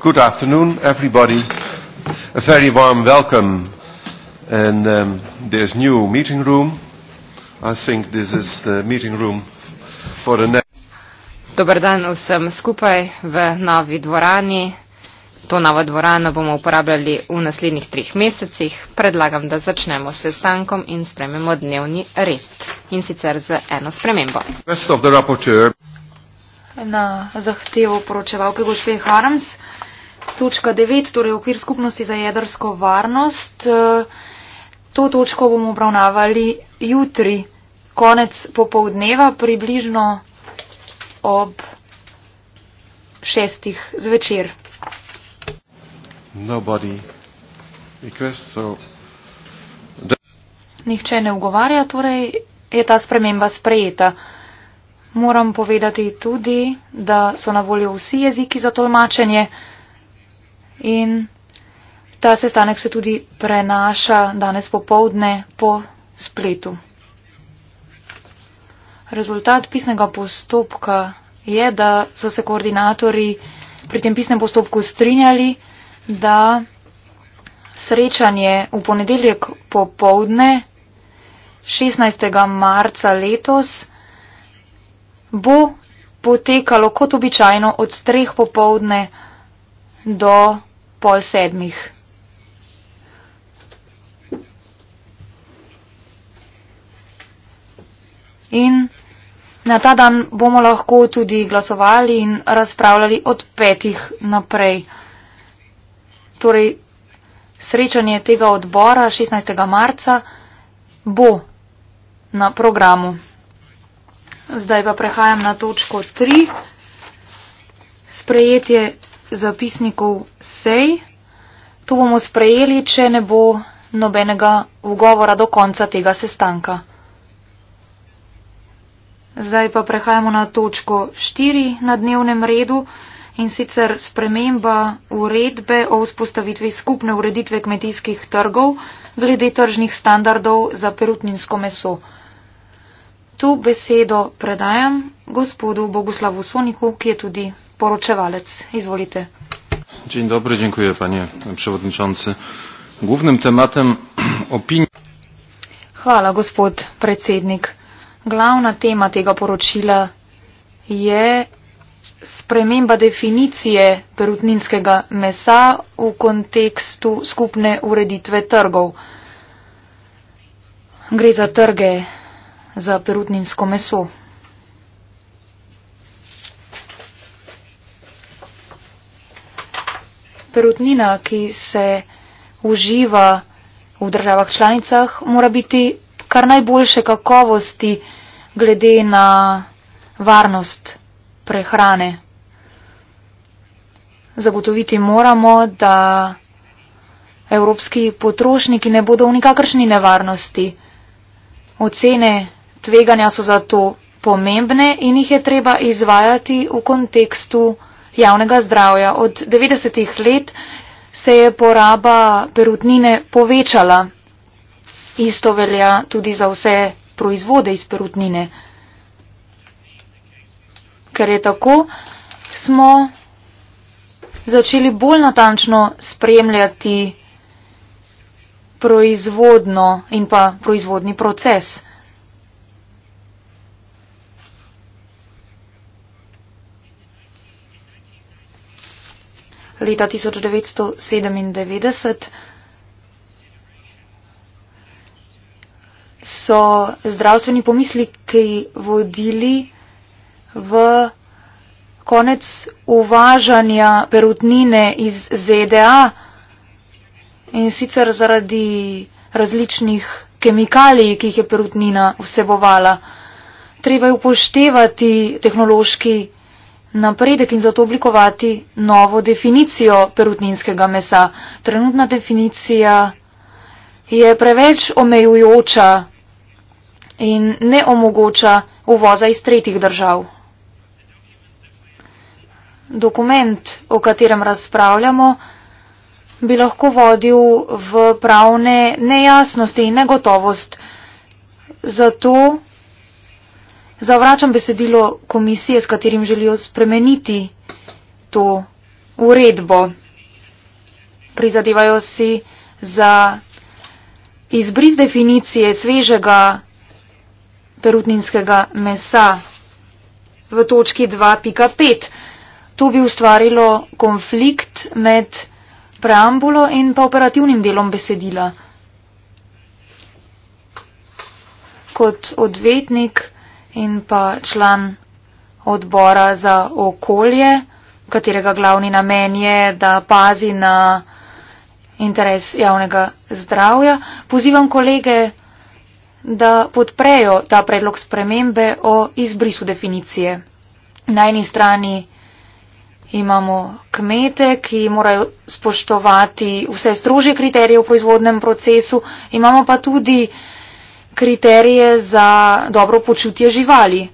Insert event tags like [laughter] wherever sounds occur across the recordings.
Good afternoon, everybody. A very warm welcome in um, this new meeting room. I think this is the meeting room for the next. Dobar dan vsem skupaj v novi dvorani. To novo dvorano bomo uporabljali v naslednjih treh mesecih. Predlagam, da začnemo s sestankom in spremimo dnevni red. In sicer z eno spremembo. Na zahtevo poročevalke gospe Harams točka 9, torej okvir skupnosti za jedrsko varnost. E, to točko bomo obravnavali jutri, konec popovdneva, približno ob šestih zvečer. Requests, so... The... Nihče ne ugovarja, torej je ta sprememba sprejeta. Moram povedati tudi, da so na voljo vsi jeziki za tolmačenje. In ta sestanek se tudi prenaša danes popovdne po spletu. Rezultat pisnega postopka je, da so se koordinatori pri tem pisnem postopku strinjali, da srečanje v ponedeljek popovdne 16. marca letos bo potekalo kot običajno od 3. popovdne do pol sedmih. In na ta dan bomo lahko tudi glasovali in razpravljali od petih naprej. Torej, srečanje tega odbora 16. marca bo na programu. Zdaj pa prehajam na točko 3. Sprejetje zapisnikov sej. To bomo sprejeli, če ne bo nobenega ugovora do konca tega sestanka. Zdaj pa prehajamo na točko 4 na dnevnem redu in sicer sprememba uredbe o vzpostavitvi skupne ureditve kmetijskih trgov glede tržnih standardov za perutninsko meso. Tu besedo predajam gospodu Boguslavu Soniku, ki je tudi poročevalec. Izvolite. Dzień dobry, dziękuję panie przewodniczący. Głównym tematem [clears throat] opinii... Hvala, gospod predsednik. Glavna tema tega poročila je sprememba definicije perutninskega mesa v kontekstu skupne ureditve trgov. Gre za trge za perutninsko meso. perutnina, ki se uživa v državah članicah, mora biti kar najboljše kakovosti glede na varnost prehrane. Zagotoviti moramo, da evropski potrošniki ne bodo v nikakršni nevarnosti. Ocene tveganja so zato pomembne in jih je treba izvajati v kontekstu javnega zdravja. Od 90-ih let se je poraba perutnine povečala. Isto velja tudi za vse proizvode iz perutnine. Ker je tako, smo začeli bolj natančno spremljati proizvodno in pa proizvodni proces. leta 1997 so zdravstveni pomisliki vodili v konec uvažanja perutnine iz ZDA in sicer zaradi različnih kemikalij, ki jih je perutnina vsebovala. Treba je upoštevati tehnološki napredek in zato oblikovati novo definicijo perutninskega mesa. Trenutna definicija je preveč omejujoča in ne omogoča uvoza iz tretjih držav. Dokument, o katerem razpravljamo, bi lahko vodil v pravne nejasnosti in negotovost. Zato zavračam besedilo komisije, s katerim želijo spremeniti to uredbo. Prizadevajo si za izbris definicije svežega perutninskega mesa v točki 2.5. To bi ustvarilo konflikt med preambulo in pa operativnim delom besedila. Kot odvetnik in pa član odbora za okolje, katerega glavni namen je, da pazi na interes javnega zdravja. Pozivam kolege, da podprejo ta predlog spremembe o izbrisu definicije. Na eni strani imamo kmete, ki morajo spoštovati vse strožje kriterije v proizvodnem procesu, imamo pa tudi uh, kriterije za dobro počutje živali.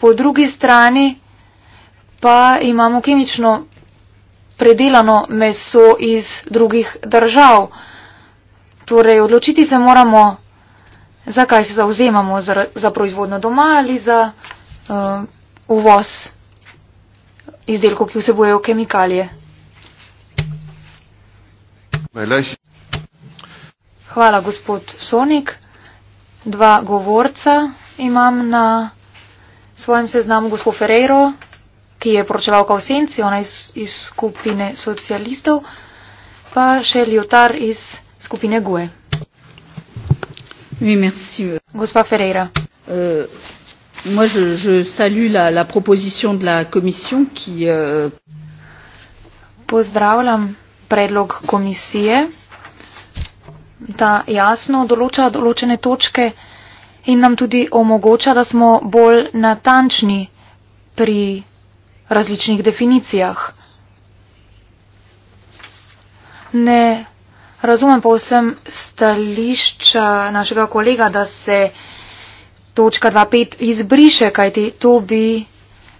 Po drugi strani pa imamo kemično predelano meso iz drugih držav. Torej, odločiti se moramo, zakaj se zauzemamo za, za proizvodno doma ali za uh, uvoz izdelkov, ki vsebojejo kemikalije. Hvala, gospod Sonik dva govorca imam na svojem seznamu, gospod Ferreiro, ki je poročevalka v senci, ona iz, iz skupine socialistov, pa še Ljotar iz skupine GUE. Oui, merci. Gospa Ferreira. Uh... Moi, je, je salue la, la proposition de la Commission qui. Euh... Pozdravljam predlog komisije, da jasno določa določene točke in nam tudi omogoča, da smo bolj natančni pri različnih definicijah. Ne razumem pa vsem stališča našega kolega, da se točka 2.5 izbriše, kajti to bi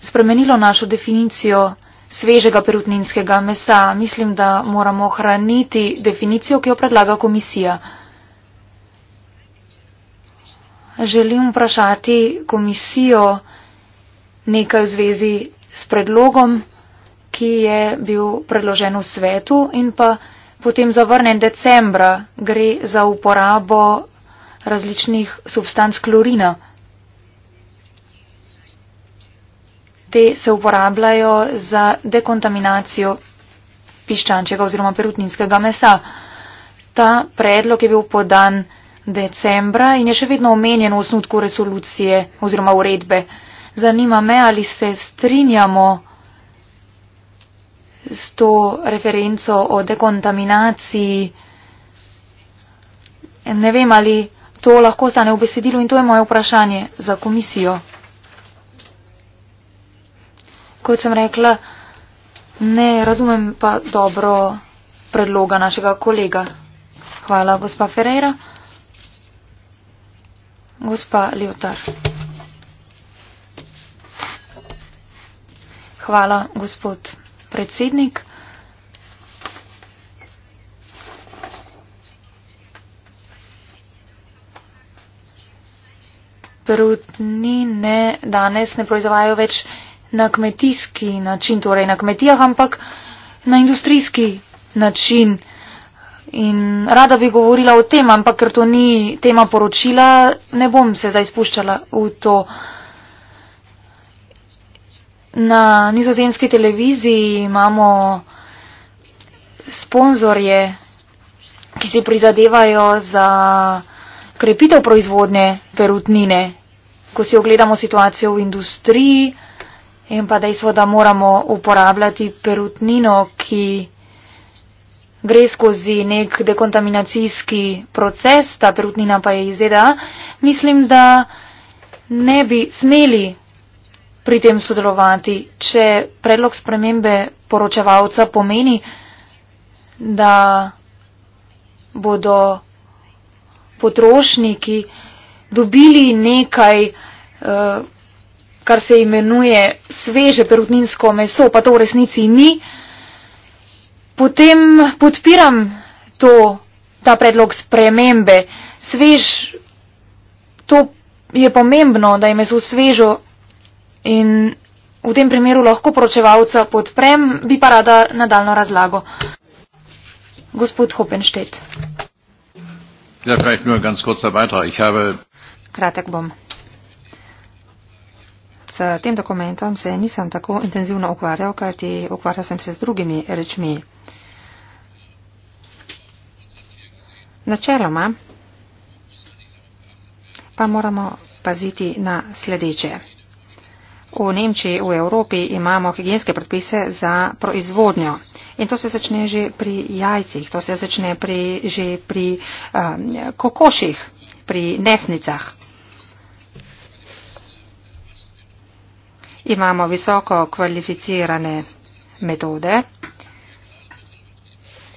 spremenilo našo definicijo svežega perutninskega mesa. Mislim, da moramo ohraniti definicijo, ki jo predlaga komisija. Želim vprašati komisijo nekaj v zvezi s predlogom, ki je bil predložen v svetu in pa potem zavrnen decembra. Gre za uporabo različnih substanc klorina. te se uporabljajo za dekontaminacijo piščančega oziroma perutninskega mesa. Ta predlog je bil podan decembra in je še vedno omenjen v osnutku resolucije oziroma uredbe. Zanima me, ali se strinjamo s to referenco o dekontaminaciji. Ne vem, ali to lahko stane v besedilu in to je moje vprašanje za komisijo kot sem rekla, ne razumem pa dobro predloga našega kolega. Hvala, gospa Ferreira. Gospa Liotar. Hvala, gospod predsednik. Perutni ne, danes ne proizvajajo več na kmetijski način, torej na kmetijah, ampak na industrijski način. In rada bi govorila o tem, ampak ker to ni tema poročila, ne bom se zdaj spuščala v to. Na nizozemski televiziji imamo sponzorje, ki se prizadevajo za krepitev proizvodne perutnine. Ko si ogledamo situacijo v industriji, In pa dejstvo, da moramo uporabljati perutnino, ki gre skozi nek dekontaminacijski proces, ta perutnina pa je iz ZDA, mislim, da ne bi smeli pri tem sodelovati, če predlog spremembe poročevalca pomeni, da bodo potrošniki dobili nekaj uh, kar se imenuje sveže perutninsko meso, pa to v resnici ni, potem podpiram to, ta predlog spremembe. Svež, to je pomembno, da je meso svežo in v tem primeru lahko poročevalca podprem, bi pa rada nadaljno razlago. Gospod Hopenštet. Ja, Kratek bom s tem dokumentom se nisem tako intenzivno ukvarjal, kajti ukvarjal sem se z drugimi rečmi. Načeloma pa moramo paziti na sledeče. V Nemčiji, v Evropi imamo higijenske predpise za proizvodnjo. In to se začne že pri jajcih, to se začne pri, že pri um, kokoših, pri nesnicah. imamo visoko kvalificirane metode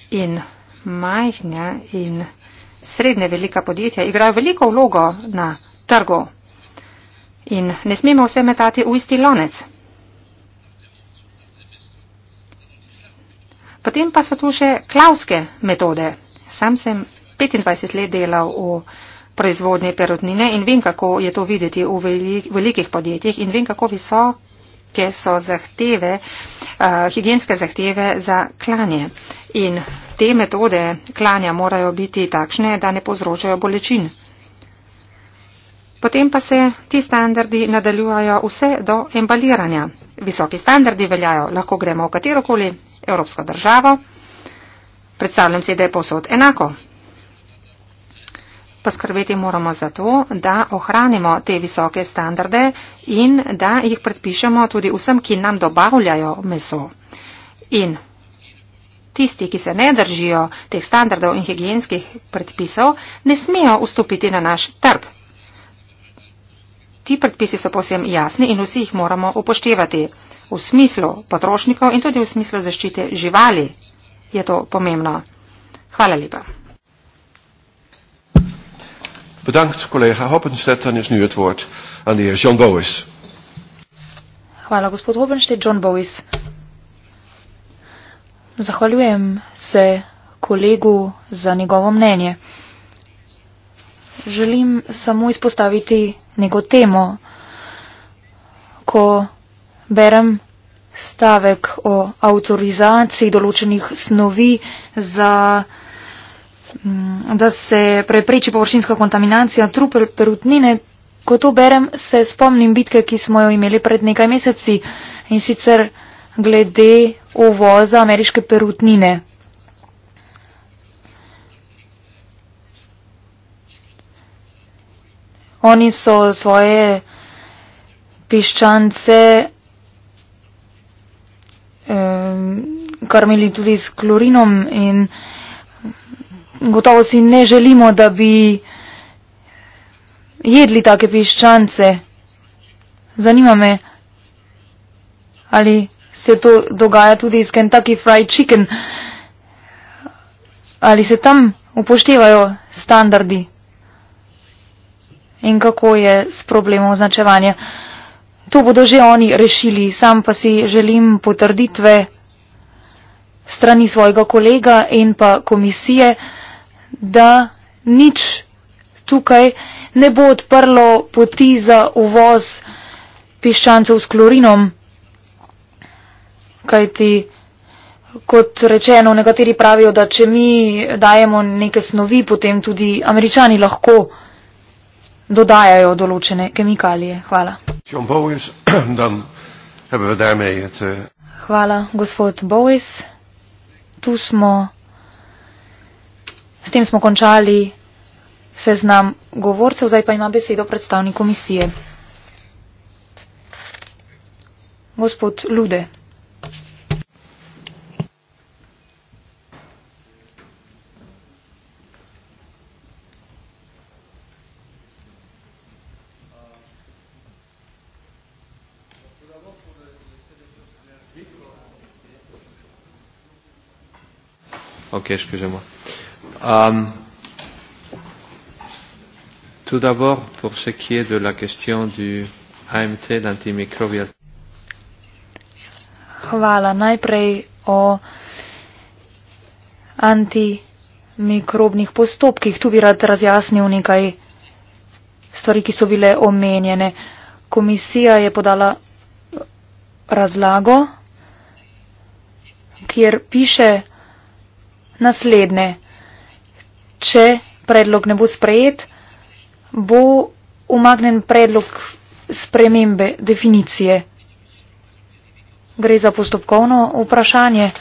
in majhne in srednje velika podjetja igrajo veliko vlogo na trgu in ne smemo vse metati v isti lonec. Potem pa so tu še klavske metode. Sam sem 25 let delal v proizvodnje perutnine in vem, kako je to videti v velikih podjetjih in vem, kako visoke so zahteve, uh, eh, higijenske zahteve za klanje. In te metode klanja morajo biti takšne, da ne povzročajo bolečin. Potem pa se ti standardi nadaljujejo vse do embaliranja. Visoki standardi veljajo, lahko gremo v katerokoli evropsko državo. Predstavljam si, da je posod enako. Poskrbeti moramo za to, da ohranimo te visoke standarde in da jih predpišemo tudi vsem, ki nam dobavljajo meso. In tisti, ki se ne držijo teh standardov in higijenskih predpisov, ne smijo vstopiti na naš trg. Ti predpisi so posebej jasni in vsi jih moramo upoštevati. V smislu potrošnikov in tudi v smislu zaščite živali je to pomembno. Hvala lepa. Bedankt collega Hoppenstedt, dan is nu het woord aan de heer John Bowis. Hvala gospod Hoppenstedt, John Bowis. Zahvaljujem se kolegu za njegovo mnenje. Želim samo izpostaviti neko temo, ko berem stavek o avtorizaciji določenih snovi za Mm, da se prepreči površinska kontaminacija trupel perutnine. Ko to berem, se spomnim bitke, ki smo jo imeli pred nekaj meseci in sicer glede uvoza ameriške perutnine. Oni so svoje piščance um, ehm, karmili tudi s klorinom in gotovo si ne želimo, da bi jedli take piščance. Zanima me, ali se to dogaja tudi iz Kentucky Fried Chicken, ali se tam upoštevajo standardi in kako je s problemom označevanja. To bodo že oni rešili, sam pa si želim potrditve strani svojega kolega in pa komisije da nič tukaj ne bo odprlo poti za uvoz piščancev s klorinom. Kajti, kot rečeno, nekateri pravijo, da če mi dajemo neke snovi, potem tudi američani lahko dodajajo določene kemikalije. Hvala. [clears throat] Hvala, gospod Bowis. Tu smo. S tem smo končali seznam govorcev, zdaj pa ima besedo predstavnik komisije. Gospod Lude. Ok, škežemo. Um, tout d'abord, pour ce qui est de la question du AMT, l'antimicrobial. Hvala. Najprej o antimikrobnih postopkih. Tu bi rad razjasnil nekaj stvari, ki so bile omenjene. Komisija je podala eh, razlago, kjer piše naslednje če predlog ne bo sprejet, bo umaknen predlog spremembe definicije. Gre za postopkovno vprašanje,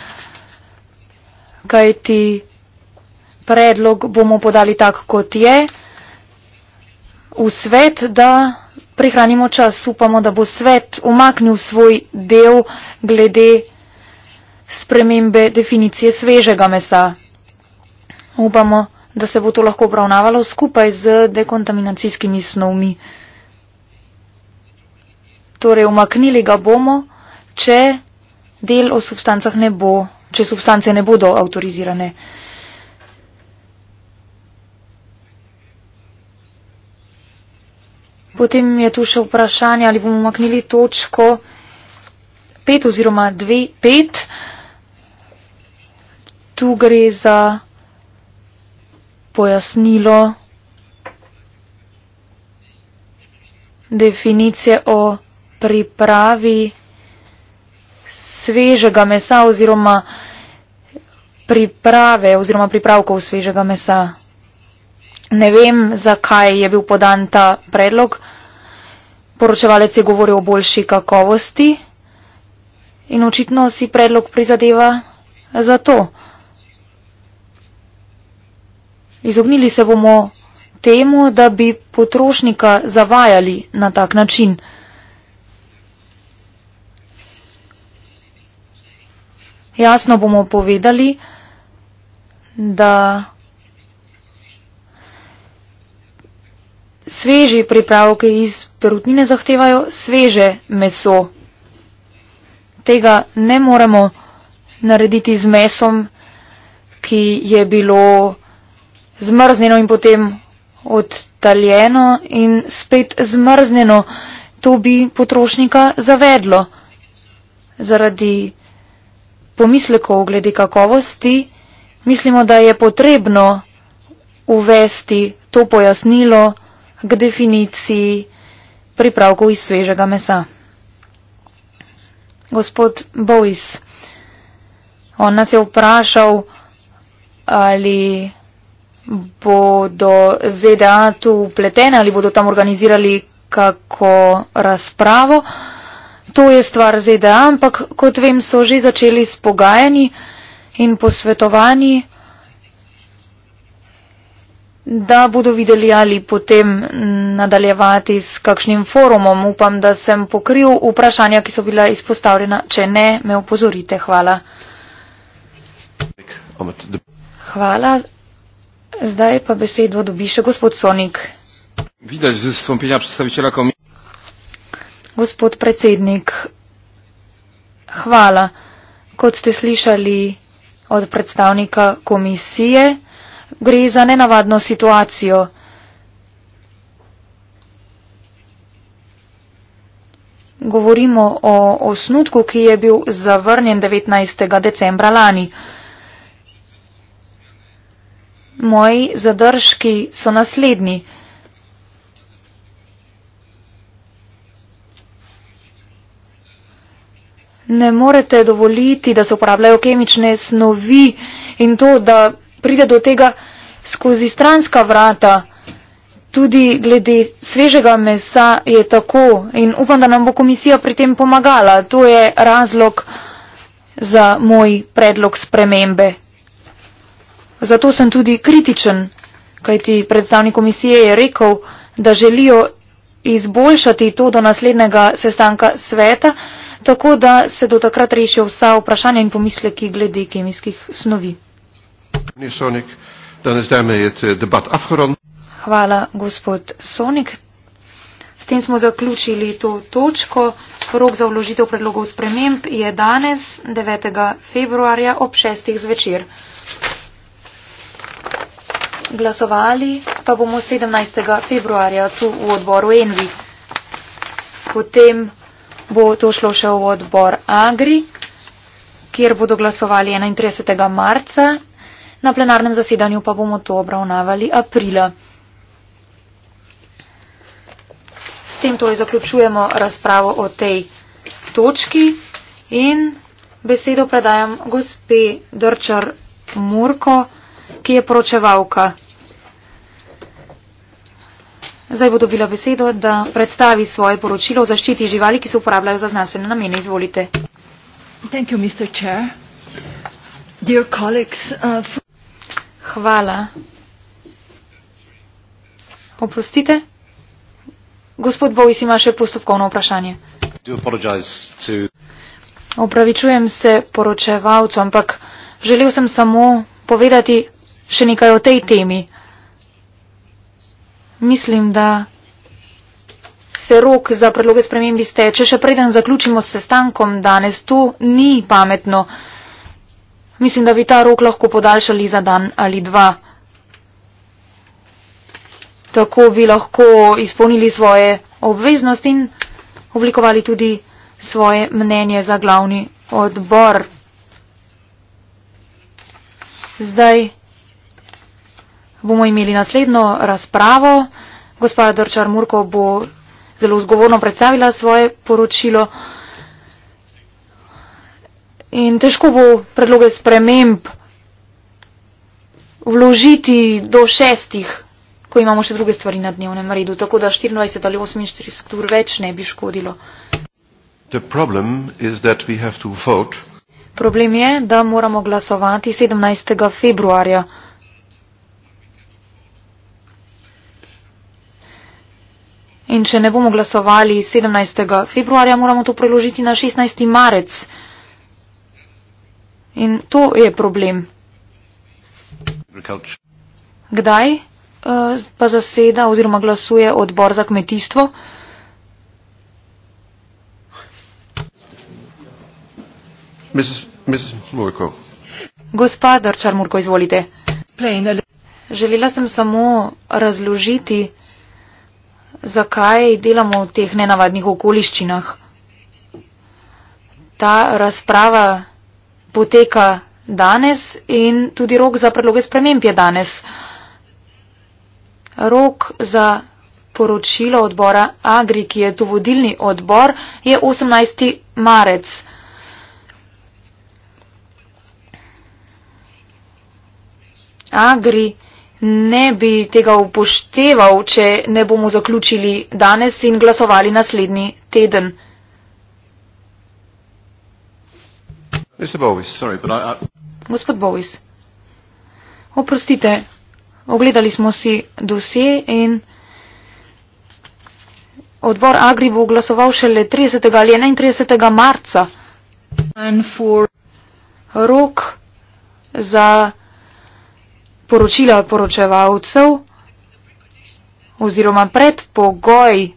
kajti predlog bomo podali tak, kot je, v svet, da prihranimo čas. Upamo, da bo svet umaknil svoj del glede spremembe definicije svežega mesa. Upamo, da se bo to lahko obravnavalo skupaj z dekontaminacijskimi snovmi. Torej, umaknili ga bomo, če del o substancah ne bo, če substance ne bodo avtorizirane. Potem je tu še vprašanje, ali bomo umaknili točko 5 oziroma 2, 5. Tu gre za pojasnilo definicije o pripravi svežega mesa oziroma priprave oziroma pripravkov svežega mesa. Ne vem, zakaj je bil podan ta predlog. Poročevalec je govoril o boljši kakovosti in očitno si predlog prizadeva za to. Izognili se bomo temu, da bi potrošnika zavajali na tak način. Jasno bomo povedali, da sveži pripravke iz perutnine zahtevajo sveže meso. Tega ne moremo narediti z mesom, ki je bilo zmrznjeno in potem odtaljeno in spet zmrznjeno. To bi potrošnika zavedlo zaradi pomislekov glede kakovosti. Mislimo, da je potrebno uvesti to pojasnilo k definiciji pripravkov iz svežega mesa. Gospod Bois, on nas je vprašal, ali bodo ZDA tu upletene ali bodo tam organizirali kako razpravo. To je stvar ZDA, ampak kot vem, so že začeli s pogajanji in posvetovanji, da bodo videli ali potem nadaljevati s kakšnim forumom. Upam, da sem pokril vprašanja, ki so bila izpostavljena. Če ne, me opozorite. Hvala. Hvala. Zdaj pa besedo dobi še gospod Sonik. Videti z vstopinja predstaviteľa komisije. Gospod predsednik, hvala. Kot ste slišali od predstavnika komisije, gre za nenavadno situacijo. Govorimo o osnutku, ki je bil zavrnjen 19. decembra lani. Moji zadržki so naslednji. Ne morete dovoliti, da se uporabljajo kemične snovi in to, da pride do tega skozi stranska vrata. Tudi glede svežega mesa je tako in upam, da nam bo komisija pri tem pomagala. To je razlog za moj predlog spremembe. Zato sem tudi kritičen, kajti predstavnik komisije je rekel, da želijo izboljšati to do naslednjega sestanka sveta, tako da se do takrat rešijo vsa vprašanja in pomisleki glede kemijskih snovi. Eh, Hvala, gospod Sonik. S tem smo zaključili to točko. Rok za vložitev predlogov sprememb je danes, 9. februarja, ob 6. zvečer glasovali pa bomo 17. februarja tu v odboru Envi. Potem bo to šlo še v odbor Agri, kjer bodo glasovali 31. marca, na plenarnem zasedanju pa bomo to obravnavali aprila. S tem torej zaključujemo razpravo o tej točki in besedo predajam gospe Drčar Murko ki je poročevalka. Zdaj bo dobila besedo, da predstavi svoje poročilo o zaščiti živali, ki se uporabljajo za znanstvene namene. Izvolite. You, colleagues, uh, Hvala. Oprostite. Gospod Bovis ima še postopkovno vprašanje. Opravičujem se poročevalcu, ampak želel sem samo povedati Še nekaj o tej temi. Mislim, da se rok za predloge spremembi steče, še preden zaključimo s sestankom danes. To ni pametno. Mislim, da bi ta rok lahko podaljšali za dan ali dva. Tako bi lahko izpolnili svoje obveznosti in oblikovali tudi svoje mnenje za glavni odbor. Zdaj bomo imeli naslednjo razpravo. Gospa Drčar Murko bo zelo zgovorno predstavila svoje poročilo. In težko bo predloge sprememb vložiti do šestih, ko imamo še druge stvari na dnevnem redu. Tako da 24 ali 48 ur več ne bi škodilo. Problem je, da moramo glasovati 17. februarja. In če ne bomo glasovali 17. februarja, moramo to preložiti na 16. marec. In to je problem. Kdaj uh, pa zaseda oziroma glasuje odbor za kmetijstvo? Mrs. Murko. Gospa Darčar Murko, izvolite. Želela sem samo razložiti, zakaj delamo v teh nenavadnih okoliščinah. Ta razprava poteka danes in tudi rok za predloge sprememb je danes. Rok za poročilo odbora Agri, ki je tu vodilni odbor, je 18. marec. Agri ne bi tega upošteval, če ne bomo zaključili danes in glasovali naslednji teden. Bovis, sorry, I, I... Gospod Bovis, oprostite, ogledali smo si dosje in odbor Agri bo glasoval šele 30. ali 31. marca. Rok za poročila poročevalcev oziroma predpogoj,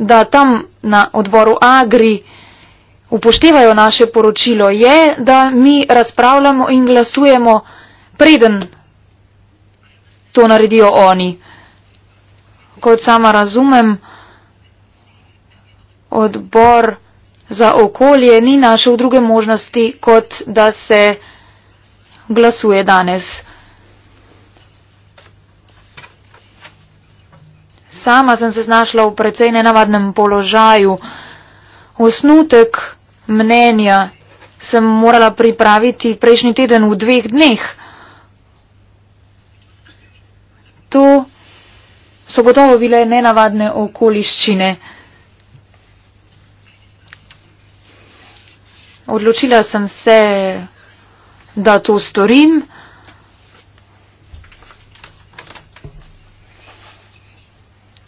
da tam na odboru Agri upoštevajo naše poročilo, je, da mi razpravljamo in glasujemo preden to naredijo oni. Kot sama razumem, odbor za okolje ni našel druge možnosti, kot da se glasuje danes. Sama sem se znašla v precej nenavadnem položaju. Osnutek mnenja sem morala pripraviti prejšnji teden v dveh dneh. To so gotovo bile nenavadne okoliščine. Odločila sem se da to storim.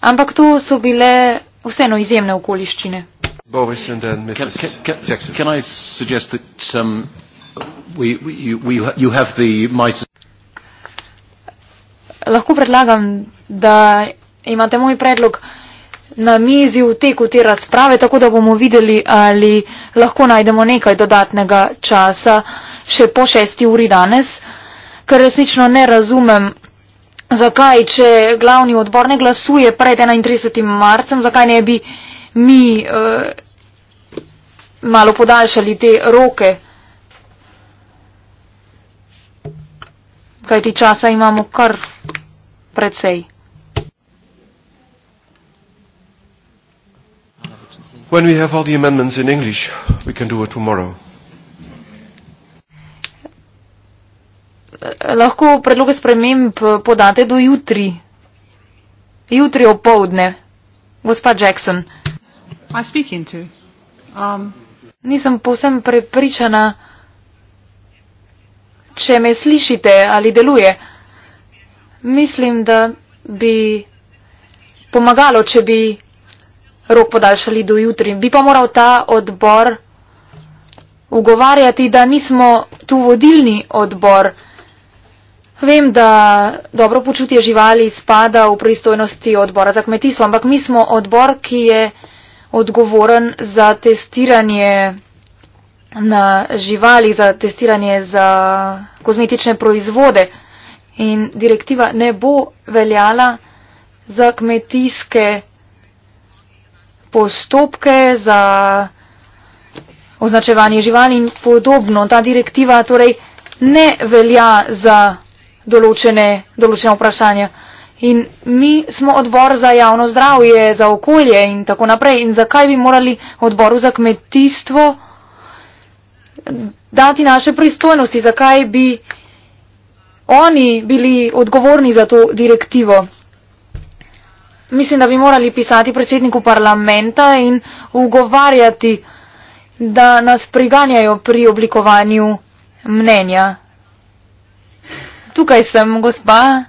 Ampak to so bile vseeno izjemne okoliščine. Boris in Mrs. Jackson. Um, lahko predlagam, da imate moj predlog na mizi v teku te razprave, tako da bomo videli, ali lahko najdemo nekaj dodatnega časa. Uh, še po šesti uri danes, ker resnično ne razumem, zakaj, če glavni odbor ne glasuje pred 31. marcem, zakaj ne bi mi uh, malo podaljšali te roke. Kaj ti časa imamo kar predsej. When we have all the amendments in English, we can do it tomorrow. lahko predloge sprememb eh, podate do jutri. Jutri opovdne. Gospa Jackson. Um, Nisem povsem prepričana, če me slišite ali deluje. Mislim, da bi pomagalo, če bi rok podaljšali do jutri. Bi pa moral ta odbor ugovarjati, da nismo tu vodilni odbor. Vem, da dobro počutje živali spada v pristojnosti odbora za kmetijstvo, ampak mi smo odbor, ki je odgovoren za testiranje na živali, za testiranje za kozmetične proizvode. In direktiva ne bo veljala za kmetijske postopke, za označevanje živali in podobno. Ta direktiva torej ne velja za določene, določene vprašanja. In mi smo odbor za javno zdravje, za okolje in tako naprej. In zakaj bi morali odboru za kmetijstvo dati naše pristojnosti? Zakaj bi oni bili odgovorni za to direktivo? Mislim, da bi morali pisati predsedniku parlamenta in ugovarjati, da nas priganjajo pri oblikovanju mnenja. Tukaj sem, gospa.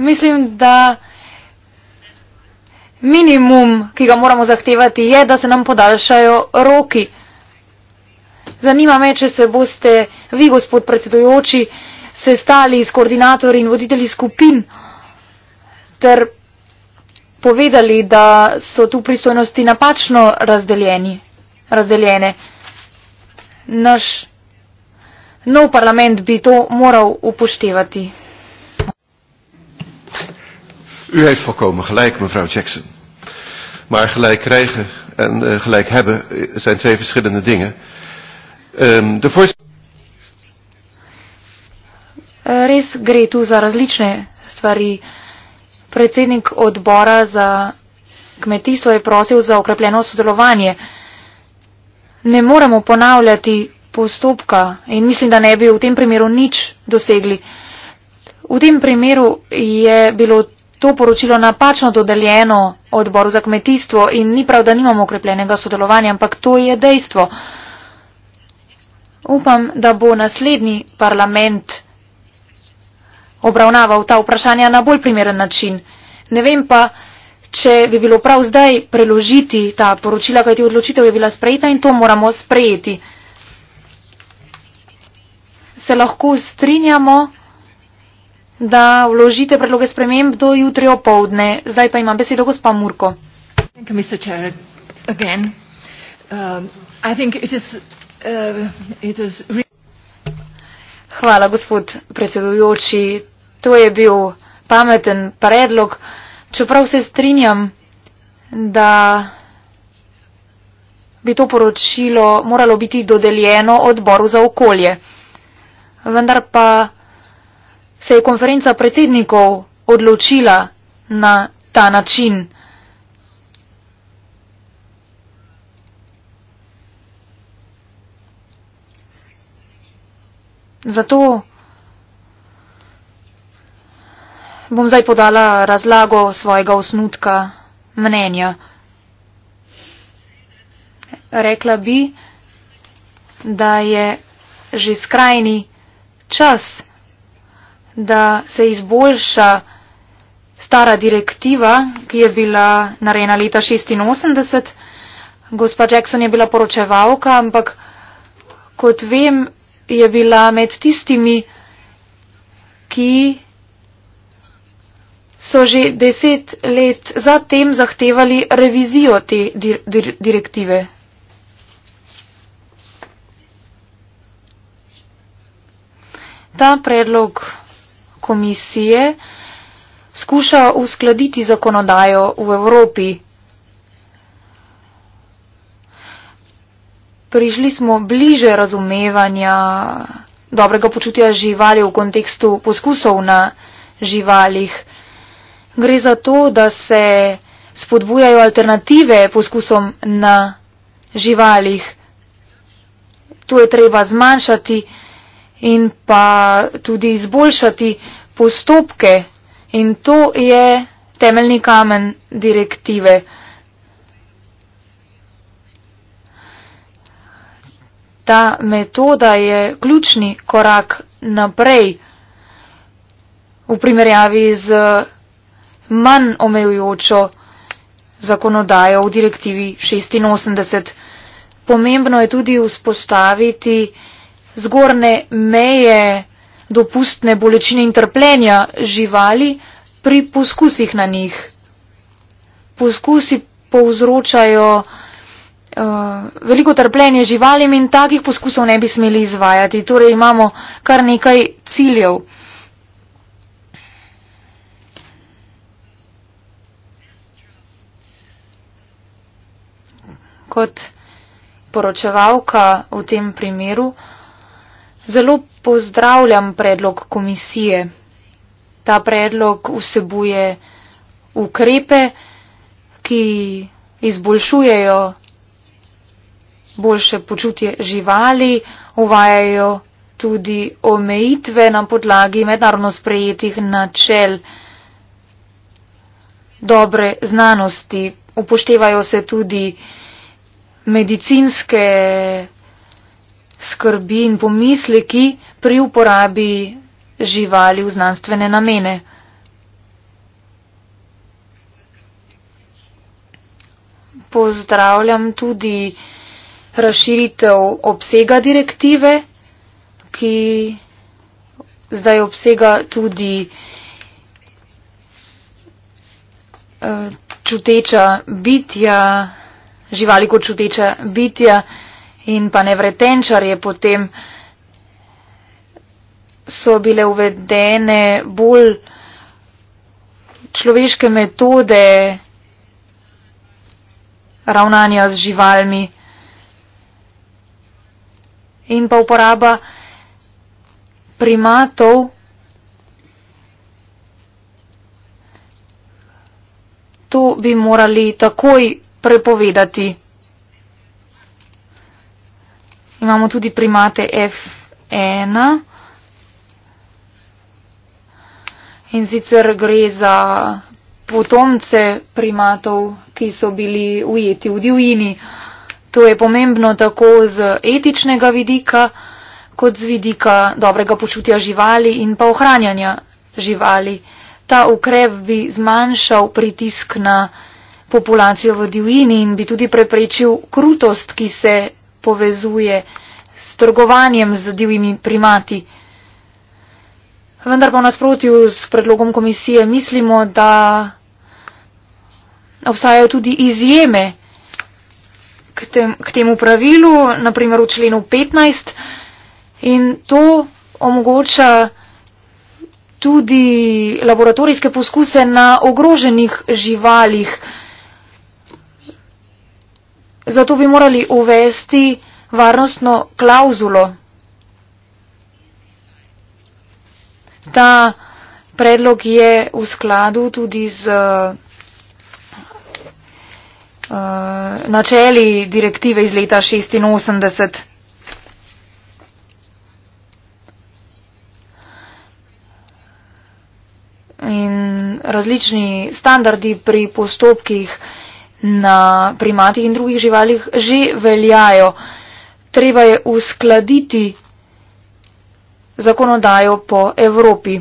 Mislim, da minimum, ki ga moramo zahtevati, je, da se nam podaljšajo roki. Zanima me, če se boste vi, gospod predsedujoči, sestali s koordinatorji in voditelji skupin ter povedali, da so tu pristojnosti napačno razdeljene naš nov parlament bi to moral upoštevati. U heeft volkomen gelijk, mevrouw Jackson. Maar gelijk krijgen en uh, gelijk hebben eh, zijn twee verschillende dingen. Um, de voorzitter. Eh, res gre tu za različne stvari. Predsednik odbora za kmetijstvo je prosil za okrepljeno sodelovanje. Uh, ne moremo ponavljati postopka in mislim, da ne bi v tem primeru nič dosegli. V tem primeru je bilo to poročilo napačno dodeljeno odboru za kmetijstvo in ni prav, da nimamo ukrepljenega sodelovanja, ampak to je dejstvo. Upam, da bo naslednji parlament obravnaval ta vprašanja na bolj primeren način. Ne vem pa, če bi bilo prav zdaj preložiti ta poročila, kajti odločitev je bila sprejeta in to moramo sprejeti. Se lahko strinjamo, da vložite predloge sprememb do jutri o povdne. Zdaj pa imam besedo gospa Murko. Um, uh, Hvala, gospod predsedujoči. To je bil pameten predlog. Uh, Čeprav se strinjam, da bi to poročilo moralo biti dodeljeno odboru za okolje. Vendar pa se je konferenca predsednikov odločila na ta način. Zato bom zdaj podala razlago svojega osnutka mnenja. Rekla bi, da je že skrajni čas, da se izboljša stara direktiva, ki je bila narejena leta 86. Gospa Jackson je bila poročevalka, ampak kot vem, je bila med tistimi, ki so že deset let zatem zahtevali revizijo te dir dir direktive. Ta predlog komisije skuša uskladiti zakonodajo v Evropi. Prišli smo bliže razumevanja dobrega počutja živali v kontekstu poskusov na živalih gre za to, da se spodbujajo alternative poskusom na živalih. To je treba zmanjšati in pa tudi izboljšati postopke in to je temeljni kamen direktive. Ta metoda je ključni korak naprej v primerjavi z manj omejujočo zakonodajo v direktivi 86. Pomembno je tudi vzpostaviti zgorne meje dopustne bolečine in trpljenja živali pri poskusih na njih. Poskusi povzročajo uh, veliko trpljenje živalim in takih poskusov ne bi smeli izvajati. Torej imamo kar nekaj ciljev. kot poročevalka v tem primeru, zelo pozdravljam predlog komisije. Ta predlog vsebuje ukrepe, ki izboljšujejo boljše počutje živali, uvajajo tudi omejitve na podlagi mednarodno sprejetih načel dobre znanosti. Upoštevajo se tudi medicinske skrbi in pomisleki pri uporabi živali v znanstvene namene. Pozdravljam tudi razširitev obsega direktive, ki zdaj obsega tudi eh, čuteča bitja živali kot čuteča bitja in pa nevretenčarje potem so bile uvedene bolj človeške metode ravnanja z živalmi in pa uporaba primatov To bi morali takoj prepovedati. Imamo tudi primate F1. In sicer gre za potomce primatov, ki so bili ujeti v divjini. To je pomembno tako z etičnega vidika, kot z vidika dobrega počutja živali in pa ohranjanja živali. Ta ukrep bi zmanjšal pritisk na živali populacijo v divjini in bi tudi preprečil krutost, ki se povezuje s trgovanjem z divjimi primati. Vendar pa v nasprotju s predlogom komisije mislimo, da obstajajo tudi izjeme k, tem, k temu pravilu, naprimer v členu 15 in to omogoča tudi laboratorijske poskuse na ogroženih živalih. Zato bi morali uvesti varnostno klauzulo. Ta predlog je v skladu tudi z uh, načeli direktive iz leta 86. In različni standardi pri postopkih uh, na primatih in drugih živalih že veljajo. Treba je uskladiti zakonodajo po Evropi.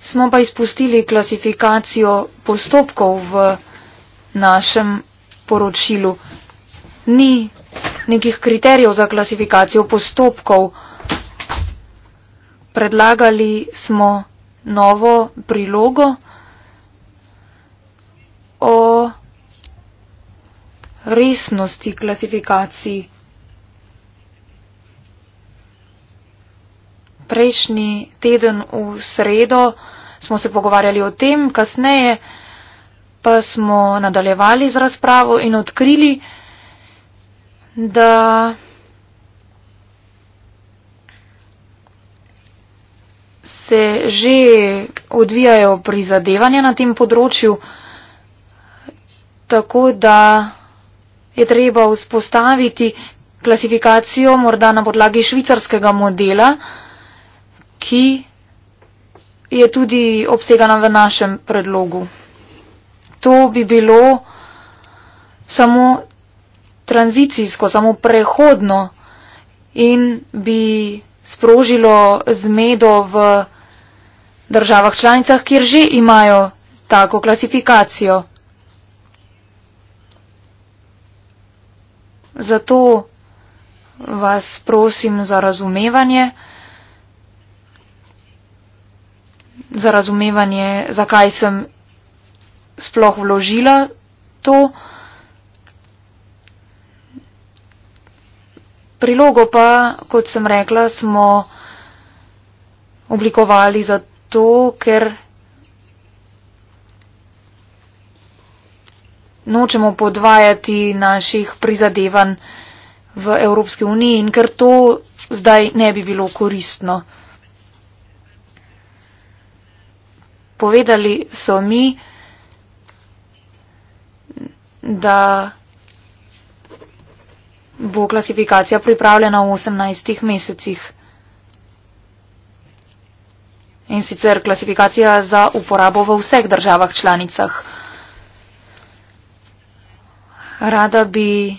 Smo pa izpustili klasifikacijo postopkov v našem poročilu. Ni nekih kriterijev za klasifikacijo postopkov predlagali smo novo prilogo o resnosti klasifikacij. Prejšnji teden v sredo smo se pogovarjali o tem, kasneje pa smo nadaljevali z razpravo in odkrili, da se že odvijajo prizadevanja na tem področju, tako da je treba vzpostaviti klasifikacijo morda na podlagi švicarskega modela, ki je tudi obsegana v našem predlogu. To bi bilo samo tranzicijsko, samo prehodno in bi sprožilo zmedo v državah članicah, kjer že imajo tako klasifikacijo. Zato vas prosim za razumevanje, za razumevanje, zakaj sem sploh vložila to. Prilogo pa, kot sem rekla, smo oblikovali zato, ker nočemo podvajati naših prizadevanj v Evropski uniji in ker to zdaj ne bi bilo koristno. Povedali so mi, da bo klasifikacija pripravljena v 18 mesecih. In sicer klasifikacija za uporabo v vseh državah članicah. Rada bi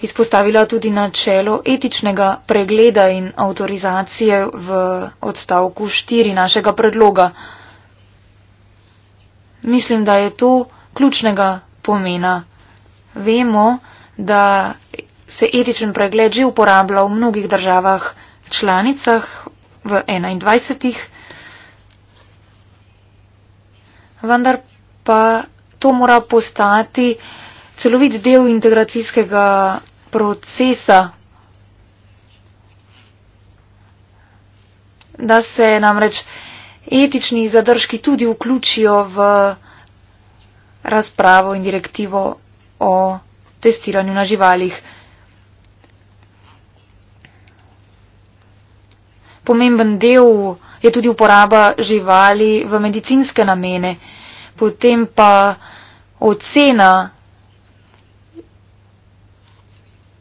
izpostavila tudi načelo etičnega pregleda in avtorizacije v odstavku 4 našega predloga. Mislim, da je to ključnega pomena. Vemo, da se etičen pregled že uporablja v mnogih državah članicah v 21. Vendar pa to mora postati celovit del integracijskega procesa, da se namreč etični zadržki tudi vključijo v razpravo in direktivo o testiranju na živalih. Pomemben del je tudi uporaba živali v medicinske namene, potem pa ocena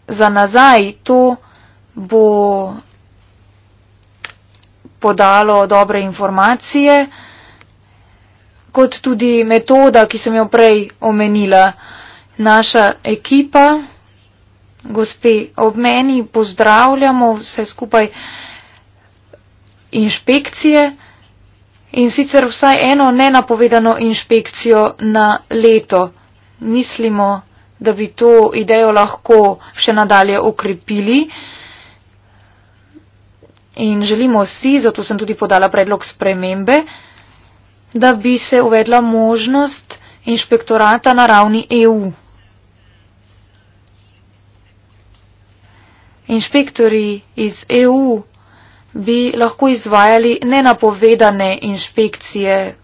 za nazaj to bo podalo dobre informacije, kot tudi metoda, ki sem jo prej omenila naša ekipa, gospe ob meni, pozdravljamo vse skupaj inšpekcije in sicer vsaj eno nenapovedano inšpekcijo na leto. Mislimo, da bi to idejo lahko še nadalje okrepili. In želimo si, zato sem tudi podala predlog spremembe, da bi se uvedla možnost inšpektorata na ravni EU. inšpektori iz EU bi lahko izvajali nenapovedane inšpekcije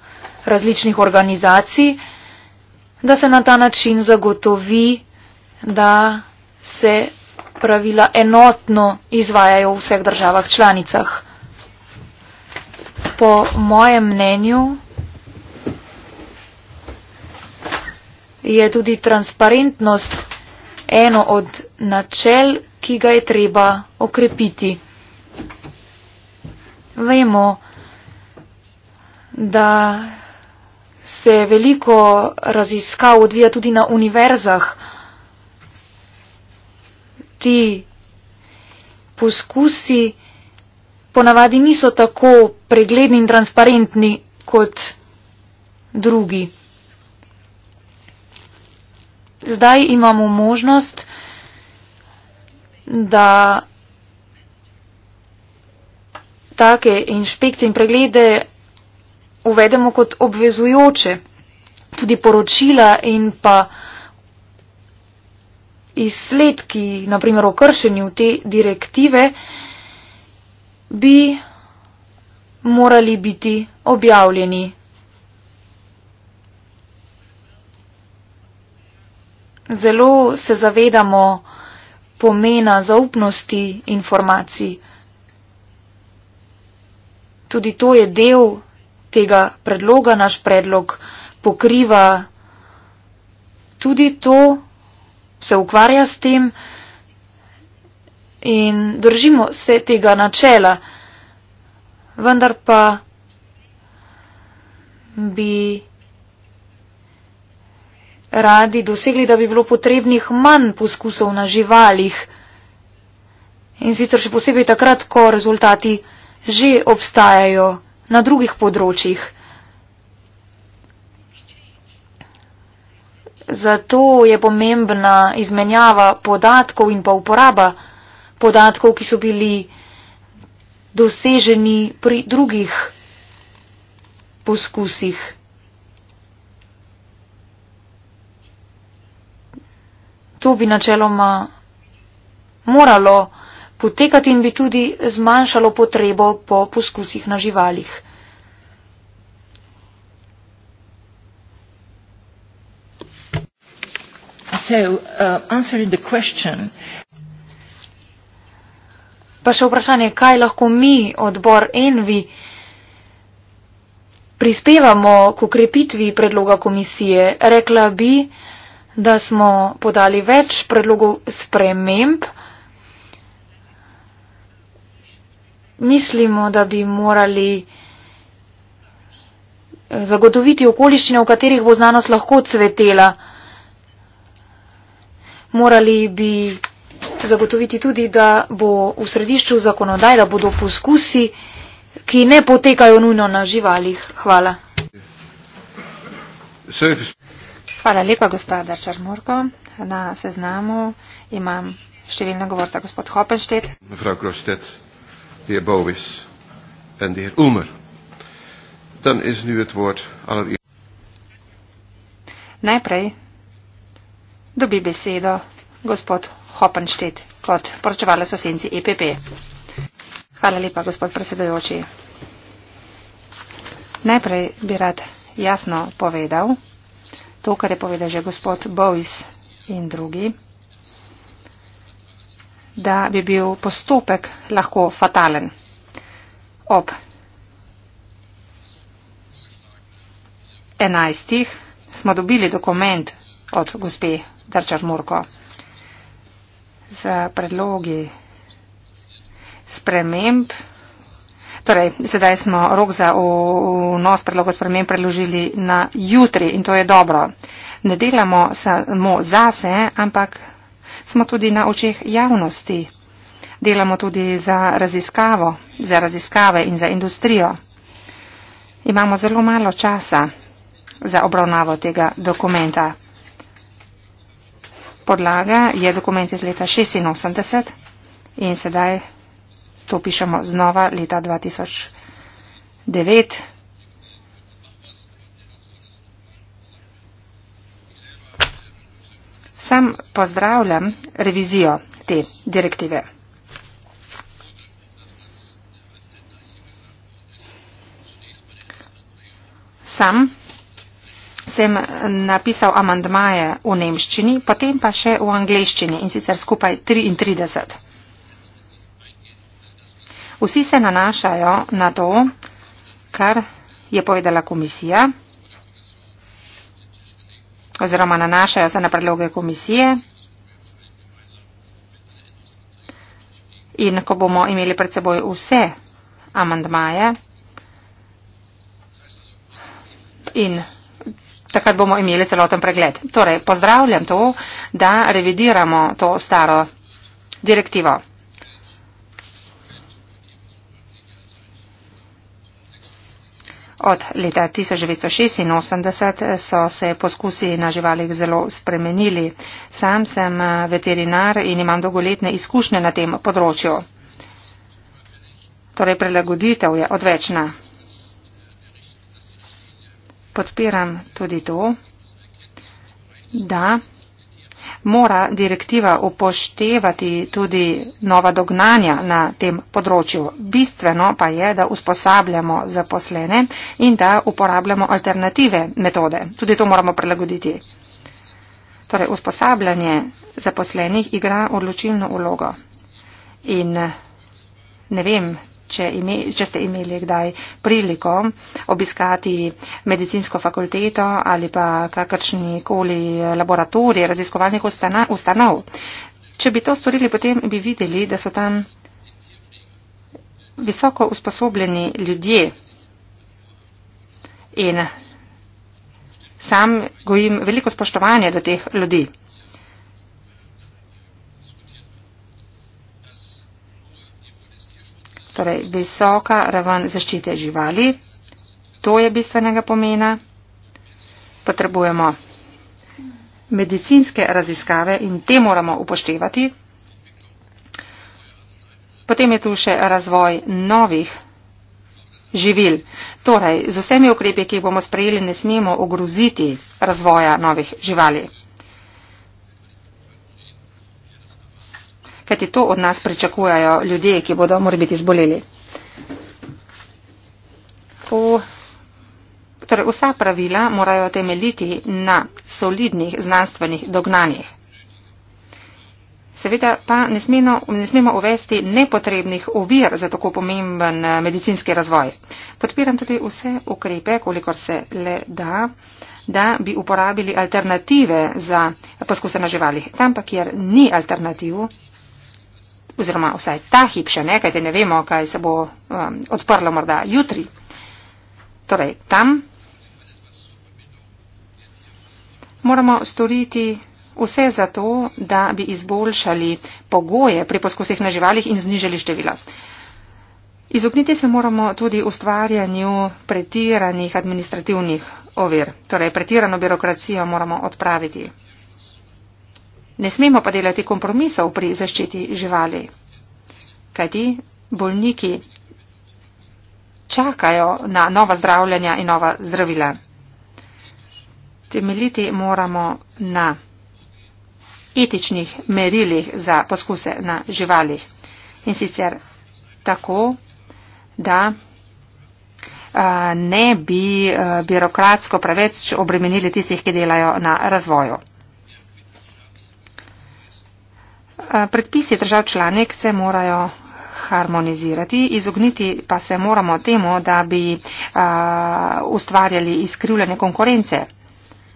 različnih organizacij, da se na ta način zagotovi, da se pravila enotno izvajajo v vseh državah članicah. Po mojem mnenju je tudi transparentnost eno od načel ki ga je treba okrepiti. Vemo, da se veliko raziskav odvija tudi na univerzah. Ti poskusi ponavadi niso tako pregledni in transparentni kot drugi. Zdaj imamo možnost, da take inšpekcije in preglede uvedemo kot obvezujoče. Tudi poročila in pa izsledki, naprimer o kršenju te direktive, bi morali biti objavljeni. Zelo se zavedamo, pomena zaupnosti informacij. Tudi to je del tega predloga. Naš predlog pokriva tudi to, se ukvarja s tem in držimo se tega načela. Vendar pa bi radi dosegli, da bi bilo potrebnih manj poskusov na živalih. In sicer še posebej takrat, ko rezultati že obstajajo na drugih področjih. Zato je pomembna izmenjava podatkov in pa uporaba podatkov, ki so bili doseženi pri drugih poskusih. to bi načeloma moralo potekati in bi tudi zmanjšalo potrebo po poskusih na živalih. So, uh, pa še vprašanje, kaj lahko mi, odbor Envi, prispevamo k ukrepitvi predloga komisije. Rekla bi, uh, da smo podali več predlogov sprememb. Mislimo, da bi morali eh, zagotoviti okoliščine, v katerih bo znanost lahko cvetela. Morali bi zagotoviti tudi, da bo v središču zakonodaj, da bodo poskusi, ki ne potekajo nujno na živalih. Hvala. Surface. Hvala lepa, gospod Darčar Morko. Na seznamu imam številna govorca, gospod Hopenštet. Mevrouw Grostet, de heer Bovis en de heer Ulmer. Dan is nu het woord allereerst. Najprej dobi besedo gospod Hopenštet kot poročevalec o senci EPP. Hvala lepa, gospod predsedojoči. Najprej bi rad jasno povedal, to, kar je povedal že gospod Bois in drugi, da bi bil postopek lahko fatalen ob enajstih smo dobili dokument od gospe Drčar Murko z predlogi sprememb Torej, sedaj smo rok za vnos predlogov spremen preložili na jutri in to je dobro. Ne delamo samo zase, ampak smo tudi na očeh javnosti. Delamo tudi za raziskavo, za raziskave in za industrijo. Imamo zelo malo časa za obravnavo tega dokumenta. Podlaga je dokument iz leta 86 in sedaj To pišemo znova leta 2009. Sam pozdravljam revizijo te direktive. Sam sem napisal amandmaje v nemščini, potem pa še v angliščini in sicer skupaj 33. Vsi se nanašajo na to, kar je povedala komisija, oziroma nanašajo se na predloge komisije. In ko bomo imeli pred seboj vse amandmaje in takrat bomo imeli celoten pregled. Torej, pozdravljam to, da revidiramo to staro direktivo. Od leta 1986 so se poskusi na živalih zelo spremenili. Sam sem eh, veterinar in imam dolgoletne izkušnje na tem področju. Torej, prilagoditev je odvečna. Podpiram tudi to, da mora direktiva upoštevati tudi nova dognanja na tem področju. Bistveno pa je, da usposabljamo zaposlene in da uporabljamo alternative metode. Tudi to moramo prilagoditi. Torej, usposabljanje zaposlenih igra odločilno ulogo. In ne vem, če, ime, če ste imeli kdaj priliko obiskati medicinsko fakulteto ali pa kakršni koli laboratorij raziskovalnih ustanov, ustanov. Če bi to storili, potem bi videli, da so tam visoko usposobljeni ljudje. In sam gojim veliko spoštovanja do teh ljudi. Torej, visoka raven zaščite živali, to je bistvenega pomena. Potrebujemo medicinske raziskave in te moramo upoštevati. Potem je tu še razvoj novih živil. Torej, z vsemi ukrepi, ki jih bomo sprejeli, ne smemo ogroziti razvoja novih živali. kajti to od nas pričakujajo ljudje, ki bodo mora biti zboleli. V, torej vsa pravila morajo temeljiti na solidnih znanstvenih dognanjih. Seveda pa ne smemo, ne smemo uvesti nepotrebnih ovir za tako pomemben eh, medicinski razvoj. Podpiram tudi vse ukrepe, kolikor se le da, da bi uporabili alternative za poskuse na živalih. Tam pa, kjer ni alternativ, oziroma vsaj ta hip še ne, kajte ne vemo, kaj se bo um, odprlo morda jutri. Torej, tam moramo storiti vse za to, da bi izboljšali pogoje pri poskusih na živalih in znižali število. Izogniti se moramo tudi ustvarjanju pretiranih administrativnih ovir. Torej, pretirano birokracijo moramo odpraviti. Ne smemo pa delati kompromisov pri zaščiti živali. Kajti bolniki čakajo na nova zdravljanja in nova zdravila. Temeljiti moramo na etičnih merilih za poskuse na živalih. In sicer tako, da ne bi birokratsko preveč obremenili tistih, ki delajo na razvoju. Eh, predpisi držav članek se morajo harmonizirati, izogniti pa se moramo temu, da bi a, eh, ustvarjali izkrivljene konkurence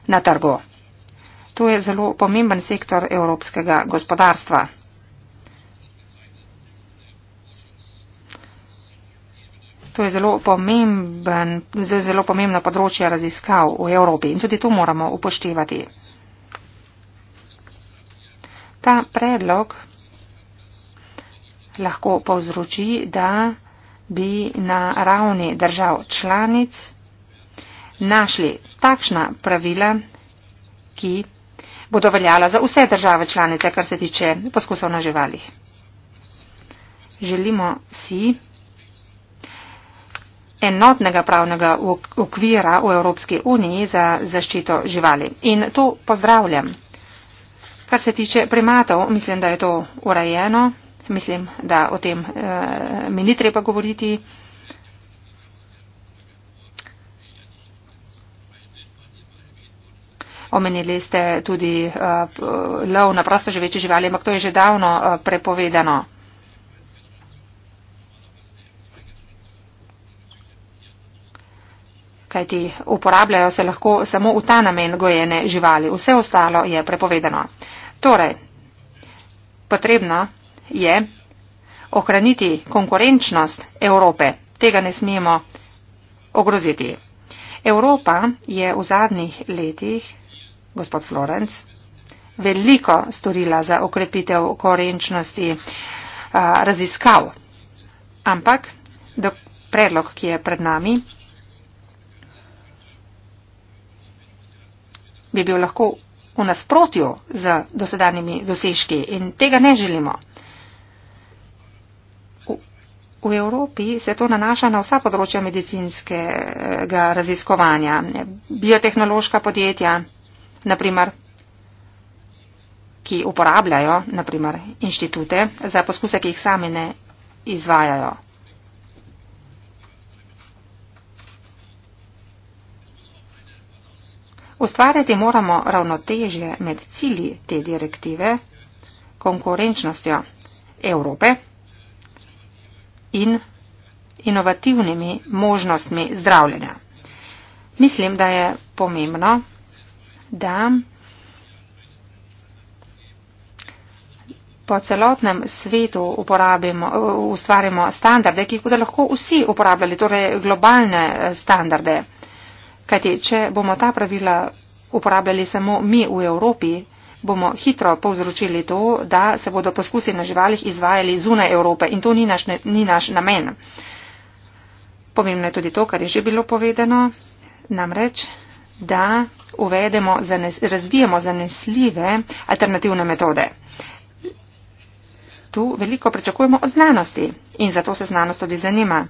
na trgu. To je zelo pomemben sektor evropskega gospodarstva. To je zelo, pomemben, zelo pomembno področje raziskav v Evropi in tudi to moramo upoštevati ta predlog lahko povzroči, da bi na ravni držav članic našli takšna pravila, ki bodo veljala za vse države članice, kar se tiče poskusov na živalih. Želimo si enotnega pravnega okvira v Evropski uniji za zaščito živali. In to pozdravljam. Kar se tiče primatov, mislim, da je to urajeno. Mislim, da o tem e, mi ni treba govoriti. Omenili ste tudi uh, lov na prosto živeče živali, ampak to je že davno uh, prepovedano. Kajti uporabljajo se lahko samo v ta namen gojene živali. Vse ostalo je prepovedano. Uh, Torej, potrebno je ohraniti konkurenčnost Evrope. Tega ne smemo ogroziti. Evropa je v zadnjih letih, gospod Florenc, veliko storila za okrepitev konkurenčnosti raziskav. Ampak do, predlog, ki je pred nami, bi bil lahko v nasprotju z dosedanimi dosežki in tega ne želimo. V Evropi se to nanaša na vsa področja medicinskega raziskovanja. Biotehnološka podjetja, naprimer, ki uporabljajo naprimer, inštitute za poskuse, ki jih sami ne izvajajo. Ustvariti moramo ravnotežje med cilji te direktive, konkurenčnostjo Evrope in inovativnimi možnostmi zdravljenja. Mislim, da je pomembno, da po celotnem svetu ustvarimo standarde, ki jih bodo lahko vsi uporabljali, torej globalne standarde. Kajti, če bomo ta pravila uporabljali samo mi v Evropi, bomo hitro povzročili to, da se bodo poskusi na živalih izvajali zunaj Evrope in to ni naš, ne, ni naš namen. Pomembno je tudi to, kar je že bilo povedano, namreč, da uvedemo, zanes, razvijemo zanesljive alternativne metode. Tu veliko pričakujemo od znanosti in zato se znanost tudi zanima.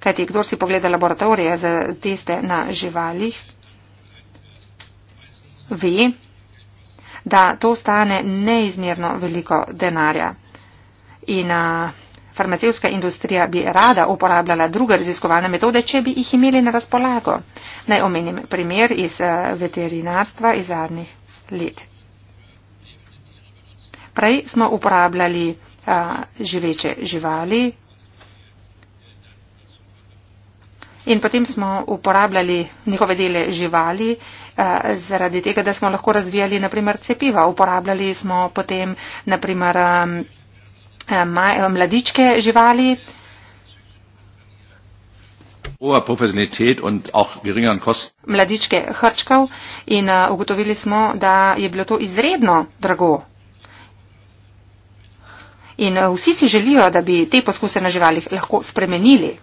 Kajti, kdor si pogleda laboratorije za teste na živalih, ve, da to stane neizmerno veliko denarja. In farmacevska industrija bi rada uporabljala druge raziskovalne metode, če bi jih imeli na razpolago. Naj omenim primer iz veterinarstva iz zadnjih let. Prej smo uporabljali živeče živali, In potem smo uporabljali njihove dele živali eh, zaradi tega, da smo lahko razvijali naprimer cepiva. Uporabljali smo potem naprimer mladičke živali. Mladičke hrčkov in eh, ugotovili smo, da je bilo to izredno drago. In eh, vsi si želijo, da bi te poskuse na živalih lahko spremenili.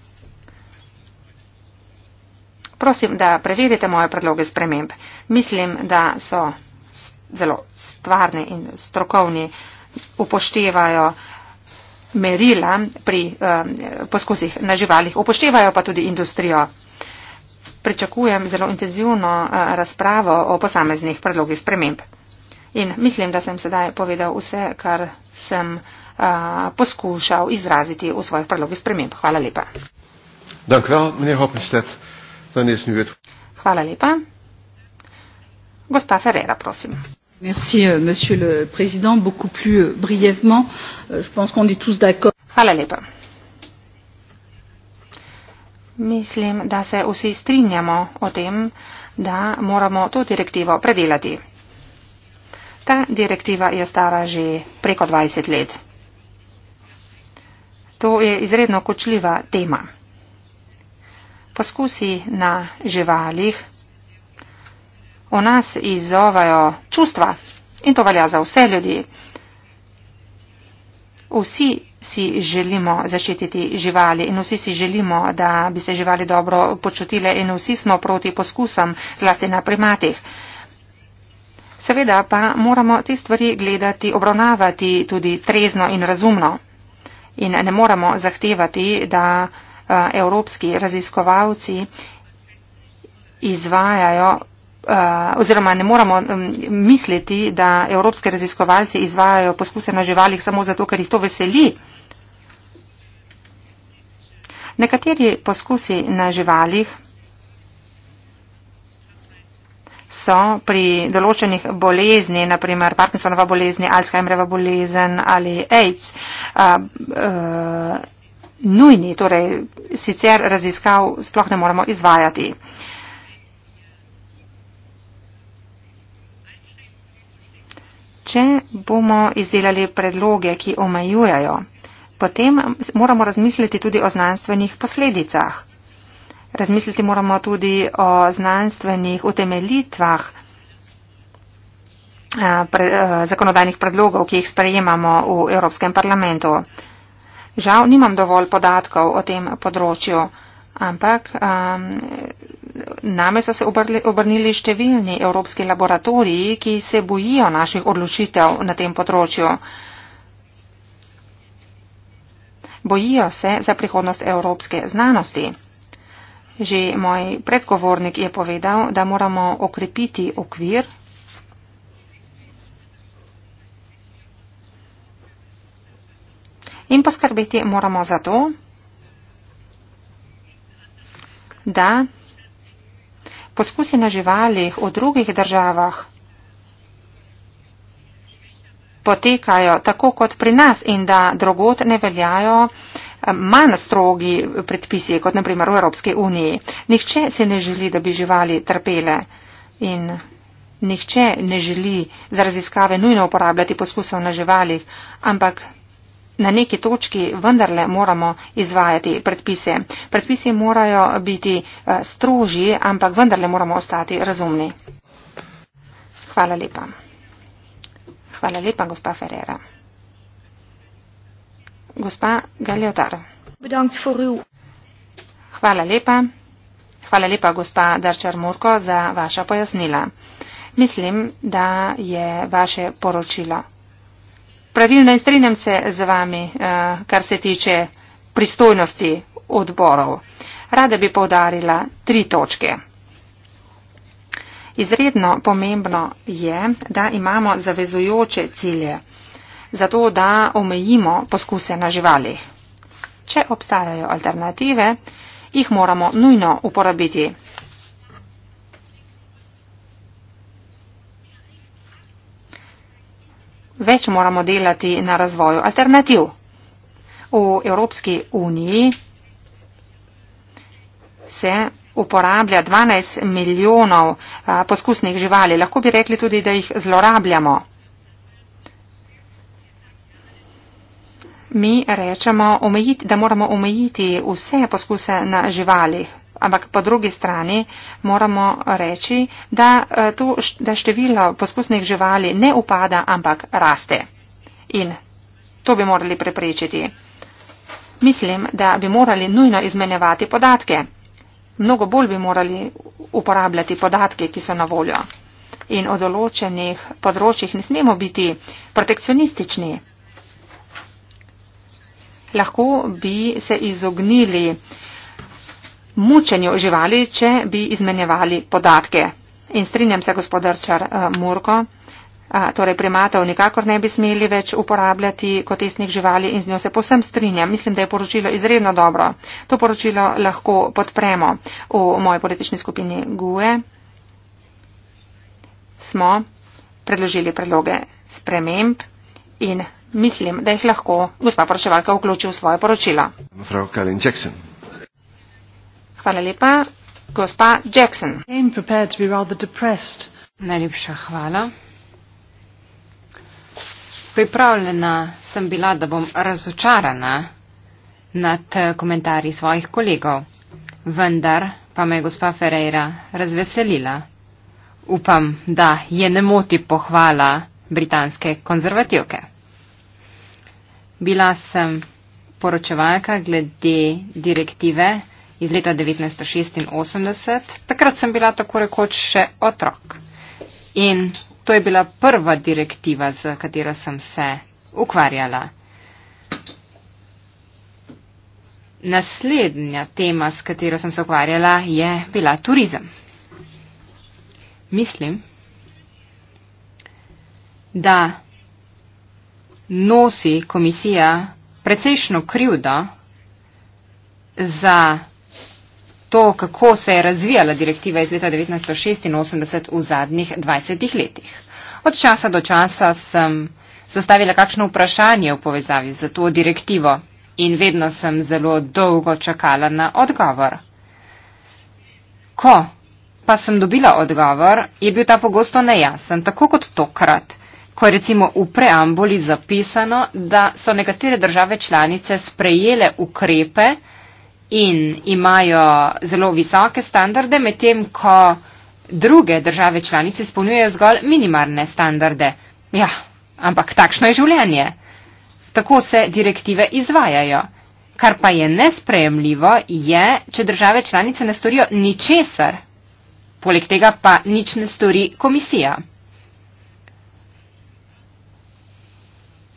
Prosim, da preverite moje predloge sprememb. Mislim, da so zelo stvarni in strokovni, upoštevajo merila pri eh, poskusih na živalih, upoštevajo pa tudi industrijo. Pričakujem zelo intenzivno eh, razpravo o posameznih predlogih sprememb. In mislim, da sem sedaj povedal vse, kar sem eh, poskušal izraziti v svojih predlogih sprememb. Hvala lepa. Dank wel, meneer Hoppenstedt današnji vetru. Hvala lepa. Gospa Ferreira, prosim. Merci, euh, monsieur le président. Beaucoup plus euh, brièvement, euh, je pense qu'on est tous d'accord. Hvala lepa. Mislim, da se vsi strinjamo o tem, da moramo to direktivo predelati. Ta direktiva je stara že preko 20 let. To je izredno kočljiva tema poskusi na živalih v nas izzovajo čustva in to velja za vse ljudi. Vsi si želimo zaščititi živali in vsi si želimo, da bi se živali dobro počutile in vsi smo proti poskusom, zlasti na primatih. Seveda pa moramo te stvari gledati, obravnavati tudi trezno in razumno. In ne moramo zahtevati, da. Eh, evropski raziskovalci izvajajo eh, oziroma ne moramo mm, misliti, da evropske raziskovalci izvajajo poskuse na živalih samo zato, ker jih to veseli. Nekateri poskusi na živalih so pri določenih bolezni, naprimer Parkinsonova bolezni, Alzheimerova bolezen ali AIDS, eh, nujni, torej sicer raziskav sploh ne moramo izvajati. Če bomo izdelali predloge, ki omejujajo, potem moramo razmisliti tudi o znanstvenih posledicah. Razmisliti moramo tudi o znanstvenih utemelitvah eh, pre, eh, zakonodajnih predlogov, ki jih sprejemamo v Evropskem parlamentu. Žal nimam dovolj podatkov o tem področju, ampak um, name so se obrli, obrnili številni evropski laboratoriji, ki se bojijo naših odločitev na tem področju. Bojijo se za prihodnost evropske znanosti. Že moj predgovornik je povedal, da moramo okrepiti okvir In poskrbeti moramo za to, da poskusi na živalih v drugih državah potekajo tako kot pri nas in da drugot ne veljajo eh, manj strogi predpisi, kot naprimer v Evropski uniji. Nihče se ne želi, da bi živali trpele in nihče ne želi za raziskave nujno uporabljati poskusov na živalih, ampak na neki točki vendarle moramo izvajati predpise. Predpisi morajo biti eh, strožji, ampak vendarle moramo ostati razumni. Hvala lepa. Hvala lepa, gospa Ferrera. Gospa Galiotar. Hvala lepa. Hvala lepa, gospa Darčar Murko, za vaša pojasnila. Mislim, da je vaše poročilo pravilno in strinjam se z vami, eh, kar se tiče pristojnosti odborov. Rada bi povdarila tri točke. Izredno pomembno je, da imamo zavezujoče cilje, zato da omejimo poskuse na živalih. Če obstajajo alternative, jih moramo nujno uporabiti. več moramo delati na razvoju alternativ. V Evropski uniji se uporablja 12 milijonov poskusnih živali. Lahko bi rekli tudi, da jih zlorabljamo. Mi rečemo, omejiti, da moramo omejiti vse poskuse na živalih. Ampak po drugi strani moramo reči, da, eh, to, da število poskusnih živali ne upada, ampak raste. In to bi morali preprečiti. Mislim, da bi morali nujno izmenjevati podatke. Mnogo bolj bi morali uporabljati podatke, ki so na voljo. In o določenih področjih ne smemo biti protekcionistični. Lahko bi se izognili uh, mučenju živali, če bi izmenjevali podatke. In strinjam se, gospodar Čar eh, Murko, eh, torej primatov nikakor ne bi smeli več uporabljati kot istnih živali in z njo se posem strinjam. Mislim, da je poročilo izredno dobro. To poročilo lahko podpremo v moji politični skupini GUE. Smo predložili predloge sprememb in mislim, da jih lahko gospa poročevalka vključi v svoje poročilo. Frau Kalin Jackson. Hvala lepa. Gospa Jackson. Najlepša hvala. Pripravljena sem bila, da bom razočarana nad eh, komentarji svojih kolegov, vendar pa me je gospa Ferreira razveselila. Upam, da je ne moti pohvala britanske konzervativke. Bila sem poročevalka glede direktive iz leta 1986. Takrat sem bila tako rekoč še otrok. In to je bila prva direktiva, z katero sem se ukvarjala. Naslednja tema, s katero sem se ukvarjala, je bila turizem. Mislim, da nosi komisija precejšno krivdo za to, kako se je razvijala direktiva iz leta 1986 v zadnjih 20 letih. Od časa do časa sem zastavila kakšno vprašanje v povezavi z to direktivo in vedno sem zelo dolgo čakala na odgovor. Ko pa sem dobila odgovor, je bil ta pogosto nejasen, tako kot tokrat, ko je recimo v preambuli zapisano, da so nekatere države članice sprejele ukrepe, in imajo zelo visoke standarde, medtem ko druge države članice spolnjujejo zgolj minimalne standarde. Ja, ampak takšno je življenje. Tako se direktive izvajajo. Kar pa je nesprejemljivo, je, če države članice ne storijo ničesar. Poleg tega pa nič ne stori komisija.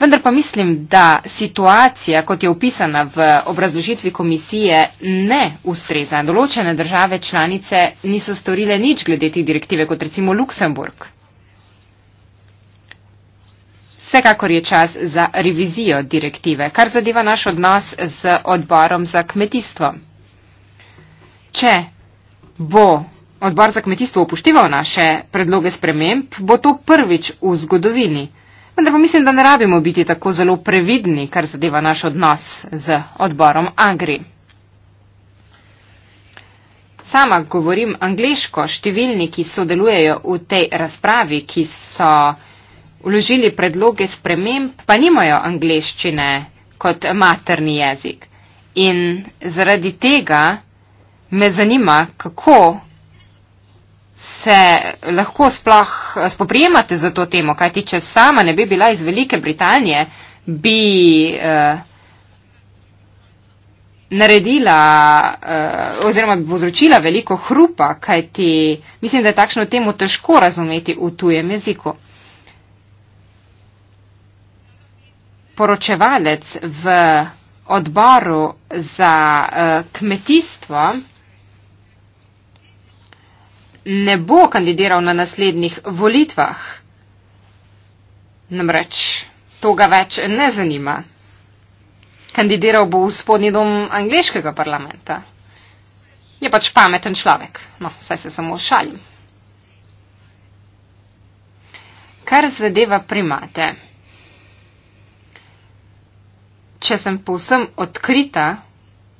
Vendar pa mislim, da situacija, kot je opisana v obrazložitvi komisije, ne ustreza. Določene države članice niso storile nič glede te direktive, kot recimo Luksemburg. Vsekakor je čas za revizijo direktive, kar zadeva naš odnos z odborom za kmetijstvo. Če bo odbor za kmetijstvo upošteval naše predloge sprememb, bo to prvič v zgodovini. Vendar pa mislim, da ne rabimo biti tako zelo previdni, kar zadeva naš odnos z odborom Agri. Sama govorim angliško, številni, ki sodelujejo v tej razpravi, ki so vložili predloge sprememb, pa nimajo angliščine kot materni jezik. In zaradi tega me zanima, kako se lahko sploh spoprijemate za to temo, kajti če sama ne bi bila iz Velike Britanije, bi uh, naredila uh, oziroma bi povzročila veliko hrupa, kajti mislim, da je takšno temo težko razumeti v tujem jeziku. Poročevalec v odboru za uh, kmetijstvo ne bo kandidiral na naslednjih volitvah. Namreč, to ga več ne zanima. Kandidiral bo v spodnji dom angliškega parlamenta. Je pač pameten človek. No, saj se samo šalim. Kar zadeva primate. Če sem povsem odkrita,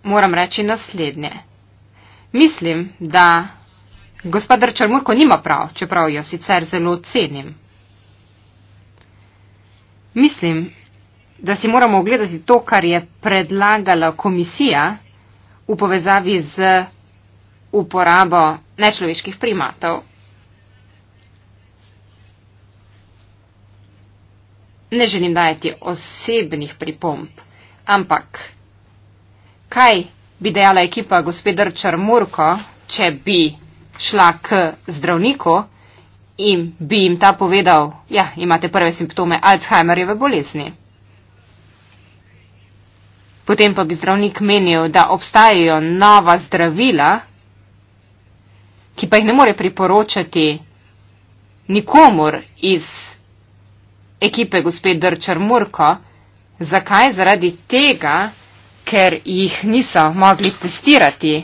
moram reči naslednje. Mislim, da Gospod Črmurko nima prav, čeprav jo sicer zelo cenim. Mislim, da si moramo ogledati to, kar je predlagala komisija v povezavi z uporabo nečloveških primatov. Ne želim dajati osebnih pripomp, ampak kaj bi dejala ekipa gospod Črmurko, če bi šla k zdravniku in bi jim ta povedal, ja, imate prve simptome Alzheimerjeve bolezni. Potem pa bi zdravnik menil, da obstajajo nova zdravila, ki pa jih ne more priporočati nikomur iz ekipe gospe Drčar Murko. Zakaj? Zaradi tega, ker jih niso mogli testirati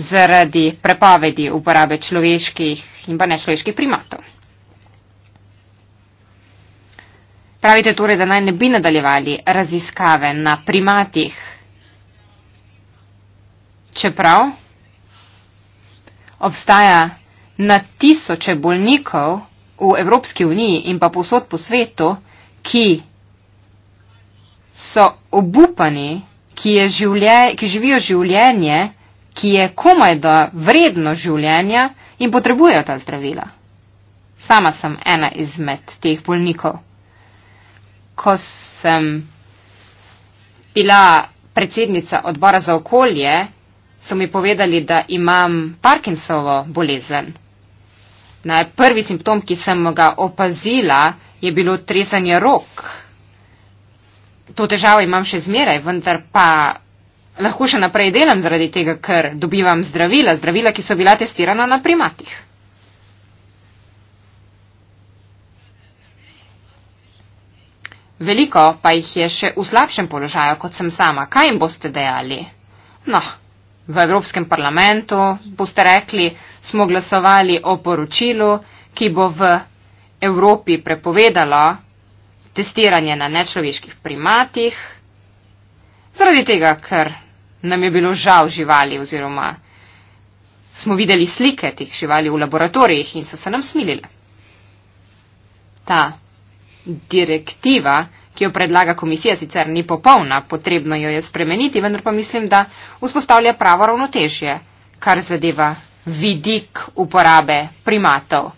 zaradi prepovedi uporabe človeških in pa nečloveških primatov. Pravite torej, da naj ne bi nadaljevali raziskave na primatih, čeprav obstaja na tisoče bolnikov v Evropski uniji in pa posod po svetu, ki so obupani, ki, življe, ki živijo življenje, ki je komaj da vredno življenja in potrebujejo ta zdravila. Sama sem ena izmed teh bolnikov. Ko sem bila predsednica odbora za okolje, so mi povedali, da imam Parkinsovo bolezen. Naj prvi simptom, ki sem ga opazila, je bilo tresanje rok. To težavo imam še zmeraj, vendar pa lahko še naprej delam zaradi tega, ker dobivam zdravila, zdravila, ki so bila testirana na primatih. Veliko pa jih je še v slabšem položaju, kot sem sama. Kaj jim boste dejali? No, v Evropskem parlamentu boste rekli, smo glasovali o poročilu, ki bo v Evropi prepovedalo testiranje na nečloviških primatih, zaradi tega, ker nam je bilo žal živali oziroma smo videli slike teh živali v laboratorijih in so se nam smilile. Ta direktiva, ki jo predlaga komisija, sicer ni popolna, potrebno jo je spremeniti, vendar pa mislim, da vzpostavlja pravo ravnotežje, kar zadeva vidik uporabe primatov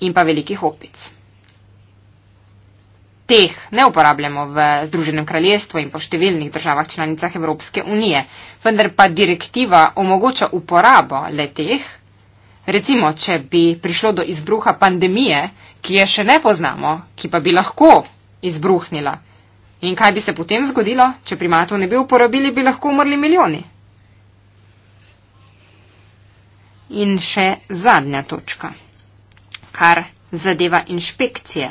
in pa velikih opic teh ne uporabljamo v Združenem kraljestvu in po številnih državah članicah Evropske unije, vendar pa direktiva omogoča uporabo le teh. Recimo, če bi prišlo do izbruha pandemije, ki je še ne poznamo, ki pa bi lahko izbruhnila. In kaj bi se potem zgodilo, če primatov ne bi uporabili, bi lahko umrli milijoni. In še zadnja točka, kar zadeva inšpekcije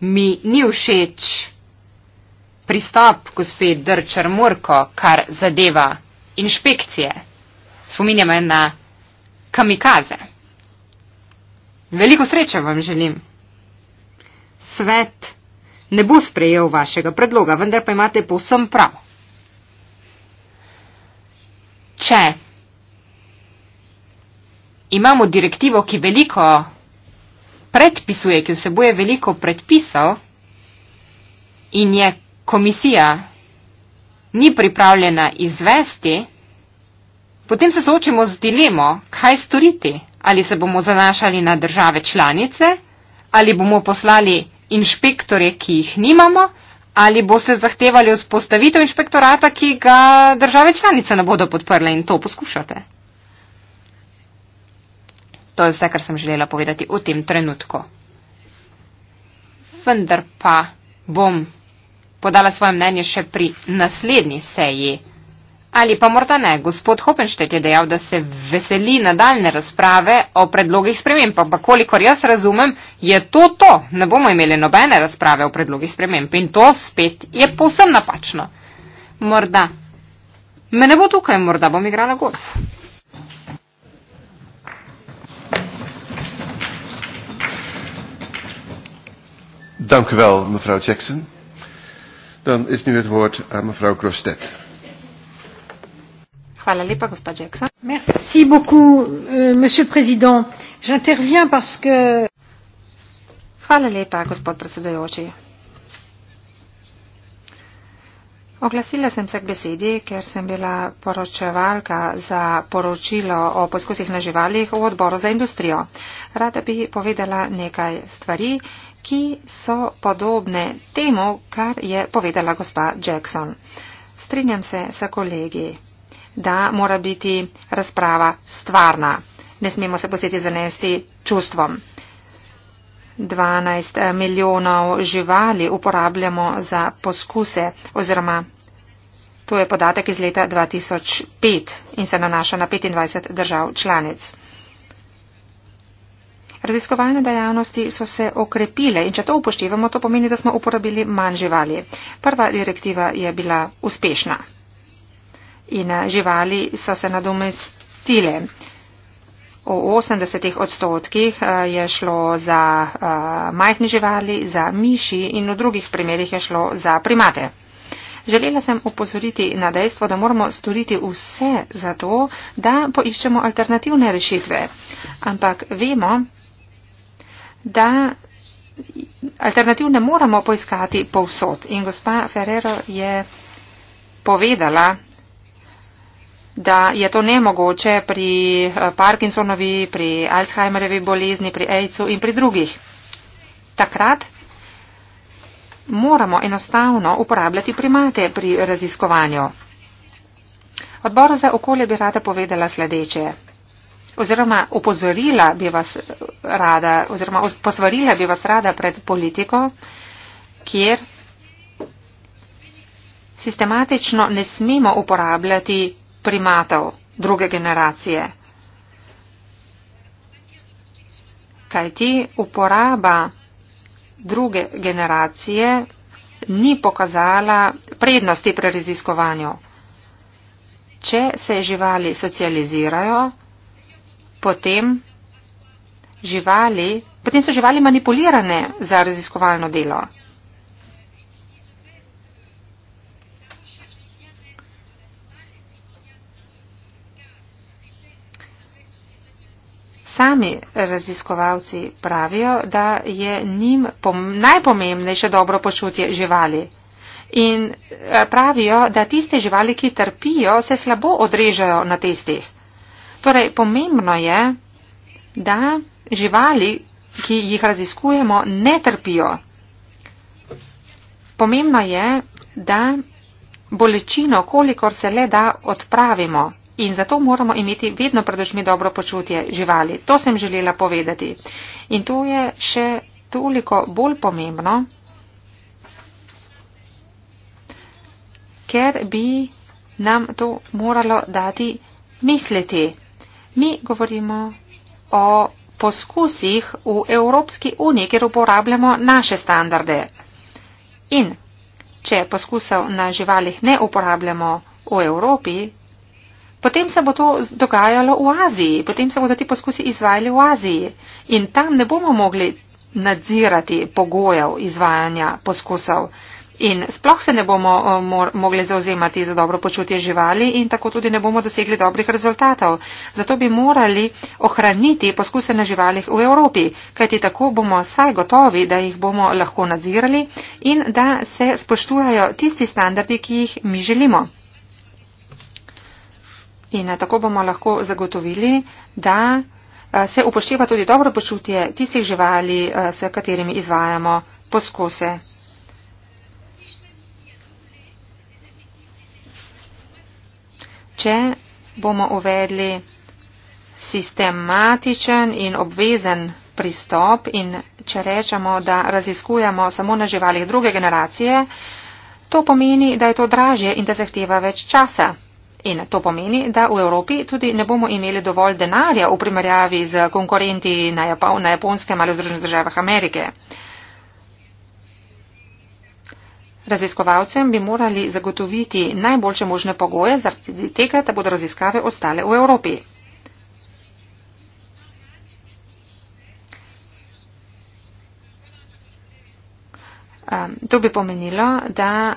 mi ni všeč pristop gospe Drčar Murko, kar zadeva inšpekcije. Spominja me na kamikaze. Veliko sreče vam želim. Svet ne bo sprejel vašega predloga, vendar pa imate povsem prav. Če imamo direktivo, ki veliko predpisuje, ki vsebuje veliko predpisov in je komisija ni pripravljena izvesti, potem se soočimo z dilemo, kaj storiti. Ali se bomo zanašali na države članice, ali bomo poslali inšpektore, ki jih nimamo, ali bo se zahtevali vzpostavitev inšpektorata, ki ga države članice ne bodo podprle in to poskušate. To je vse, kar sem želela povedati v tem trenutku. Vendar pa bom podala svoje mnenje še pri naslednji seji. Ali pa morda ne, gospod Hopenštet je dejal, da se veseli nadaljne razprave o predlogih sprememb, pa kolikor jaz razumem, je to to. Ne bomo imeli nobene razprave o predlogih sprememb in to spet je povsem napačno. Morda. Me ne bo tukaj, morda bom igrala golf. Dank u wel, mevrouw Jackson. Dan is nu het woord aan mevrouw Grostet. Hvala lepa, gospod Jackson. Merci beaucoup, euh, monsieur le président. J'interviens parce que... Hvala lepa, gospod predsedajoči. Oglasila sem se k besedi, ker sem bila poročevalka za poročilo o poskusih na živalih v odboru za industrijo. Rada bi povedala nekaj stvari, ki so podobne temu, kar je povedala gospa Jackson. Strinjam se s kolegi, da mora biti razprava stvarna. Ne smemo se posjeti zanesti čustvom. 12 milijonov živali uporabljamo za poskuse oziroma To je podatek iz leta 2005 in se nanaša na 25 držav članic. Raziskovalne dejavnosti so se okrepile in če to upoštevamo, to pomeni, da smo uporabili manj živali. Prva direktiva je bila uspešna in eh, živali so se nadomestile. V 80 odstotkih eh, je šlo za eh, majhne živali, za miši in v drugih primerjih je šlo za primate. Želela sem upozoriti na dejstvo, da moramo storiti vse za to, da poiščemo alternativne rešitve. Ampak vemo, da alternativ ne moramo poiskati povsod. In gospa Ferrero je povedala, da je to nemogoče pri eh, Parkinsonovi, pri Alzheimerjevi bolezni, pri AIDSu in pri drugih. Takrat moramo enostavno uporabljati primate pri raziskovanju. Odbor za okolje bi rada povedala sledeče oziroma opozorila bi vas rada, oziroma posvarila bi vas rada pred politiko, kjer sistematično ne smemo uporabljati primatov druge generacije. Kaj ti uporaba druge generacije ni pokazala prednosti pri raziskovanju. Če se živali socializirajo, potem živali, potem so živali manipulirane za raziskovalno delo. Sami raziskovalci pravijo, da je njim najpomembnejše dobro počutje živali. In eh, pravijo, da tiste živali, ki trpijo, se slabo odrežajo na testih. Torej, pomembno je, da živali, ki jih raziskujemo, ne trpijo. Pomembno je, da bolečino, kolikor se le da, odpravimo. In zato moramo imeti vedno pred očmi dobro počutje živali. To sem želela povedati. In to je še toliko bolj pomembno, ker bi nam to moralo dati misliti. Mi govorimo o poskusih v Evropski uniji, kjer uporabljamo naše standarde. In če poskusov na živalih ne uporabljamo v Evropi, potem se bo to dogajalo v Aziji, potem se bodo ti poskusi izvajali v Aziji in tam ne bomo mogli nadzirati pogojev izvajanja poskusov. In sploh se ne bomo eh, mogli zauzemati za dobro počutje živali in tako tudi ne bomo dosegli dobrih rezultatov. Zato bi morali ohraniti poskuse na živalih v Evropi, kajti tako bomo saj gotovi, da jih bomo lahko nadzirali in da se spoštujajo tisti standardi, ki jih mi želimo. In eh, tako bomo lahko zagotovili, da eh, se upošteva tudi dobro počutje tistih živali, s katerimi izvajamo poskuse. če bomo uvedli sistematičen in obvezen pristop in če rečemo, da raziskujemo samo na živalih druge generacije, to pomeni, da je to dražje in da zahteva več časa. In to pomeni, da v Evropi tudi ne bomo imeli dovolj denarja v primerjavi z konkurenti na, Japo na Japonskem ali v Združenih državah Amerike. Raziskovalcem bi morali zagotoviti najboljše možne pogoje zaradi tega, da bodo raziskave ostale v Evropi. To bi pomenilo, da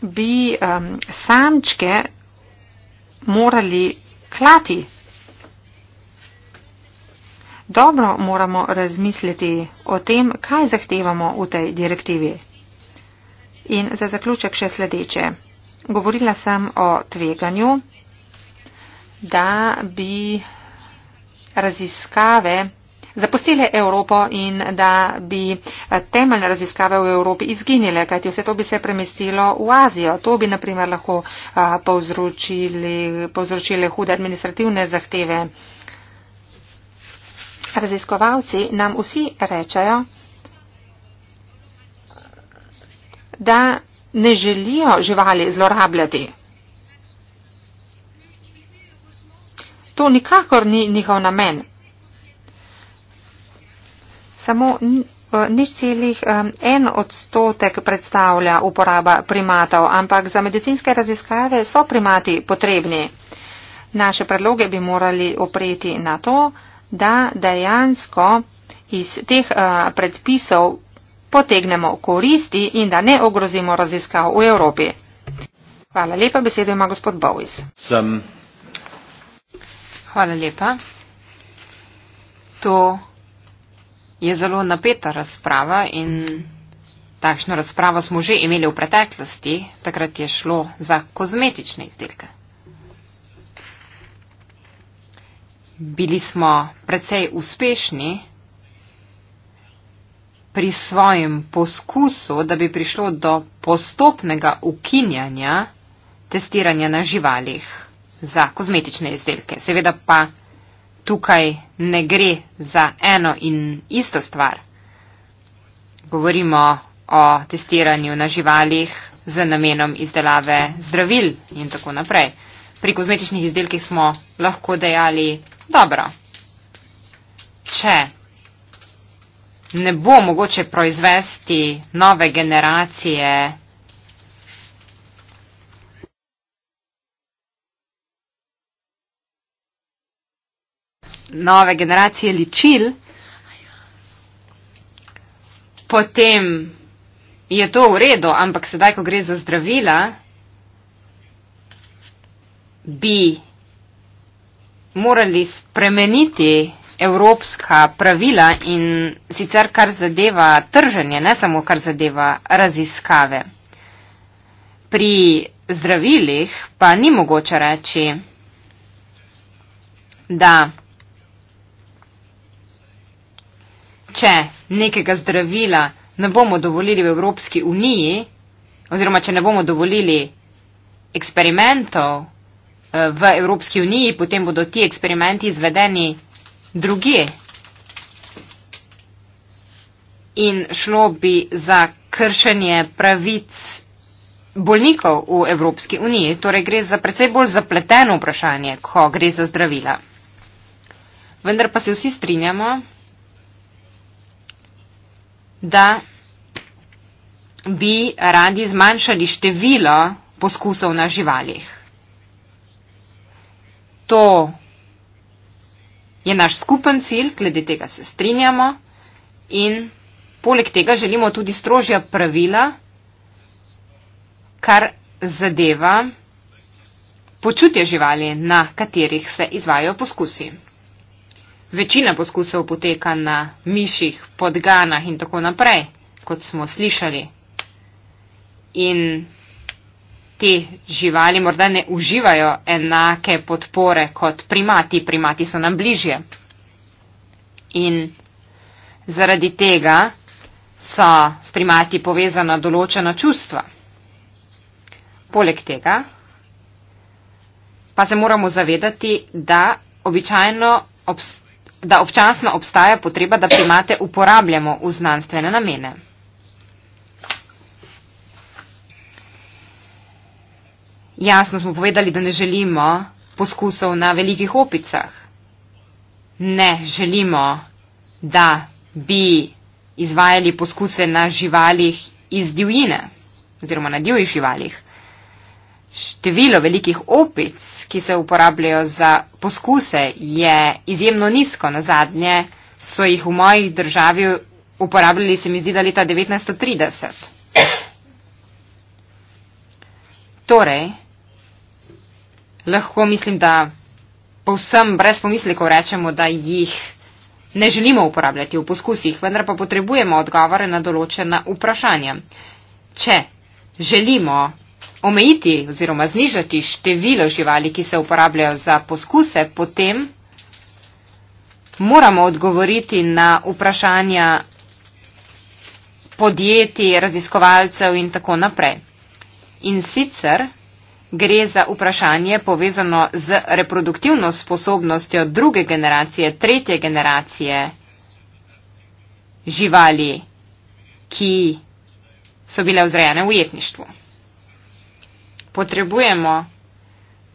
bi um, samčke morali klati. Dobro moramo razmisliti o tem, kaj zahtevamo v tej direktivi. In za zaključek še sledeče. Govorila sem o tveganju, da bi raziskave zapustile Evropo in da bi temeljne raziskave v Evropi izginile, kajti vse to bi se premestilo v Azijo. To bi naprimer lahko povzročile hude administrativne zahteve. Raziskovalci nam vsi rečajo, da ne želijo živali zlorabljati. To nikakor ni njihov namen. Samo nič celih um, en odstotek predstavlja uporaba primatov, ampak za medicinske raziskave so primati potrebni. Naše predloge bi morali opreti na to, da dejansko iz teh uh, predpisov potegnemo koristi in da ne ogrozimo raziskav v Evropi. Hvala lepa, besedo ima gospod Bowis. Sem. Hvala lepa. To je zelo napeta razprava in takšno razpravo smo že imeli v preteklosti, takrat je šlo za kozmetične izdelke. Bili smo precej uspešni pri svojem poskusu, da bi prišlo do postopnega ukinjanja testiranja na živalih za kozmetične izdelke. Seveda pa tukaj ne gre za eno in isto stvar. Govorimo o testiranju na živalih z namenom izdelave zdravil in tako naprej. Pri kozmetičnih izdelkih smo lahko dejali dobro. Če ne bo mogoče proizvesti nove generacije nove generacije ličil, potem je to v redu, ampak sedaj, ko gre za zdravila, bi morali spremeniti evropska pravila in sicer kar zadeva trženje, ne samo kar zadeva raziskave. Pri zdravilih pa ni mogoče reči, da če nekega zdravila ne bomo dovolili v Evropski uniji oziroma če ne bomo dovolili eksperimentov eh, v Evropski uniji, potem bodo ti eksperimenti izvedeni drugje. In šlo bi za kršenje pravic bolnikov v Evropski uniji, torej gre za precej bolj zapleteno vprašanje, ko gre za zdravila. Vendar pa se vsi strinjamo, da bi radi zmanjšali število poskusov na živalih. To je naš skupen cilj, glede tega se strinjamo in poleg tega želimo tudi strožja pravila, kar zadeva počutje živali, na katerih se izvajo poskusi. Večina poskusov poteka na miših, podganah in tako naprej, kot smo slišali. In te živali morda ne uživajo enake podpore kot primati. Primati so nam bližje. In zaradi tega so s primati povezana določena čustva. Poleg tega pa se moramo zavedati, da, obst da občasno obstaja potreba, da primate uporabljamo v znanstvene namene. Jasno smo povedali, da ne želimo poskusov na velikih opicah. Ne želimo, da bi izvajali poskuse na živalih iz divjine oziroma na divjih živalih. Število velikih opic, ki se uporabljajo za poskuse, je izjemno nizko. Na zadnje so jih v moji državi uporabljali, se mi zdi, da leta 1930. Torej, lahko mislim, da povsem brez pomislekov rečemo, da jih ne želimo uporabljati v poskusih, vendar pa potrebujemo odgovore na določena vprašanja. Če želimo omejiti oziroma znižati število živali, ki se uporabljajo za poskuse, potem moramo odgovoriti na vprašanja podjetij, raziskovalcev in tako naprej. In sicer Gre za vprašanje povezano z reproduktivno sposobnostjo druge generacije, tretje generacije živali, ki so bile vzrejene v ujetništvu. Potrebujemo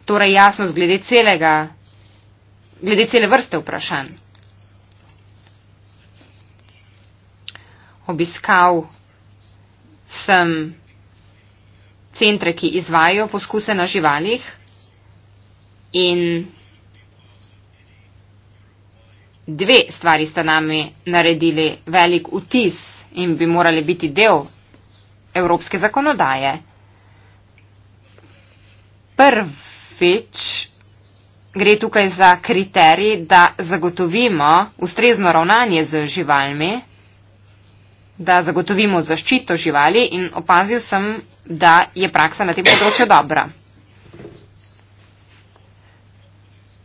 torej jasnost glede, celega, glede cele vrste vprašanj. Obiskal sem centre, ki izvajo poskuse na živalih in dve stvari sta nami naredili velik vtis in bi morali biti del evropske zakonodaje. Prvič gre tukaj za kriterij, da zagotovimo ustrezno ravnanje z živalmi da zagotovimo zaščito živali in opazil sem, da je praksa na tem področju dobra.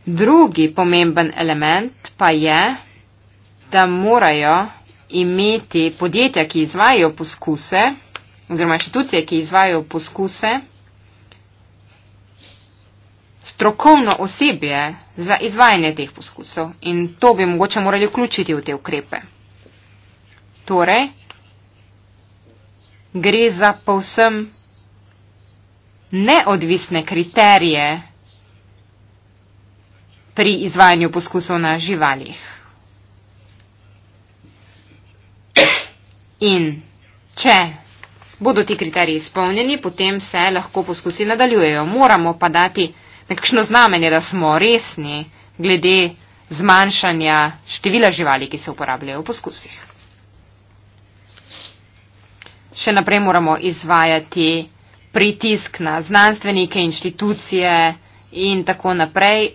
Drugi pomemben element pa je, da morajo imeti podjetja, ki izvajo poskuse, oziroma inštitucije, ki izvajo poskuse, strokovno osebje za izvajanje teh poskusov. In to bi mogoče morali vključiti v te ukrepe. Torej, gre za povsem neodvisne kriterije pri izvajanju poskusov na živalih. In če bodo ti kriteriji izpolnjeni, potem se lahko poskusi nadaljujejo. Moramo pa dati nekakšno znamenje, da smo resni glede zmanjšanja števila živali, ki se uporabljajo v poskusih še naprej moramo izvajati pritisk na znanstvenike, inštitucije in tako naprej,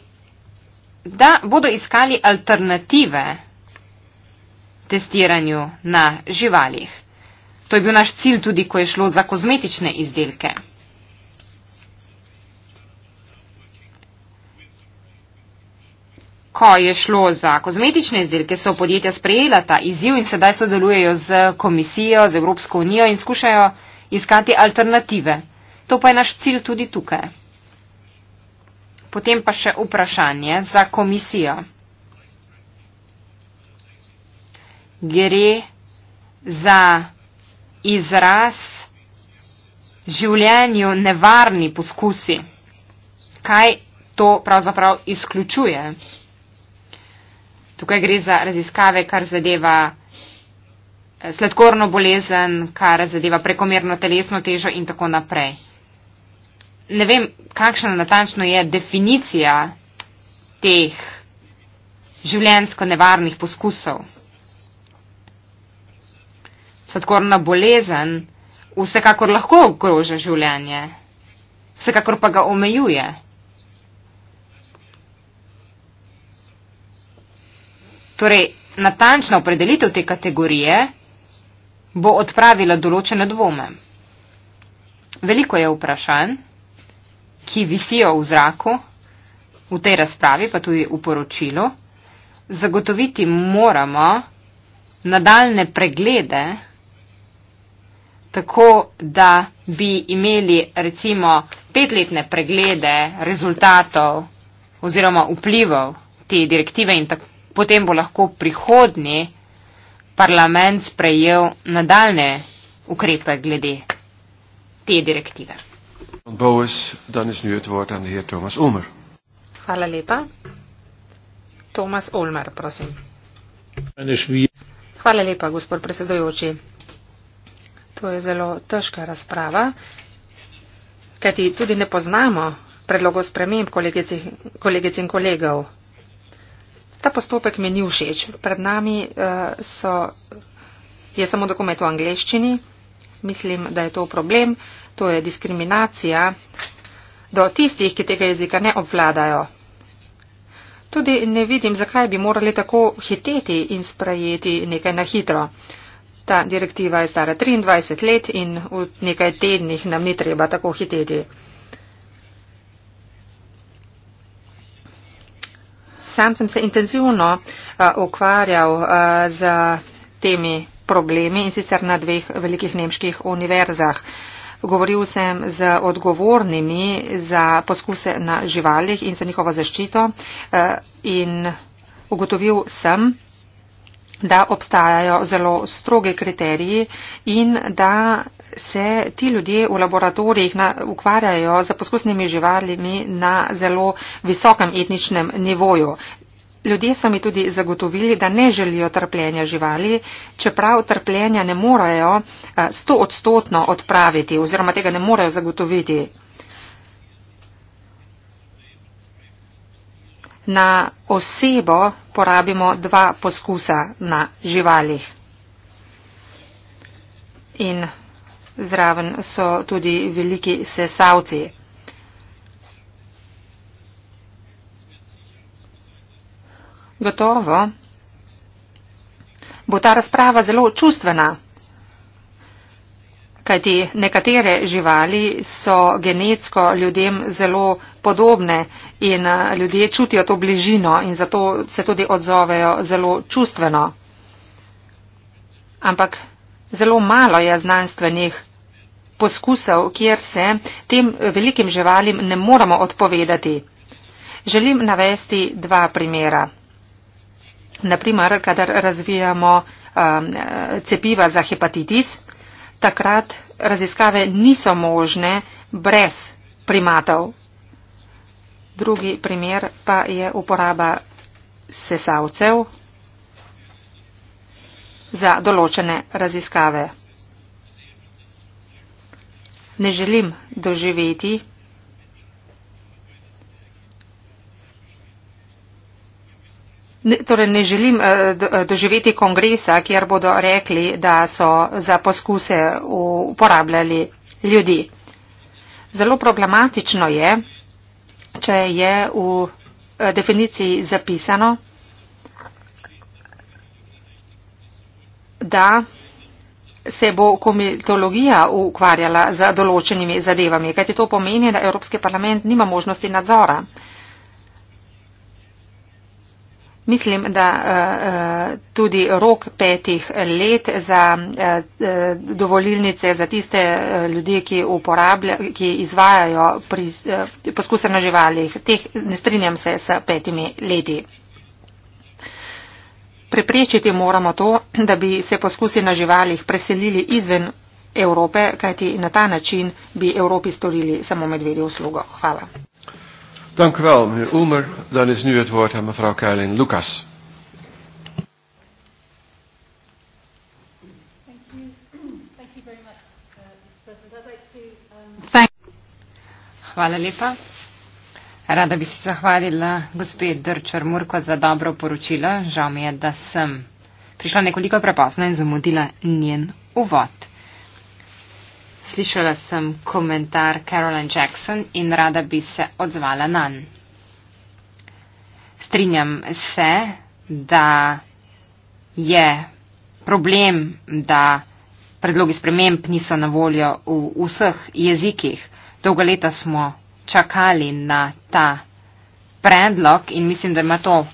da bodo iskali alternative testiranju na živalih. To je bil naš cilj tudi, ko je šlo za kozmetične izdelke. ko je šlo za kozmetične izdelke, so podjetja sprejela ta izziv in sedaj sodelujejo z komisijo, z Evropsko unijo in skušajo iskati alternative. To pa je naš cilj tudi tukaj. Potem pa še vprašanje za komisijo. Gre za izraz življenju nevarni poskusi. Kaj to pravzaprav izključuje? tukaj gre za raziskave, kar zadeva eh, sladkorno bolezen, kar zadeva prekomerno telesno težo in tako naprej. Ne vem, kakšna natančno je definicija teh življensko nevarnih poskusov. Sladkorna bolezen vsekakor lahko ogroža življenje, vsekakor pa ga omejuje. Torej, natančna opredelitev te kategorije bo odpravila določene dvome. Veliko je vprašanj, ki visijo v zraku v tej razpravi, pa tudi v poročilu. Zagotoviti moramo nadaljne preglede, tako da bi imeli recimo petletne preglede rezultatov oziroma vplivov te direktive in tako potem bo lahko prihodni parlament sprejel nadaljne ukrepe glede te direktive. Hvala lepa. Tomas Olmer, prosim. Hvala lepa, gospod predsedojoči. To je zelo težka razprava, kajti tudi ne poznamo predlogov sprememb kolegic in kolegov. Ta postopek mi ni všeč. Pred nami uh, so, je samo dokument v angleščini. Mislim, da je to problem. To je diskriminacija do tistih, ki tega jezika ne obvladajo. Tudi ne vidim, zakaj bi morali tako hiteti in sprejeti nekaj na hitro. Ta direktiva je stara 23 let in v nekaj tednih nam ni treba tako hiteti. sam sem se intenzivno ukvarjal z temi problemi in sicer na dveh velikih nemških univerzah. Govoril sem z odgovornimi za poskuse na živalih in za njihovo zaščito in ugotovil sem, da obstajajo zelo stroge kriteriji in da se ti ljudje v laboratorijih na, ukvarjajo z poskusnimi živalimi na zelo visokem etničnem nivoju. Ljudje so mi tudi zagotovili, da ne želijo trpljenja živali, čeprav trpljenja ne morajo eh, stoodstotno odpraviti oziroma tega ne morejo zagotoviti. Na osebo porabimo dva poskusa na živalih. In zraven so tudi veliki sesavci. Gotovo bo ta razprava zelo čustvena, kajti nekatere živali so genetsko ljudem zelo podobne in ljudje čutijo to bližino in zato se tudi odzovejo zelo čustveno. Ampak zelo malo je znanstvenih poskusov, kjer se tem velikim živalim ne moramo odpovedati. Želim navesti dva primera. Naprimer, kadar razvijamo um, cepiva za hepatitis, takrat raziskave niso možne brez primatov. Drugi primer pa je uporaba sesavcev za določene raziskave ne želim doživeti, ne, torej ne želim eh, eh, doživeti kongresa, kjer bodo rekli, da so za poskuse uporabljali ljudi. Zelo problematično je, če je v eh, definiciji zapisano, da se bo komitologija ukvarjala z določenimi zadevami, kajti to pomeni, da Evropski parlament nima možnosti nadzora. Mislim, da eh, eh, tudi rok petih let za eh, dovolilnice za tiste ljudi, ki, ki izvajajo poskuse na živalih, teh ne strinjam se s petimi leti. Preprečiti moramo to, da bi se poskusi na živalih preselili izven Evrope, kajti na ta način bi Evropi storili samo medvedje uslugo. Hvala. Dank wel, meneer Ulmer. Dan is nu het woord aan mevrouw Keiling Lucas. Thank you. Thank you very much, uh, President. I'd like to um... Thank... Hvala lepa. Rada bi se zahvalila gospe Drčar Murko za dobro poročilo. Žal mi je, da sem prišla nekoliko prepozno in zamudila njen uvod. Slišala sem komentar Caroline Jackson in rada bi se odzvala na nj. Strinjam se, da je problem, da predlogi sprememb niso na voljo v vseh jezikih. Dolga leta smo čakali na ta predlog in mislim, da ima to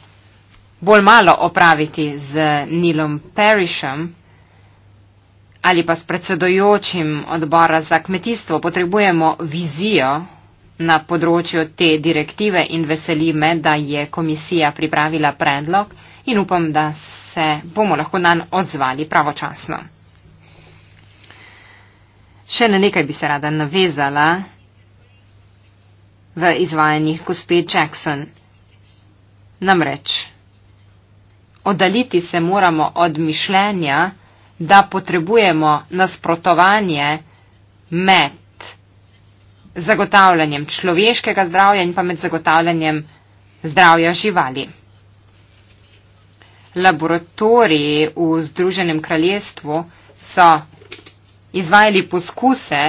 bolj malo opraviti z Nilom Parrishom ali pa s predsedojočim odbora za kmetijstvo. Potrebujemo vizijo na področju te direktive in veseli me, da je komisija pripravila predlog in upam, da se bomo lahko nanj odzvali pravočasno. Še na nekaj bi se rada navezala v izvajanjih gospe Jackson. Namreč, oddaliti se moramo od mišljenja, da potrebujemo nasprotovanje med zagotavljanjem človeškega zdravja in pa med zagotavljanjem zdravja živali. Laboratoriji v Združenem kraljestvu so izvajali poskuse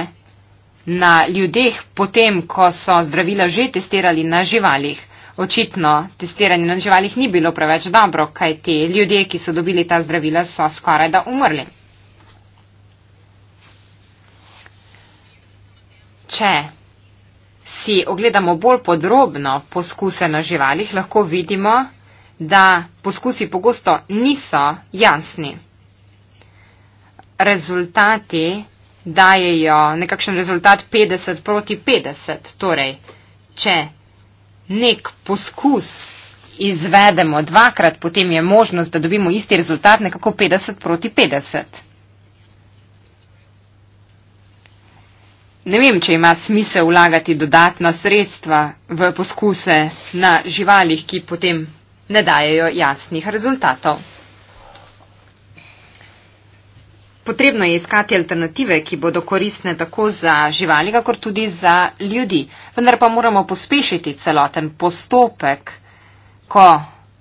na ljudeh, potem ko so zdravila že testirali na živalih. Očitno testiranje na živalih ni bilo preveč dobro, kaj te ljudje, ki so dobili ta zdravila, so skoraj da umrli. Če si ogledamo bolj podrobno poskuse na živalih, lahko vidimo, da poskusi pogosto niso jasni. Rezultati dajejo nekakšen rezultat 50 proti 50. Torej, če nek poskus izvedemo dvakrat, potem je možnost, da dobimo isti rezultat nekako 50 proti 50. Ne vem, če ima smisel vlagati dodatna sredstva v poskuse na živalih, ki potem ne dajejo jasnih rezultatov. Potrebno je iskati alternative, ki bodo koristne tako za živali, kakor tudi za ljudi. Vendar pa moramo pospešiti celoten postopek, ko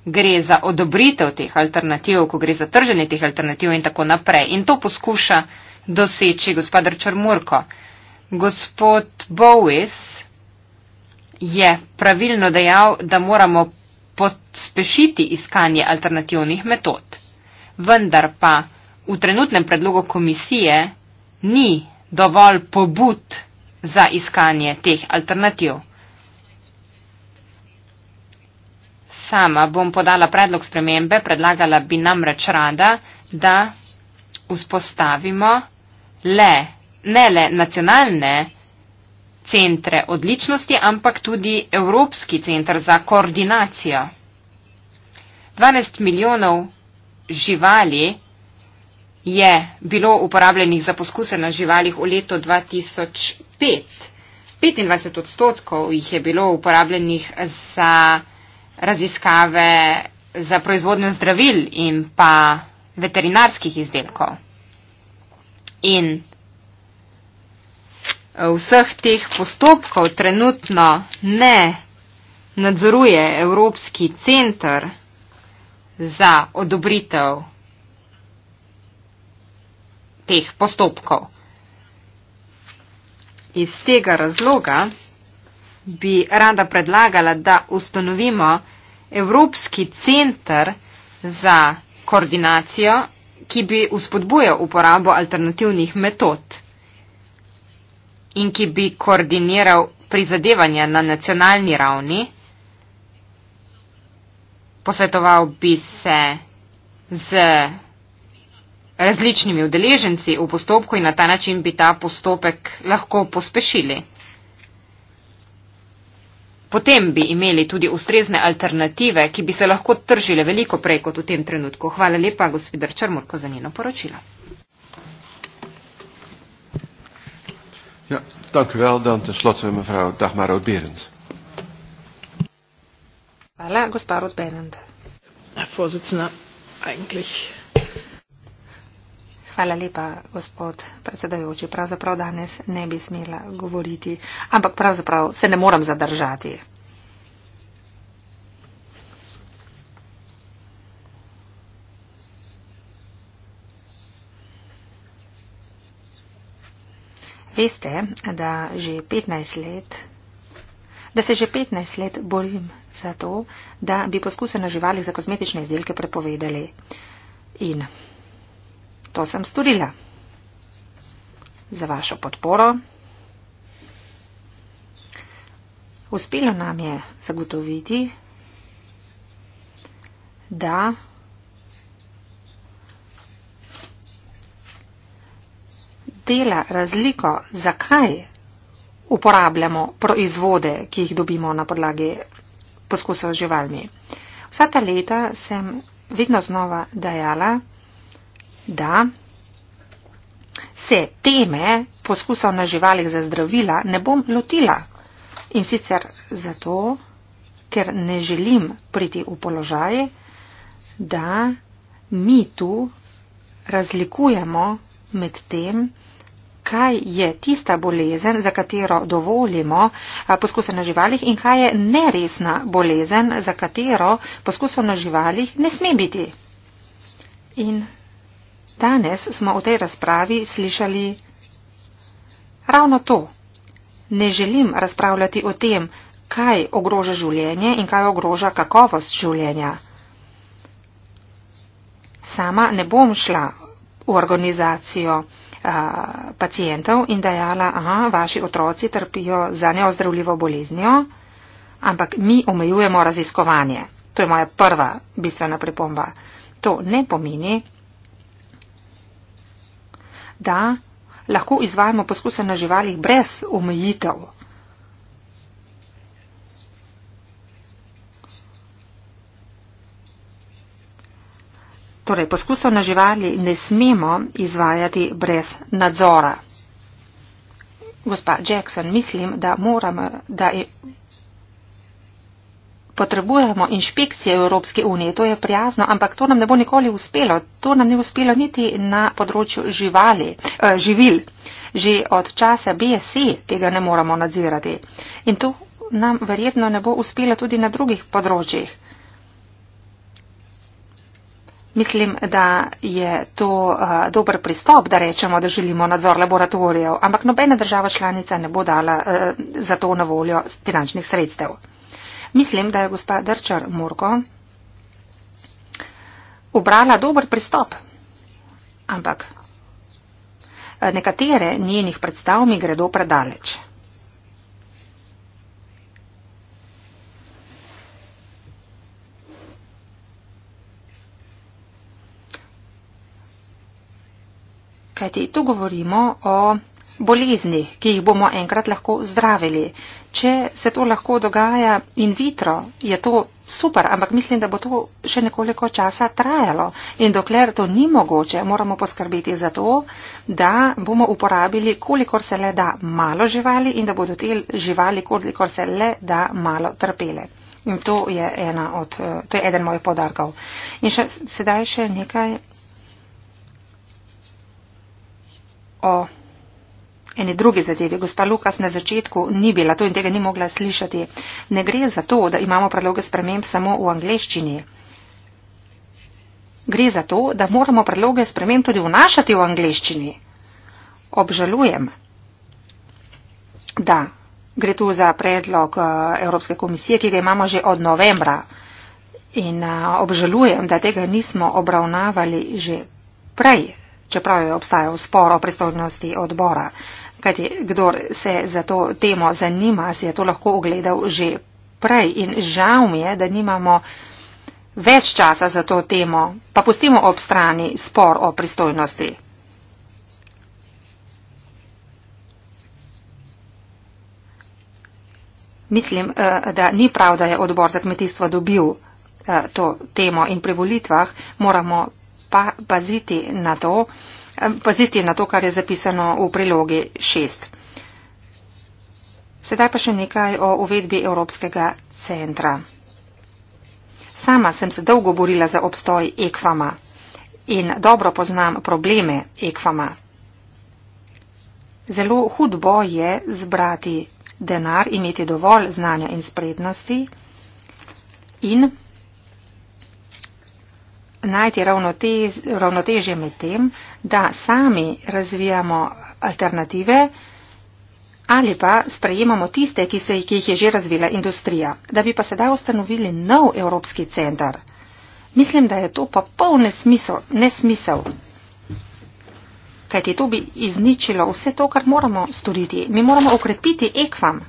gre za odobritev teh alternativ, ko gre za trženje teh alternativ in tako naprej. In to poskuša doseči gospod Richard Murko. Gospod Bowis je pravilno dejal, da moramo pospešiti iskanje alternativnih metod. Vendar pa v trenutnem predlogu komisije ni dovolj pobud za iskanje teh alternativ. Sama bom podala predlog spremembe, predlagala bi namreč rada, da vzpostavimo le, ne le nacionalne centre odličnosti, ampak tudi Evropski centr za koordinacijo. 12 milijonov živali je bilo uporabljenih za poskuse na živalih v letu 2005. 25 odstotkov jih je bilo uporabljenih za raziskave za proizvodnjo zdravil in pa veterinarskih izdelkov. In vseh teh postopkov trenutno ne nadzoruje Evropski centr za odobritev teh postopkov. Iz tega razloga bi rada predlagala, da ustanovimo Evropski centr za koordinacijo, ki bi uspodbujal uporabo alternativnih metod in ki bi koordiniral prizadevanja na nacionalni ravni. Posvetoval bi se z različnimi udeleženci v postopku in na ta način bi ta postopek lahko pospešili. Potem bi imeli tudi ustrezne alternative, ki bi se lahko tržile veliko prej kot v tem trenutku. Hvala lepa, gospodar Črmurko, za njeno poročilo. Ja, dank u wel. Dan tenslotte mevrouw Dagmar Oud-Berend. Voilà, gospa Oud-Berend. Voorzitter, eigenlijk... Hvala lepa, gospod predsedajoči. Pravzaprav danes ne bi smela govoriti, ampak pravzaprav se ne moram zadržati. Veste, da, že 15 let, da se že 15 let borim za to, da bi poskuse na živali za kozmetične izdelke prepovedali. In To sem storila. Za vašo podporo. Uspelo nam je zagotoviti, da dela razliko, zakaj uporabljamo proizvode, ki jih dobimo na podlagi poskusov z živalmi. Vsa ta leta sem vedno znova dajala, da se teme poskusov na živalih za zdravila ne bom lotila. In sicer zato, ker ne želim priti v položaj, da mi tu razlikujemo med tem, kaj je tista bolezen, za katero dovolimo poskuse na živalih in kaj je neresna bolezen, za katero poskusov na živalih ne sme biti. In Danes smo v tej razpravi slišali ravno to. Ne želim razpravljati o tem, kaj ogroža življenje in kaj ogroža kakovost življenja. Sama ne bom šla v organizacijo a, pacijentov in dejala, aha, vaši otroci trpijo za neozdravljivo boleznjo, ampak mi omejujemo raziskovanje. To je moja prva bistvena pripomba. To ne pomeni, da lahko izvajamo poskuse na živalih brez omejitev. Torej, poskusov na živali ne smemo izvajati brez nadzora. Gospa Jackson, mislim, da moramo, da potrebujemo inšpekcije Evropske unije, to je prijazno, ampak to nam ne bo nikoli uspelo. To nam ni uspelo niti na področju živali, eh, živil. Že od časa BSE tega ne moramo nadzirati. In to nam verjetno ne bo uspelo tudi na drugih področjih. Mislim, da je to eh, dober pristop, da rečemo, da želimo nadzor laboratorijev, ampak nobena država članica ne bo dala eh, za to na voljo finančnih sredstev. Mislim, da je gospa Drčar Murko obrala dober pristop, ampak eh, nekatere njenih predstav mi gredo predaleč. Kajti tu govorimo o bolezni, ki jih bomo enkrat lahko zdravili. Če se to lahko dogaja in vitro, je to super, ampak mislim, da bo to še nekoliko časa trajalo. In dokler to ni mogoče, moramo poskrbeti za to, da bomo uporabili kolikor se le da malo živali in da bodo te živali kolikor se le da malo trpele. In to je, ena od, eh, to je eden mojih podarkov. In še, sedaj še nekaj o eni drugi zazevi. Gospa Lukas na začetku ni bila to in tega ni mogla slišati. Ne gre za to, da imamo predloge sprememb samo v angleščini. Gre za to, da moramo predloge sprememb tudi vnašati v angleščini. Obžalujem, da gre tu za predlog eh, Evropske komisije, ki ga imamo že od novembra. In eh, obžalujem, da tega nismo obravnavali že prej, čeprav je obstajal spor o pristojnosti odbora kajti kdor se za to temo zanima, si je to lahko ogledal že prej in žal mi je, da nimamo več časa za to temo, pa pustimo ob strani spor o pristojnosti. Mislim, eh, da ni prav, da je odbor za kmetijstvo dobil eh, to temo in pri volitvah moramo pa paziti na to, Eh, paziti na to, kar je zapisano v prilogi 6. Sedaj pa še nekaj o uvedbi Evropskega centra. Sama sem se dolgo borila za obstoj ekvama in dobro poznam probleme ekvama. Zelo hud boj je zbrati denar, imeti dovolj znanja in sprednosti in najti ravnotež, ravnotežje med tem, da sami razvijamo alternative ali pa sprejemamo tiste, ki, se, ki jih je že razvila industrija. Da bi pa sedaj ustanovili nov evropski centar. Mislim, da je to pa poln nesmisel, nesmisel. Kajti to bi izničilo vse to, kar moramo storiti. Mi moramo okrepiti ekvam.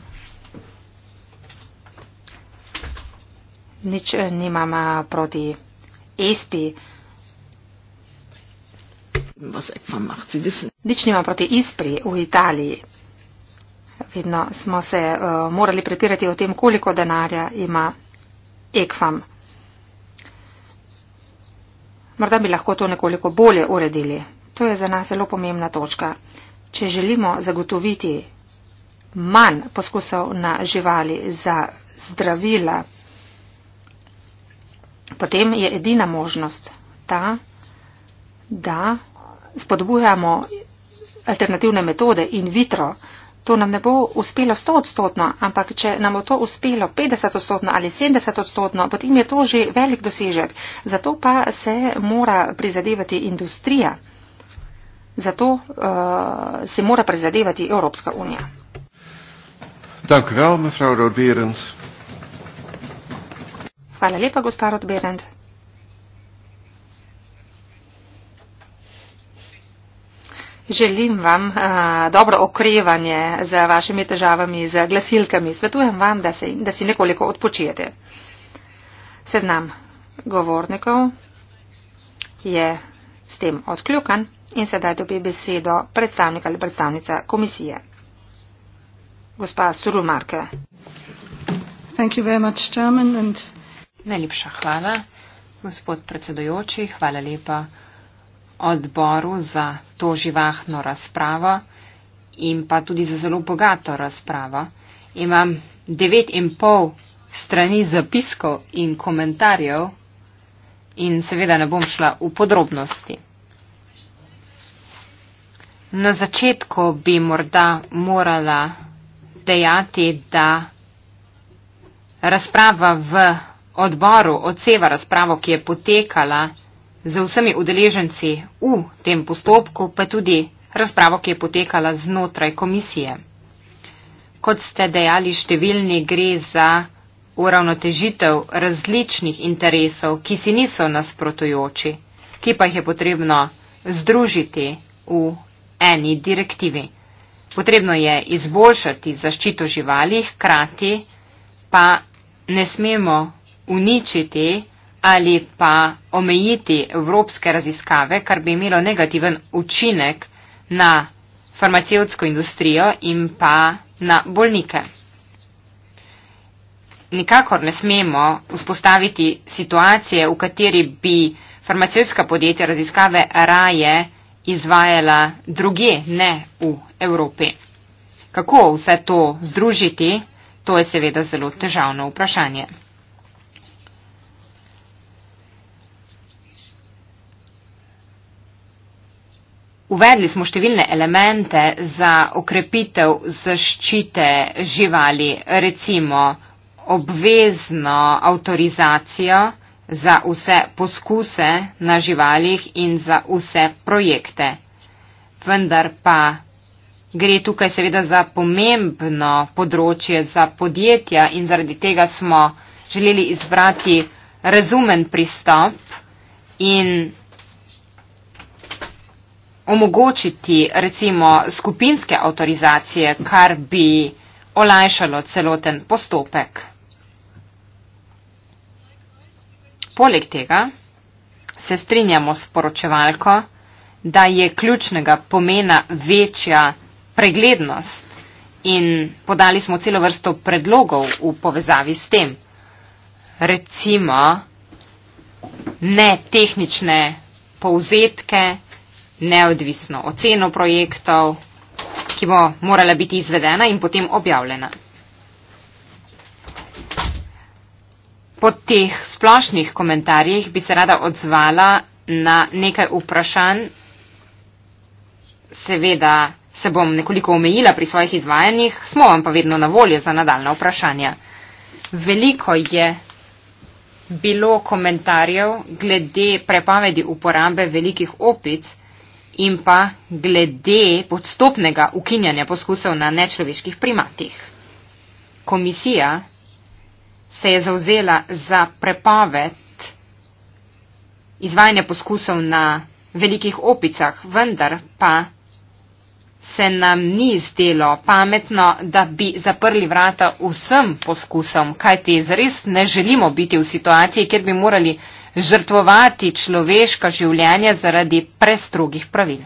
Nič eh, nimam eh, proti E SP. Nič nima proti ISPRI e v Italiji. Vedno smo se uh, morali prepirati o tem, koliko denarja ima ECFAM. Morda bi lahko to nekoliko bolje uredili. To je za nas zelo pomembna točka. Če želimo zagotoviti manj poskusov na živali za zdravila, potem je edina možnost ta, da spodbujamo alternativne metode in vitro. To nam ne bo uspelo 100 odstotno, ampak če nam bo to uspelo 50 odstotno ali 70 odstotno, potem je to že velik dosežek. Zato pa se mora prizadevati industrija. Zato uh, se mora prizadevati Evropska unija. Dank u wel, mevrouw Roodberend. Hvala lepa, gospa Rodberend. Želim vam a, eh, dobro okrevanje z vašimi težavami, z glasilkami. Svetujem vam, da si, da si nekoliko odpočijete. Seznam govornikov je s tem odkljukan in sedaj dobi besedo predstavnika ali predstavnica komisije. Gospa Surumarke. Thank you very much, Chairman, and Najlepša hvala, gospod predsedojoči, hvala lepa odboru za to živahno razpravo in pa tudi za zelo bogato razpravo. Imam devet in pol strani zapiskov in komentarjev in seveda ne bom šla v podrobnosti. Na začetku bi morda morala dejati, da razprava v odboru odseva razpravo, ki je potekala z vsemi udeleženci v tem postopku, pa tudi razpravo, ki je potekala znotraj komisije. Kot ste dejali, številni gre za uravnotežitev različnih interesov, ki si niso nasprotujoči, ki pa jih je potrebno združiti v eni direktivi. Potrebno je izboljšati zaščito živali, hkrati pa ne smemo uničiti ali pa omejiti evropske raziskave, kar bi imelo negativen učinek na farmacevtsko industrijo in pa na bolnike. Nikakor ne smemo vzpostaviti situacije, v kateri bi farmacevtska podjetja raziskave raje izvajala druge, ne v Evropi. Kako vse to združiti, to je seveda zelo težavno vprašanje. Uvedli smo številne elemente za okrepitev zaščite živali, recimo obvezno avtorizacijo za vse poskuse na živalih in za vse projekte. Vendar pa gre tukaj seveda za pomembno področje za podjetja in zaradi tega smo želeli izbrati razumen pristop in omogočiti recimo skupinske avtorizacije, kar bi olajšalo celoten postopek. Poleg tega se strinjamo s poročevalko, da je ključnega pomena večja preglednost in podali smo celo vrsto predlogov v povezavi s tem. Recimo ne tehnične povzetke, neodvisno oceno projektov, ki bo morala biti izvedena in potem objavljena. Po teh splošnih komentarjih bi se rada odzvala na nekaj vprašanj. Seveda se bom nekoliko omejila pri svojih izvajanjih, smo vam pa vedno na voljo za nadaljna vprašanja. Veliko je bilo komentarjev glede prepovedi uporabe velikih opic, in pa glede podstopnega ukinjanja poskusov na nečloveških primatih. Komisija se je zauzela za prepoved izvajanja poskusov na velikih opicah, vendar pa se nam ni zdelo pametno, da bi zaprli vrata vsem poskusom, kajti zares ne želimo biti v situaciji, kjer bi morali žrtvovati človeška življenja zaradi prestrogih pravil.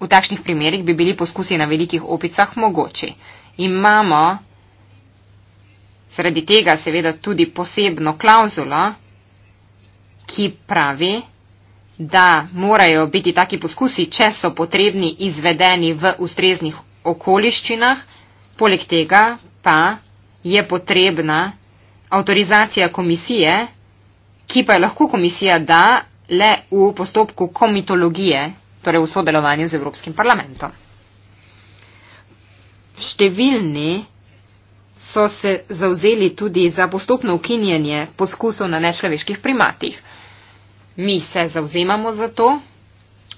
V takšnih primerjih bi bili poskusi na velikih opicah mogoči. Imamo zaradi tega seveda tudi posebno klauzulo, ki pravi, da morajo biti taki poskusi, če so potrebni, izvedeni v ustreznih okoliščinah, poleg tega pa je potrebna avtorizacija komisije, ki pa je lahko komisija da le v postopku komitologije, torej v sodelovanju z Evropskim parlamentom. Številni so se zauzeli tudi za postopno ukinjanje poskusov na nečloveških primatih. Mi se zauzemamo za to.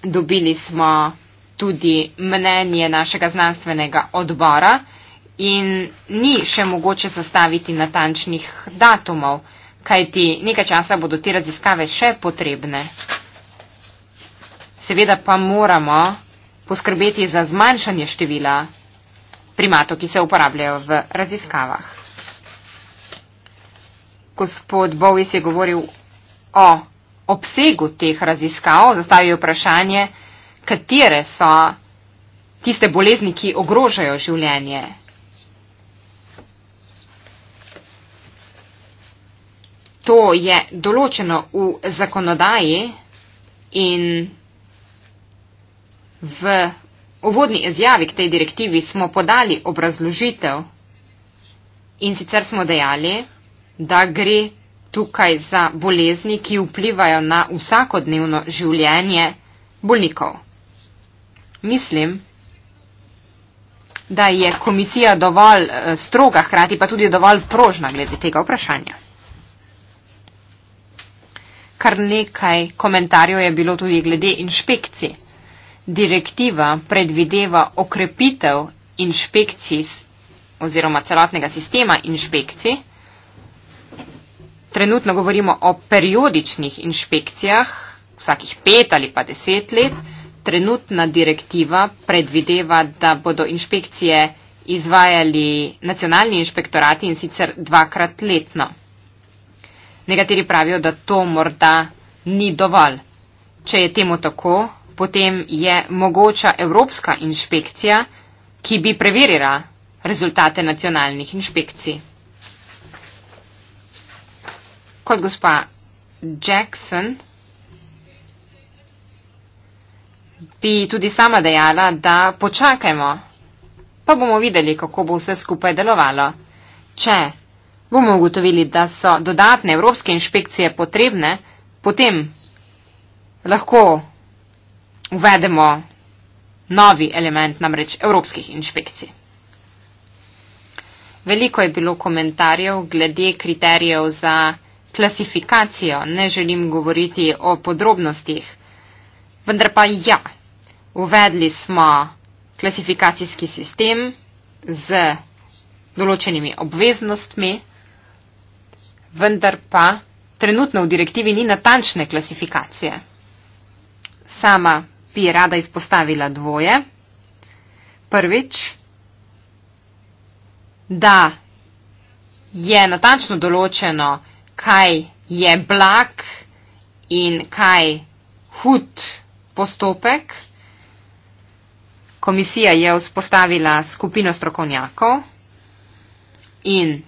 Dobili smo tudi mnenje našega znanstvenega odbora, in ni še mogoče zastaviti natančnih datumov, kajti nekaj časa bodo te raziskave še potrebne. Seveda pa moramo poskrbeti za zmanjšanje števila primatov, ki se uporabljajo v raziskavah. Gospod Bovis je govoril o obsegu teh raziskav, zastavil vprašanje, katere so tiste bolezni, ki ogrožajo življenje. to je določeno v zakonodaji in v uvodni izjavi k tej direktivi smo podali obrazložitev in sicer smo dejali, da gre tukaj za bolezni, ki vplivajo na vsakodnevno življenje bolnikov. Mislim, da je komisija dovolj eh, stroga, hkrati pa tudi dovolj prožna glede tega vprašanja kar nekaj komentarjev je bilo tudi glede inšpekcij. Direktiva predvideva okrepitev inšpekcij oziroma celotnega sistema inšpekcij. Trenutno govorimo o periodičnih inšpekcijah, vsakih pet ali pa deset let. Trenutna direktiva predvideva, da bodo inšpekcije izvajali nacionalni inšpektorati in sicer dvakrat letno. Nekateri pravijo, da to morda ni dovolj. Če je temu tako, potem je mogoča Evropska inšpekcija, ki bi preverila rezultate nacionalnih inšpekcij. Kot gospa Jackson bi tudi sama dejala, da počakajmo, pa bomo videli, kako bo vse skupaj delovalo. Če bomo ugotovili, da so dodatne evropske inšpekcije potrebne, potem lahko uvedemo novi element namreč evropskih inšpekcij. Veliko je bilo komentarjev glede kriterijev za klasifikacijo, ne želim govoriti o podrobnostih, vendar pa ja, uvedli smo klasifikacijski sistem z določenimi obveznostmi, vendar pa trenutno v direktivi ni natančne klasifikacije. Sama bi rada izpostavila dvoje. Prvič, da je natančno določeno, kaj je blag in kaj hud postopek. Komisija je vzpostavila skupino strokovnjakov in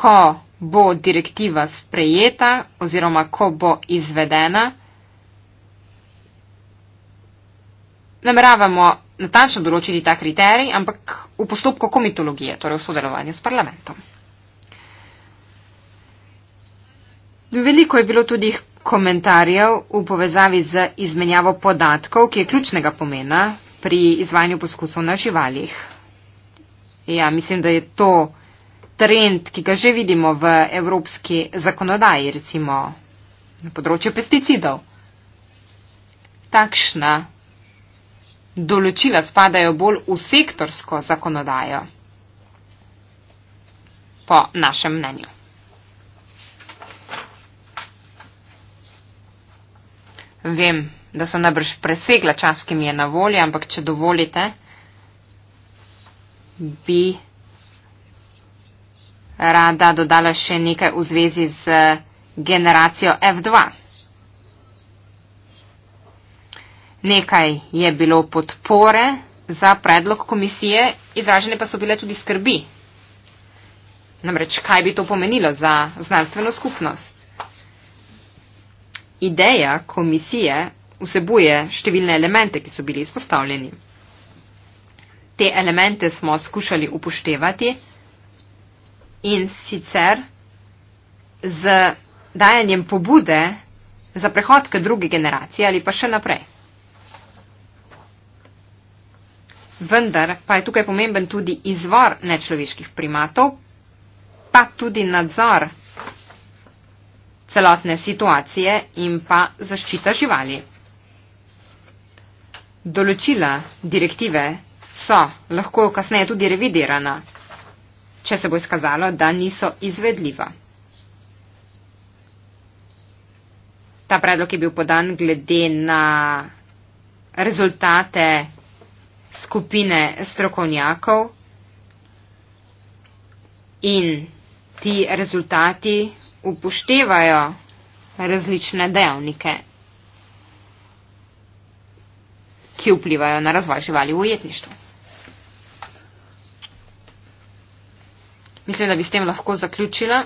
ko bo direktiva sprejeta oziroma ko bo izvedena, nameravamo natančno določiti ta kriterij, ampak v postopku komitologije, torej v sodelovanju s parlamentom. Veliko je bilo tudi komentarjev v povezavi z izmenjavo podatkov, ki je ključnega pomena pri izvajanju poskusov na živalih. Ja, mislim, da je to trend, ki ga že vidimo v evropski zakonodaji, recimo na področju pesticidov. Takšna določila spadajo bolj v sektorsko zakonodajo, po našem mnenju. Vem, da sem najbrž presegla čas, ki mi je na voljo, ampak če dovolite, bi rada dodala še nekaj v zvezi z generacijo F2. Nekaj je bilo podpore za predlog komisije, izražene pa so bile tudi skrbi. Namreč, kaj bi to pomenilo za znanstveno skupnost? Ideja komisije vsebuje številne elemente, ki so bili izpostavljeni. Te elemente smo skušali upoštevati in sicer z dajanjem pobude za prehod k drugi generaciji ali pa še naprej. Vendar pa je tukaj pomemben tudi izvor nečloviških primatov, pa tudi nadzor celotne situacije in pa zaščita živali. Določila direktive so lahko kasneje tudi revidirana, če se bo izkazalo, da niso izvedljiva. Ta predlog je bil podan glede na rezultate skupine strokovnjakov in ti rezultati upoštevajo različne dejavnike, ki vplivajo na razvoj živali v ujetništvu. Mislim, da bi s tem lahko zaključila.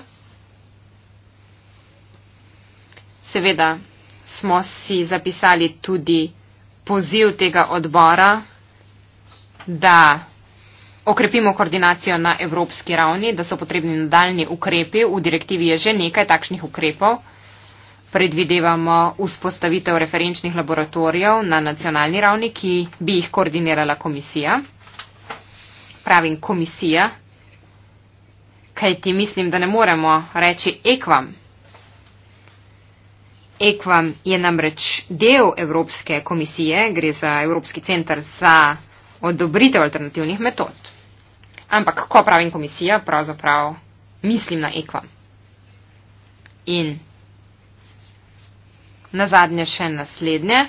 Seveda smo si zapisali tudi poziv tega odbora, da okrepimo koordinacijo na evropski ravni, da so potrebni nadaljni ukrepi. V direktivi je že nekaj takšnih ukrepov. Predvidevamo vzpostavitev referenčnih laboratorijev na nacionalni ravni, ki bi jih koordinirala komisija. Pravim komisija, kaj ti mislim, da ne moremo reči ekvam. Ekvam je namreč del Evropske komisije, gre za Evropski centr za odobritev alternativnih metod. Ampak, ko pravim komisija, pravzaprav mislim na ekvam. In nazadnje še naslednje,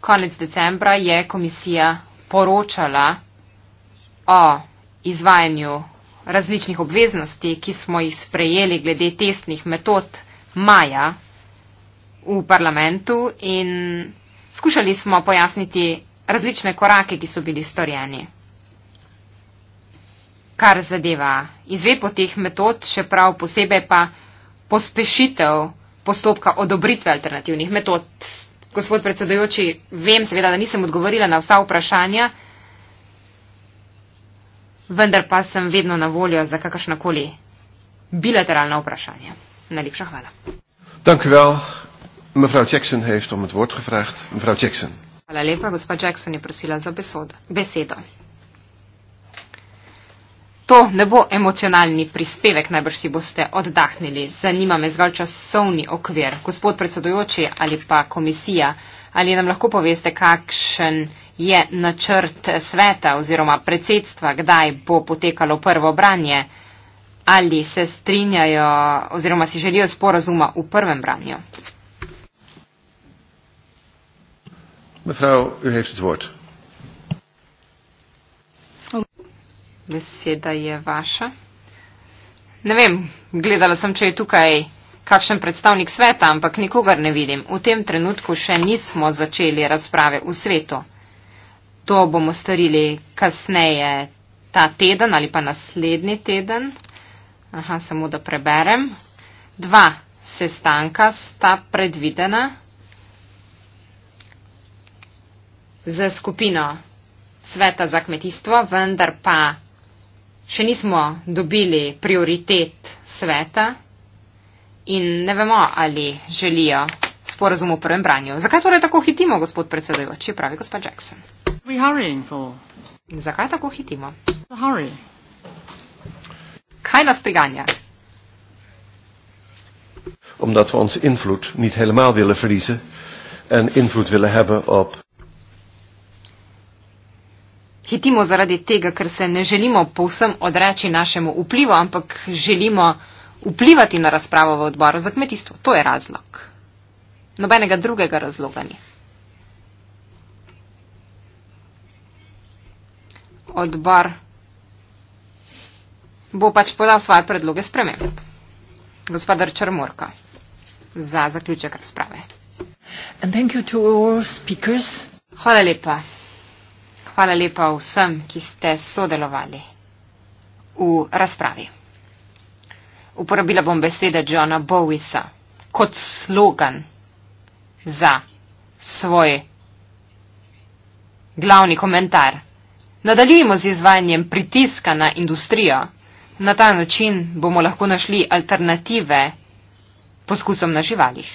konec decembra je komisija poročala o izvajanju različnih obveznosti, ki smo jih sprejeli glede testnih metod maja v parlamentu in skušali smo pojasniti različne korake, ki so bili storjeni. Kar zadeva izvedbo teh metod, še prav posebej pa pospešitev postopka odobritve alternativnih metod. Gospod predsedujoči, vem seveda, da nisem odgovorila na vsa vprašanja vendar pa sem vedno na voljo za kakršnakoli bilateralna vprašanja. Najlepša hvala. Hvala lepa, gospod Jackson je prosila za besedo. To ne bo emocionalni prispevek, najbrž si boste oddahnili. Zanima me zgolj časovni okvir. Gospod predsedujoči ali pa komisija, ali nam lahko poveste, kakšen je načrt sveta oziroma predsedstva, kdaj bo potekalo prvo branje, ali se strinjajo oziroma si želijo sporazuma v prvem branju. Mevrouw, u heeft het woord. Beseda je vaša. Ne vem, gledala sem, če je tukaj kakšen predstavnik sveta, ampak nikogar ne vidim. V tem trenutku še nismo začeli razprave v svetu to bomo storili kasneje ta teden ali pa naslednji teden. Aha, samo da preberem. Dva sestanka sta predvidena za skupino Sveta za kmetijstvo, vendar pa še nismo dobili prioritet sveta in ne vemo, ali želijo sporazum v prvem branju. Zakaj torej tako hitimo, gospod predsedujoči, pravi gospod Jackson? we hurrying for? Zakaj tako hitimo? The hurry. Kaj nas priganja? Omdat we ons invloed niet helemaal willen verliezen en invloed willen hebben op. Hitimo zaradi tega, ker se ne želimo povsem odreči našemu vplivu, ampak želimo vplivati na razpravo v odboru za kmetijstvo. To je razlog. Nobenega drugega razloga ni. odbor bo pač podal svoje predloge sprememb. Gospodar Črmorka za zaključek razprave. Hvala lepa. Hvala lepa vsem, ki ste sodelovali v razpravi. Uporabila bom besede Johna Bowisa kot slogan za svoj glavni komentar. Nadaljujemo z izvajanjem pritiska na industrijo. Na ta način bomo lahko našli alternative poskusom na živalih.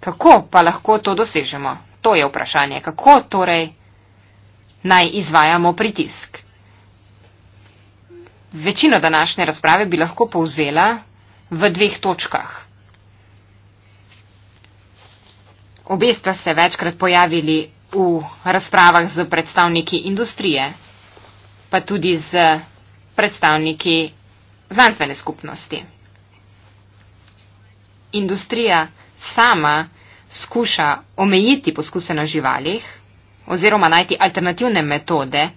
Kako pa lahko to dosežemo? To je vprašanje. Kako torej naj izvajamo pritisk? Večino današnje razprave bi lahko povzela v dveh točkah. Obesta se večkrat pojavili v razpravah z predstavniki industrije, pa tudi z predstavniki znanstvene skupnosti. Industrija sama skuša omejiti poskuse na živalih oziroma najti alternativne metode,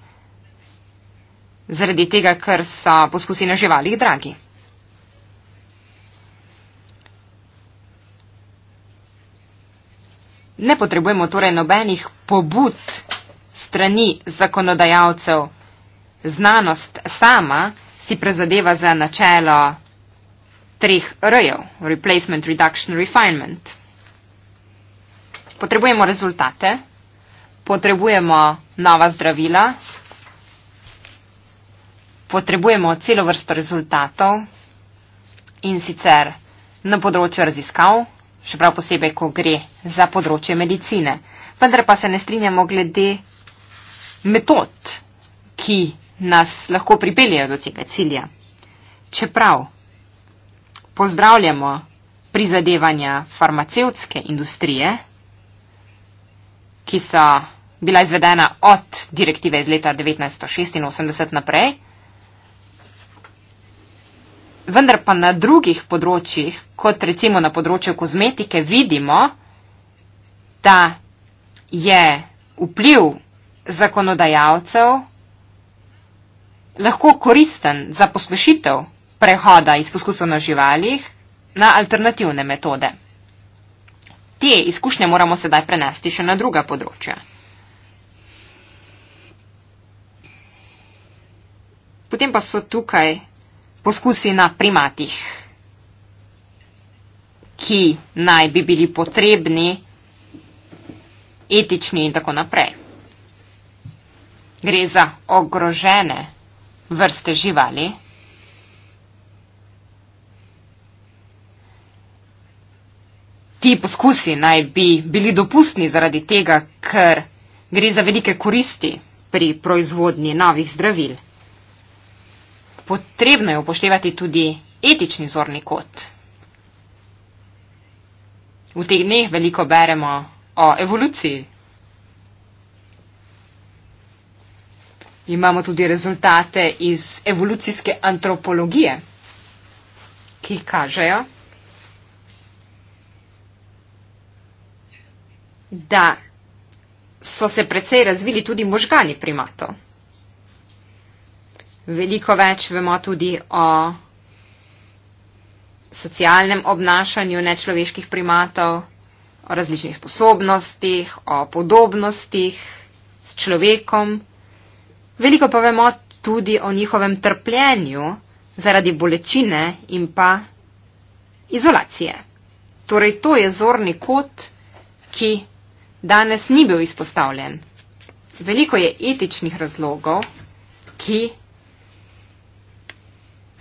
zaradi tega, ker so poskusi na živalih dragi. Ne potrebujemo torej nobenih pobud strani zakonodajalcev. Znanost sama si prezadeva za načelo treh R-jev. Replacement, reduction, refinement. Potrebujemo rezultate, potrebujemo nova zdravila, potrebujemo celo vrsto rezultatov in sicer na področju raziskav, še prav posebej, ko gre za področje medicine. Vendar pa se ne strinjamo glede metod, ki nas lahko pripeljejo do tega cilja. Čeprav pozdravljamo prizadevanja farmacevtske industrije, ki so bila izvedena od direktive iz leta 1986 naprej, vendar pa na drugih področjih, kot recimo na področju kozmetike, vidimo, da je vpliv zakonodajalcev lahko koristen za pospešitev prehoda iz poskusov na živalih na alternativne metode. Te izkušnje moramo sedaj prenesti še na druga področja. Potem pa so tukaj poskusi na primatih, ki naj bi bili potrebni, etični in tako naprej. Gre za ogrožene vrste živali. Ti poskusi naj bi bili dopustni zaradi tega, ker gre za velike koristi pri proizvodnji novih zdravil potrebno je upoštevati tudi etični zorni kot. V teh dneh veliko beremo o evoluciji. Imamo tudi rezultate iz evolucijske antropologije, ki kažejo, da so se precej razvili tudi možgani primatov veliko več vemo tudi o socialnem obnašanju nečloveških primatov, o različnih sposobnostih, o podobnostih s človekom. Veliko pa vemo tudi o njihovem trpljenju zaradi bolečine in pa izolacije. Torej, to je zorni kot, ki danes ni bil izpostavljen. Veliko je etičnih razlogov, ki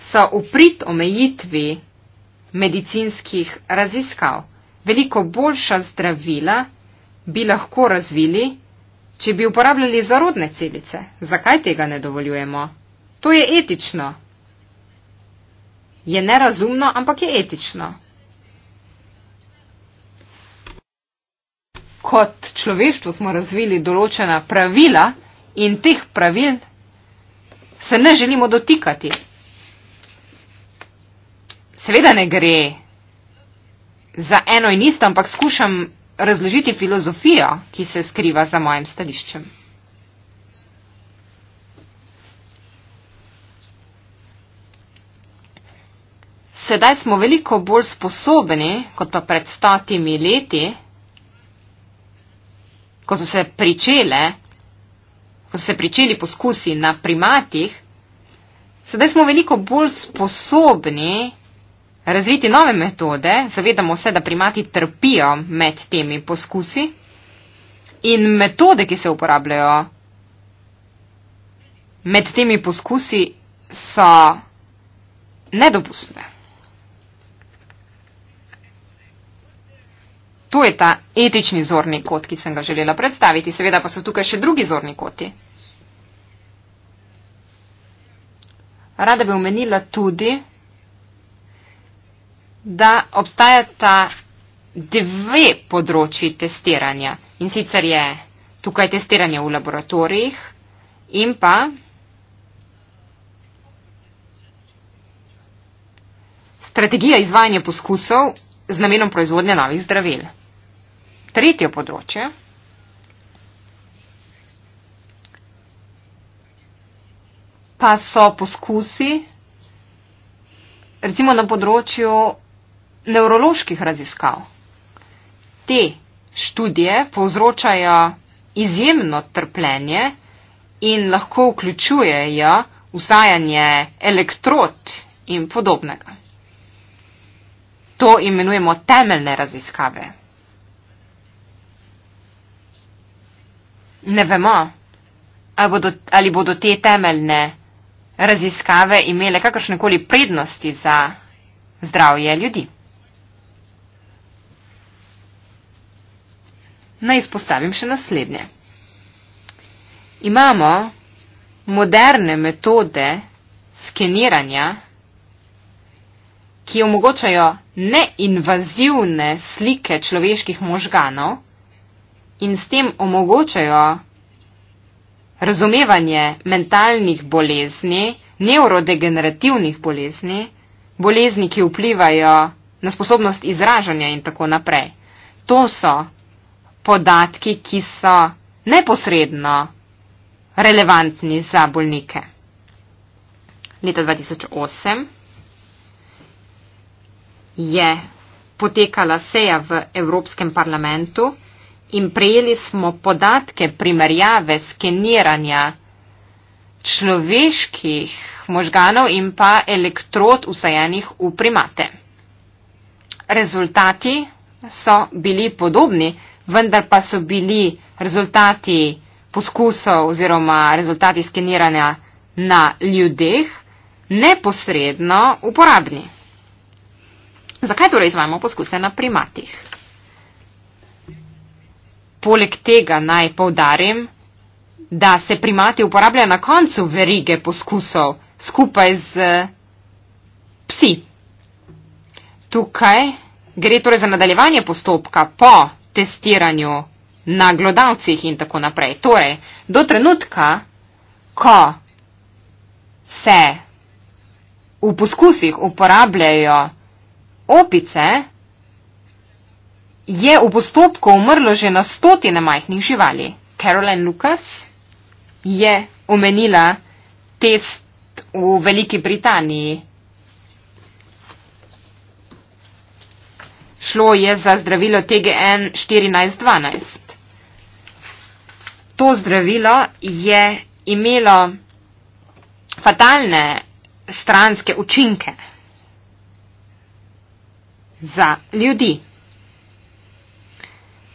so uprit omejitvi medicinskih raziskav. Veliko boljša zdravila bi lahko razvili, če bi uporabljali zarodne celice. Zakaj tega ne dovoljujemo? To je etično. Je nerazumno, ampak je etično. Kot človeštvo smo razvili določena pravila in teh pravil se ne želimo dotikati. Seveda ne gre za eno in isto, ampak skušam razložiti filozofijo, ki se skriva za mojim stališčem. Sedaj smo veliko bolj sposobni, kot pa pred stotimi leti, ko so se pričele, ko so se pričeli poskusi na primatih, sedaj smo veliko bolj sposobni, razviti nove metode, zavedamo se, da primati trpijo med temi poskusi in metode, ki se uporabljajo med temi poskusi, so nedopustne. To je ta etični zorni kot, ki sem ga želela predstaviti. Seveda pa so tukaj še drugi zorni koti. Rada bi omenila tudi, da obstajata dve področji testiranja. In sicer je tukaj testiranje v laboratorijih in pa strategija izvajanja poskusov z namenom proizvodnje novih zdravil. Tretje področje pa so poskusi recimo na področju nevroloških raziskav. Te študije povzročajo izjemno trpljenje in lahko vključujejo usajanje elektrod in podobnega. To imenujemo temeljne raziskave. Ne vemo, ali bodo, ali bodo te temeljne raziskave imele kakršnekoli prednosti za zdravje ljudi. naj izpostavim še naslednje. Imamo moderne metode skeniranja, ki omogočajo neinvazivne slike človeških možganov in s tem omogočajo razumevanje mentalnih bolezni, neurodegenerativnih bolezni, bolezni, ki vplivajo na sposobnost izražanja in tako naprej. To so podatki, ki so neposredno relevantni za bolnike. Leta 2008 je potekala seja v Evropskem parlamentu in prejeli smo podatke primerjave skeniranja človeških možganov in pa elektrod usajenih v primate. Rezultati so bili podobni vendar pa so bili rezultati poskusov oziroma rezultati skeniranja na ljudeh neposredno uporabni. Zakaj torej izvajamo poskuse na primatih? Poleg tega naj povdarim, da se primati uporabljajo na koncu verige poskusov skupaj z eh, psi. Tukaj gre torej za nadaljevanje postopka po testiranju na glodavcih in tako naprej. Torej, do trenutka, ko se v poskusih uporabljajo opice, je v postopku umrlo že na stotine majhnih živali. Caroline Lucas je omenila test v Veliki Britaniji Šlo je za zdravilo TGN 1412. To zdravilo je imelo fatalne stranske učinke za ljudi.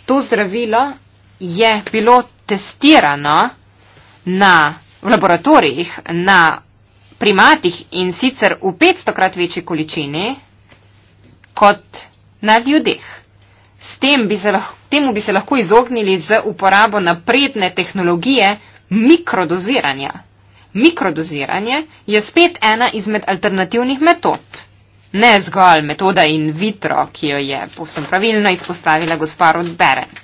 To zdravilo je bilo testirano na, v laboratorijih na primatih in sicer v 500 krat večji količini kot na ljudeh. S tem bi se lahko, temu bi se lahko izognili z uporabo napredne tehnologije mikrodoziranja. Mikrodoziranje je spet ena izmed alternativnih metod. Ne zgolj metoda in vitro, ki jo je posem pravilno izpostavila gospa Rod Berend.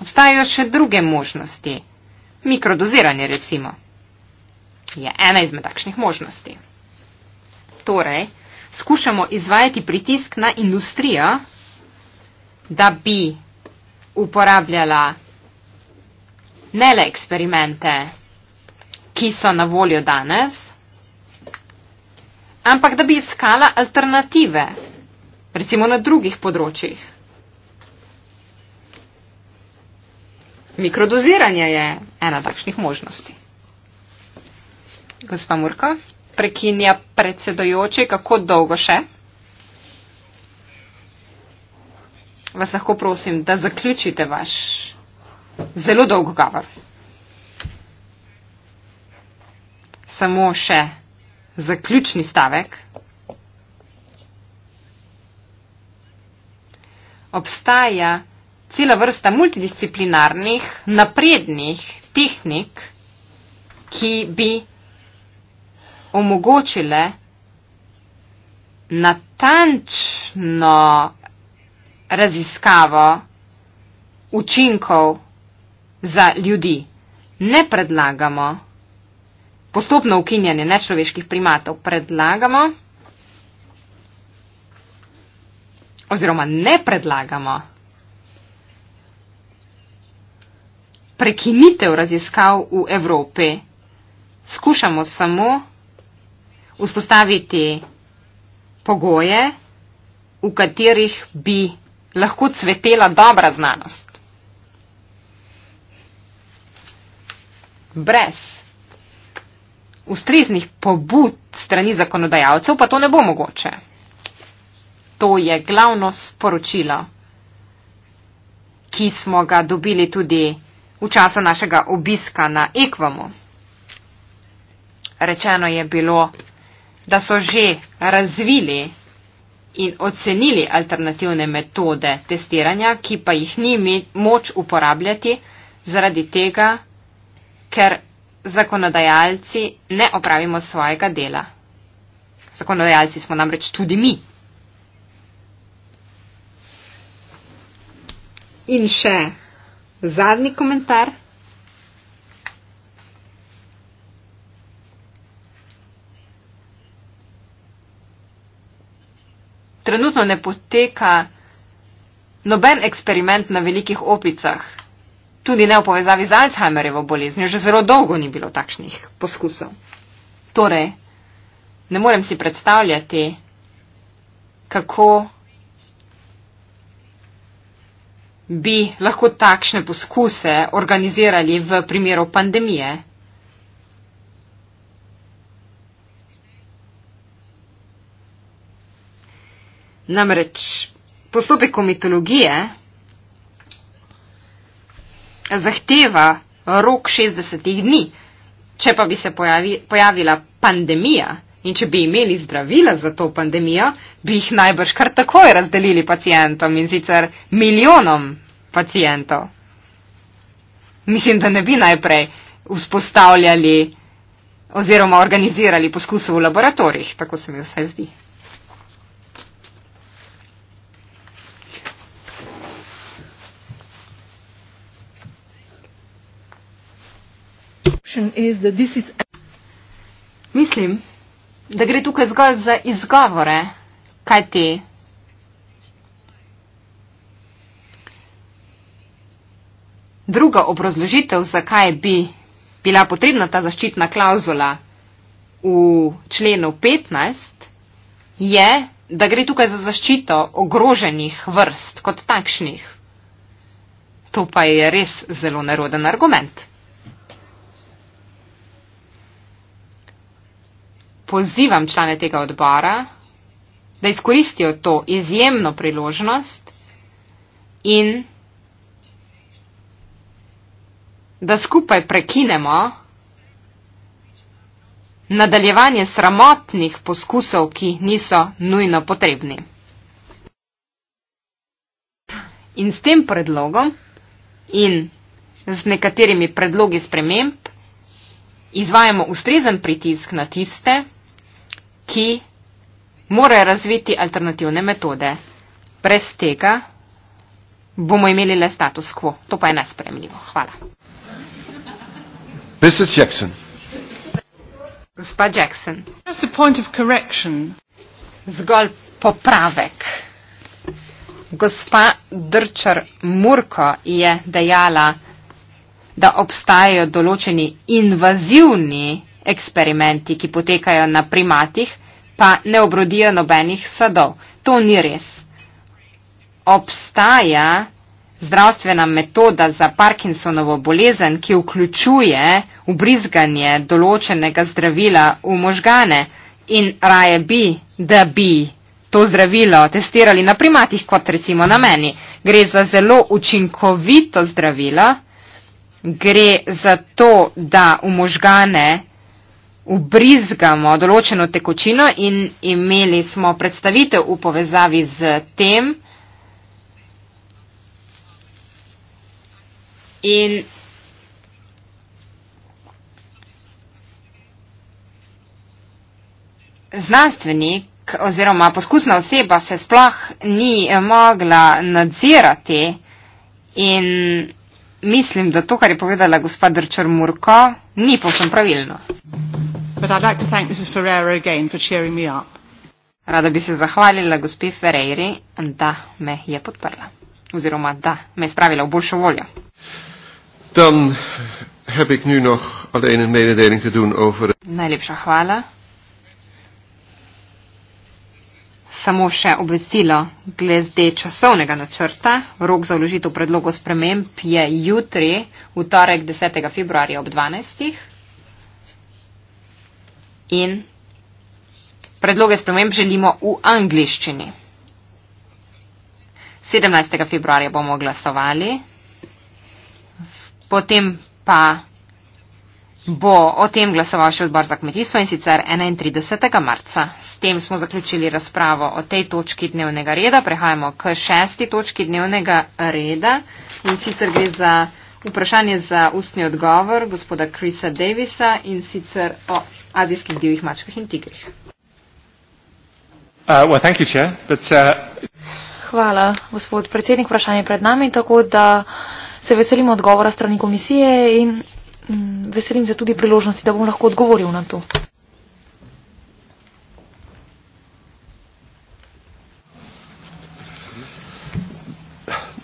Obstajajo še druge možnosti. Mikrodoziranje recimo je ena izmed takšnih možnosti. Torej, skušamo izvajati pritisk na industrijo, da bi uporabljala ne le eksperimente, ki so na voljo danes, ampak da bi iskala alternative, recimo na drugih področjih. Mikrodoziranje je ena takšnih možnosti. Gospa Murko prekinja predsedojoči, kako dolgo še? Vas lahko prosim, da zaključite vaš zelo dolg govor. Samo še zaključni stavek. Obstaja cela vrsta multidisciplinarnih, naprednih tehnik, ki bi omogočile natančno raziskavo učinkov za ljudi. Ne predlagamo postopno ukinjanje nečloveških primatov, predlagamo oziroma ne predlagamo prekinitev raziskav v Evropi. Skušamo samo vzpostaviti pogoje, v katerih bi lahko cvetela dobra znanost. Brez ustreznih pobud strani zakonodajalcev pa to ne bo mogoče. To je glavno sporočilo, ki smo ga dobili tudi v času našega obiska na Ekvamu. Rečeno je bilo, da so že razvili in ocenili alternativne metode testiranja, ki pa jih ni moč uporabljati zaradi tega, ker zakonodajalci ne opravimo svojega dela. Zakonodajalci smo namreč tudi mi. In še zadnji komentar. trenutno ne poteka noben eksperiment na velikih opicah, tudi ne v povezavi z Alzheimerjevo boleznijo, že zelo dolgo ni bilo takšnih poskusov. Torej, ne morem si predstavljati, kako bi lahko takšne poskuse organizirali v primeru pandemije. Namreč postopek komitologije zahteva rok 60 dni. Če pa bi se pojavi, pojavila pandemija in če bi imeli zdravila za to pandemijo, bi jih najbrž kar takoj razdelili pacijentom in sicer milijonom pacijentov. Mislim, da ne bi najprej vzpostavljali oziroma organizirali poskuse v laboratorijih, tako se mi vse zdi. Mislim, da gre tukaj zgolj za izgovore, kaj ti. Druga obrazložitev, zakaj bi bila potrebna ta zaščitna klauzula v členu 15, je, da gre tukaj za zaščito ogroženih vrst kot takšnih. To pa je res zelo neroden argument. pozivam člane tega odbora, da izkoristijo to izjemno priložnost in da skupaj prekinemo nadaljevanje sramotnih poskusov, ki niso nujno potrebni. In s tem predlogom in z nekaterimi predlogi sprememb izvajamo ustrezen pritisk na tiste, ki morajo razviti alternativne metode. Brez tega bomo imeli le status quo. To pa je nespremljivo. Hvala. Mrs. Jackson. Gospa Jackson. Just a point of correction. Zgolj popravek. Gospa Drčar Murko je dejala, da obstajajo določeni invazivni eksperimenti, ki potekajo na primatih, pa ne obrodijo nobenih sadov. To ni res. Obstaja zdravstvena metoda za Parkinsonovo bolezen, ki vključuje ubrizganje določenega zdravila v možgane in raje bi, da bi to zdravilo testirali na primatih, kot recimo na meni. Gre za zelo učinkovito zdravilo, gre za to, da v možgane ubrizgamo določeno tekočino in imeli smo predstavitev v povezavi z tem in znanstvenik oziroma poskusna oseba se sploh ni mogla nadzirati in mislim, da to, kar je povedala gospod Drčar Murko, ni povsem pravilno. Like again, Rada bi se zahvalila gospe Ferreiri, da me je podprla oziroma da me je spravila v boljšo voljo. Over... Najlepša hvala. Samo še obvestilo glede časovnega načrta. Rok za vložitev predlogov sprememb je jutri, v torek 10. februarja ob 12 in predloge sprememb želimo v angliščini. 17. februarja bomo glasovali, potem pa bo o tem glasoval še odbor za kmetijstvo in sicer 31. marca. S tem smo zaključili razpravo o tej točki dnevnega reda. Prehajamo k šesti točki dnevnega reda in sicer gre za vprašanje za ustni odgovor gospoda Krisa Davisa in sicer o azijskih divjih mačkah in tigrih. Uh, well, you, Chair, but, uh... Hvala, gospod predsednik. Vprašanje je pred nami, tako da se veselim odgovora strani komisije in m, mm, veselim se tudi priložnosti, da bom lahko odgovoril na to.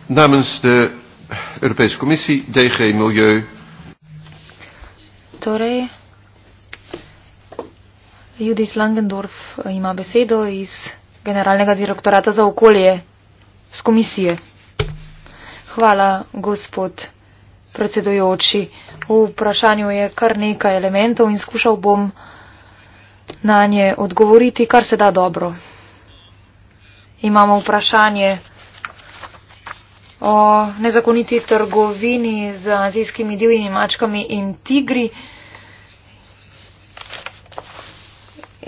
Namens de Europese Commissie, DG Milieu. Torej, Judith Langendorf eh, ima besedo iz Generalnega direktorata za okolje z komisije. Hvala, gospod predsedujoči. V vprašanju je kar nekaj elementov in skušal bom na nje odgovoriti, kar se da dobro. Imamo vprašanje o nezakoniti trgovini z azijskimi divjimi mačkami in tigri.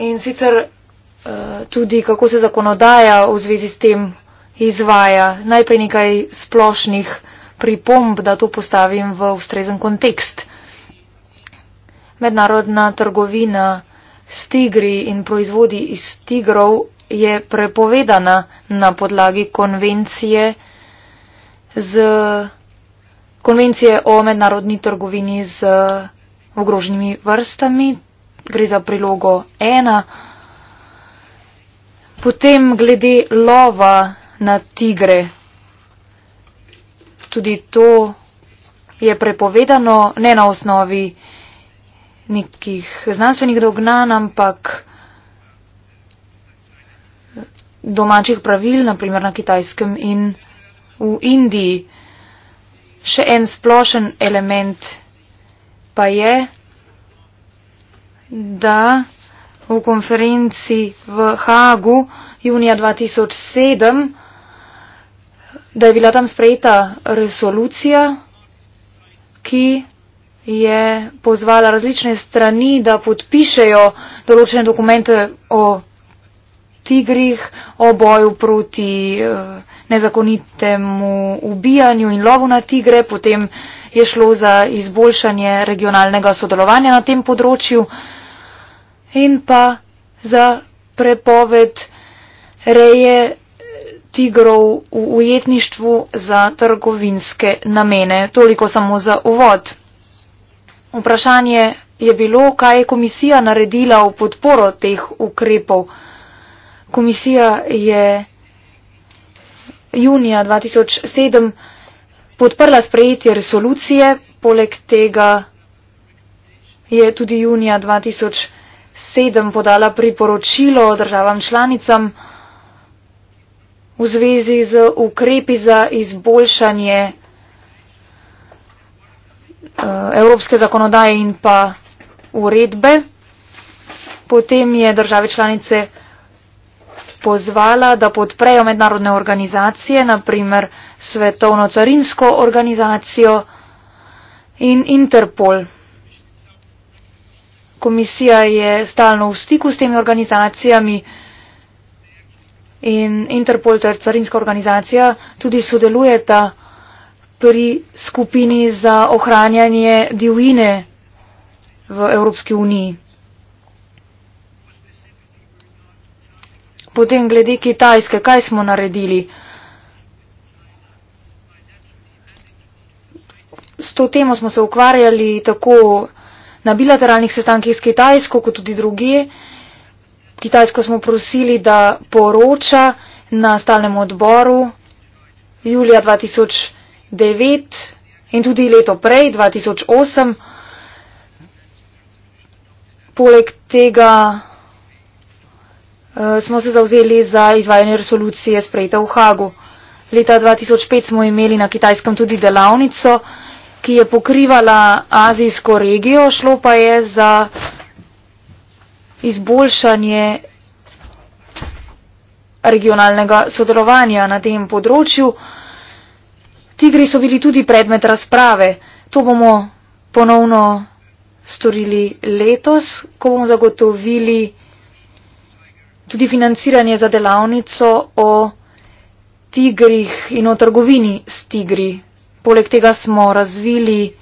in sicer uh, tudi kako se zakonodaja v zvezi s tem izvaja. Najprej nekaj splošnih pripomb, da to postavim v ustrezen kontekst. Mednarodna trgovina s tigri in proizvodi iz tigrov je prepovedana na podlagi konvencije, z, konvencije o mednarodni trgovini z ogroženimi vrstami, gre za prilogo ena. Potem glede lova na tigre. Tudi to je prepovedano, ne na osnovi nekih znanstvenih dognan, ampak domačih pravil, naprimer na kitajskem in v Indiji. Še en splošen element pa je, da v konferenci v Hagu junija 2007, da je bila tam sprejeta resolucija, ki je pozvala različne strani, da podpišejo določene dokumente o tigrih, o boju proti eh, nezakonitemu ubijanju in lovu na tigre, potem je šlo za izboljšanje regionalnega sodelovanja na tem področju in pa za prepoved reje tigrov v ujetništvu za trgovinske namene. Toliko samo za uvod. Vprašanje je bilo, kaj je komisija naredila v podporo teh ukrepov. Komisija je junija 2007 podprla sprejetje resolucije, poleg tega je tudi junija 2007 podala priporočilo državam članicam v zvezi z ukrepi za izboljšanje eh, evropske zakonodaje in pa uredbe. Potem je države članice pozvala, da podprejo mednarodne organizacije, naprimer Svetovno carinsko organizacijo in Interpol. Komisija je stalno v stiku s temi organizacijami in Interpol ter carinska organizacija tudi sodelujeta pri skupini za ohranjanje divjine v Evropski uniji. Potem glede Kitajske, kaj smo naredili? S to temo smo se ukvarjali tako na bilateralnih sestankih s Kitajsko, kot tudi druge. Kitajsko smo prosili, da poroča na stalnem odboru julija 2009 in tudi leto prej, 2008. Poleg tega Eh, smo se zauzeli za izvajanje resolucije sprejete v Hagu. Leta 2005 smo imeli na kitajskem tudi delavnico, ki je pokrivala azijsko regijo, šlo pa je za izboljšanje regionalnega sodelovanja na tem področju. Tigri so bili tudi predmet razprave. To bomo ponovno storili letos, ko bomo zagotovili tudi financiranje za delavnico o tigrih in o trgovini s tigri. Poleg tega smo razvili eh,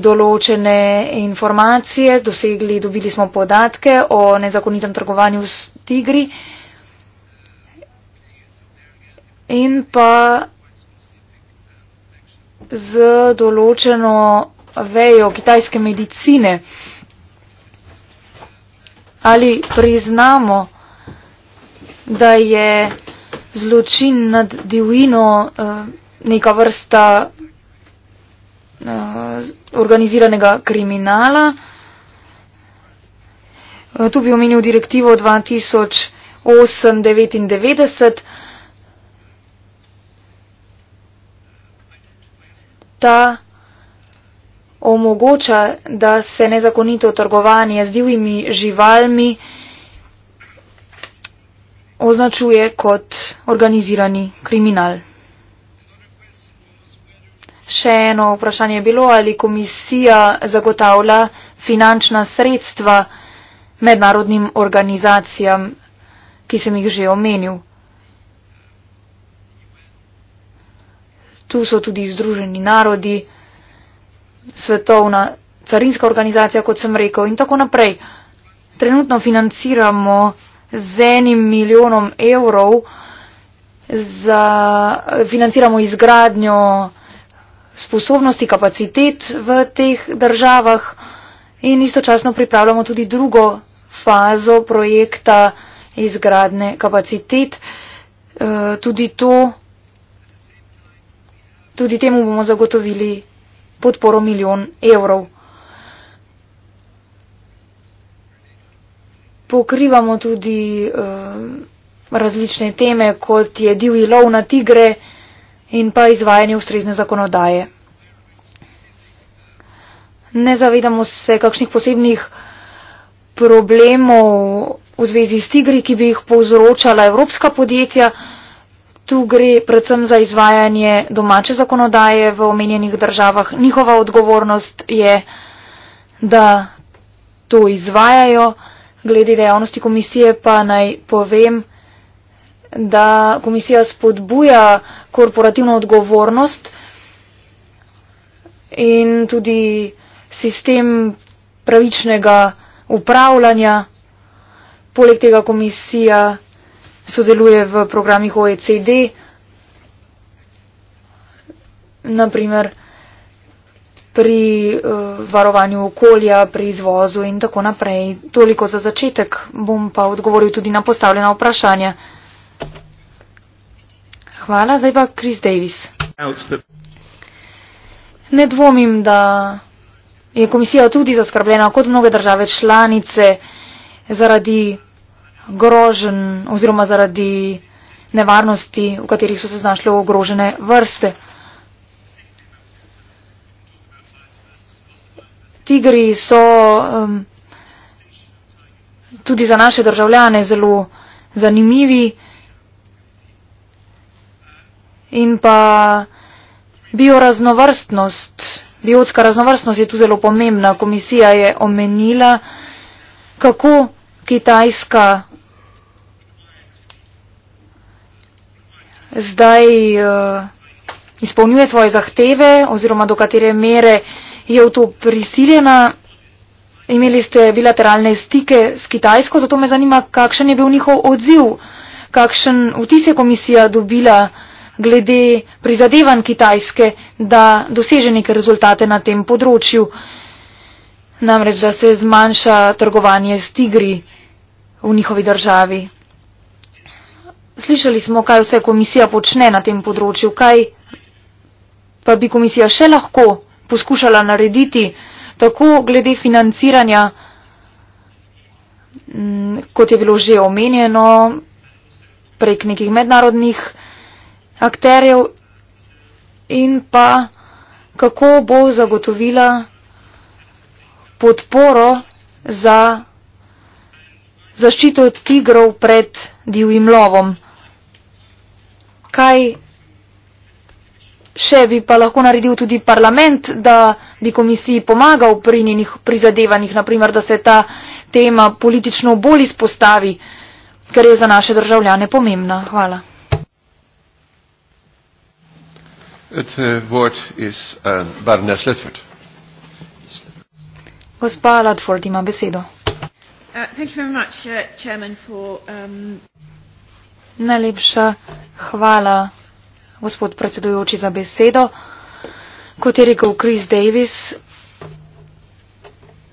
določene informacije, dosegli, dobili smo podatke o nezakonitem trgovanju s tigri in pa z določeno vejo kitajske medicine ali priznamo, da je zločin nad divino eh, neka vrsta eh, organiziranega kriminala. Eh, tu bi omenil direktivo 2008-99. Ta omogoča, da se nezakonito trgovanje z divjimi živalmi označuje kot organizirani kriminal. Še eno vprašanje je bilo, ali komisija zagotavlja finančna sredstva mednarodnim organizacijam, ki sem jih že omenil. Tu so tudi združeni narodi svetovna carinska organizacija, kot sem rekel, in tako naprej. Trenutno financiramo z enim milijonom evrov, za, financiramo izgradnjo sposobnosti, kapacitet v teh državah in istočasno pripravljamo tudi drugo fazo projekta izgradne kapacitet. Eh, tudi, to, tudi temu bomo zagotovili podporo milijon evrov. Pokrivamo tudi uh, različne teme, kot je divji lov na tigre in pa izvajanje ustrezne zakonodaje. Ne zavedamo se kakšnih posebnih problemov v zvezi s tigri, ki bi jih povzročala evropska podjetja. Tu gre predvsem za izvajanje domače zakonodaje v omenjenih državah. Njihova odgovornost je, da to izvajajo. Glede dejavnosti komisije pa naj povem, da komisija spodbuja korporativno odgovornost in tudi sistem pravičnega upravljanja. Poleg tega komisija sodeluje v programih OECD, naprimer pri uh, varovanju okolja, pri izvozu in tako naprej. Toliko za začetek bom pa odgovoril tudi na postavljena vprašanja. Hvala, zdaj pa Chris Davis. Ne dvomim, da je komisija tudi zaskrbljena kot mnoge države članice zaradi grožen oziroma zaradi nevarnosti, v katerih so se znašle ogrožene vrste. Tigri so um, tudi za naše državljane zelo zanimivi in pa bioraznovrstnost, biotska raznovrstnost je tu zelo pomembna. Komisija je omenila, kako Kitajska zdaj uh, izpolnjuje svoje zahteve oziroma do katere mere je v to prisiljena. Imeli ste bilateralne stike s Kitajsko, zato me zanima, kakšen je bil njihov odziv, kakšen vtis je komisija dobila glede prizadevanj Kitajske, da doseže neke rezultate na tem področju, namreč da se zmanjša trgovanje s tigri v njihovi državi. Slišali smo, kaj vse komisija počne na tem področju, kaj pa bi komisija še lahko poskušala narediti, tako glede financiranja, mm, kot je bilo že omenjeno prek nekih mednarodnih akterjev in pa kako bo zagotovila podporo za zaščito tigrov pred divjim lovom kaj še bi pa lahko naredil tudi parlament, da bi komisiji pomagal pri njenih prizadevanjih, naprimer, da se ta tema politično bolj izpostavi, ker je za naše državljane pomembna. Hvala. Het eh, woord is uh, barones Ledford. Gospa Ledford ima besedo. Uh, thank you very much, uh, chairman, for, um Najlepša hvala, gospod predsedujoči, za besedo, kot je rekel Chris Davis.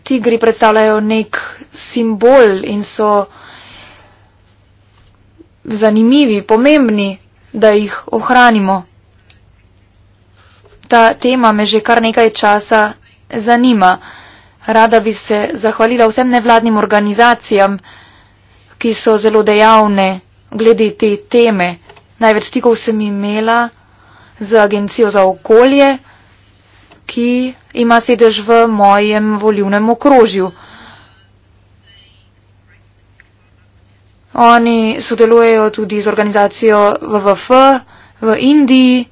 Tigri predstavljajo nek simbol in so zanimivi, pomembni, da jih ohranimo. Ta tema me že kar nekaj časa zanima. Rada bi se zahvalila vsem nevladnim organizacijam, ki so zelo dejavne glede te teme. Največ stikov sem imela z Agencijo za okolje, ki ima sedež v mojem volivnem okrožju. Oni sodelujejo tudi z organizacijo WWF v Indiji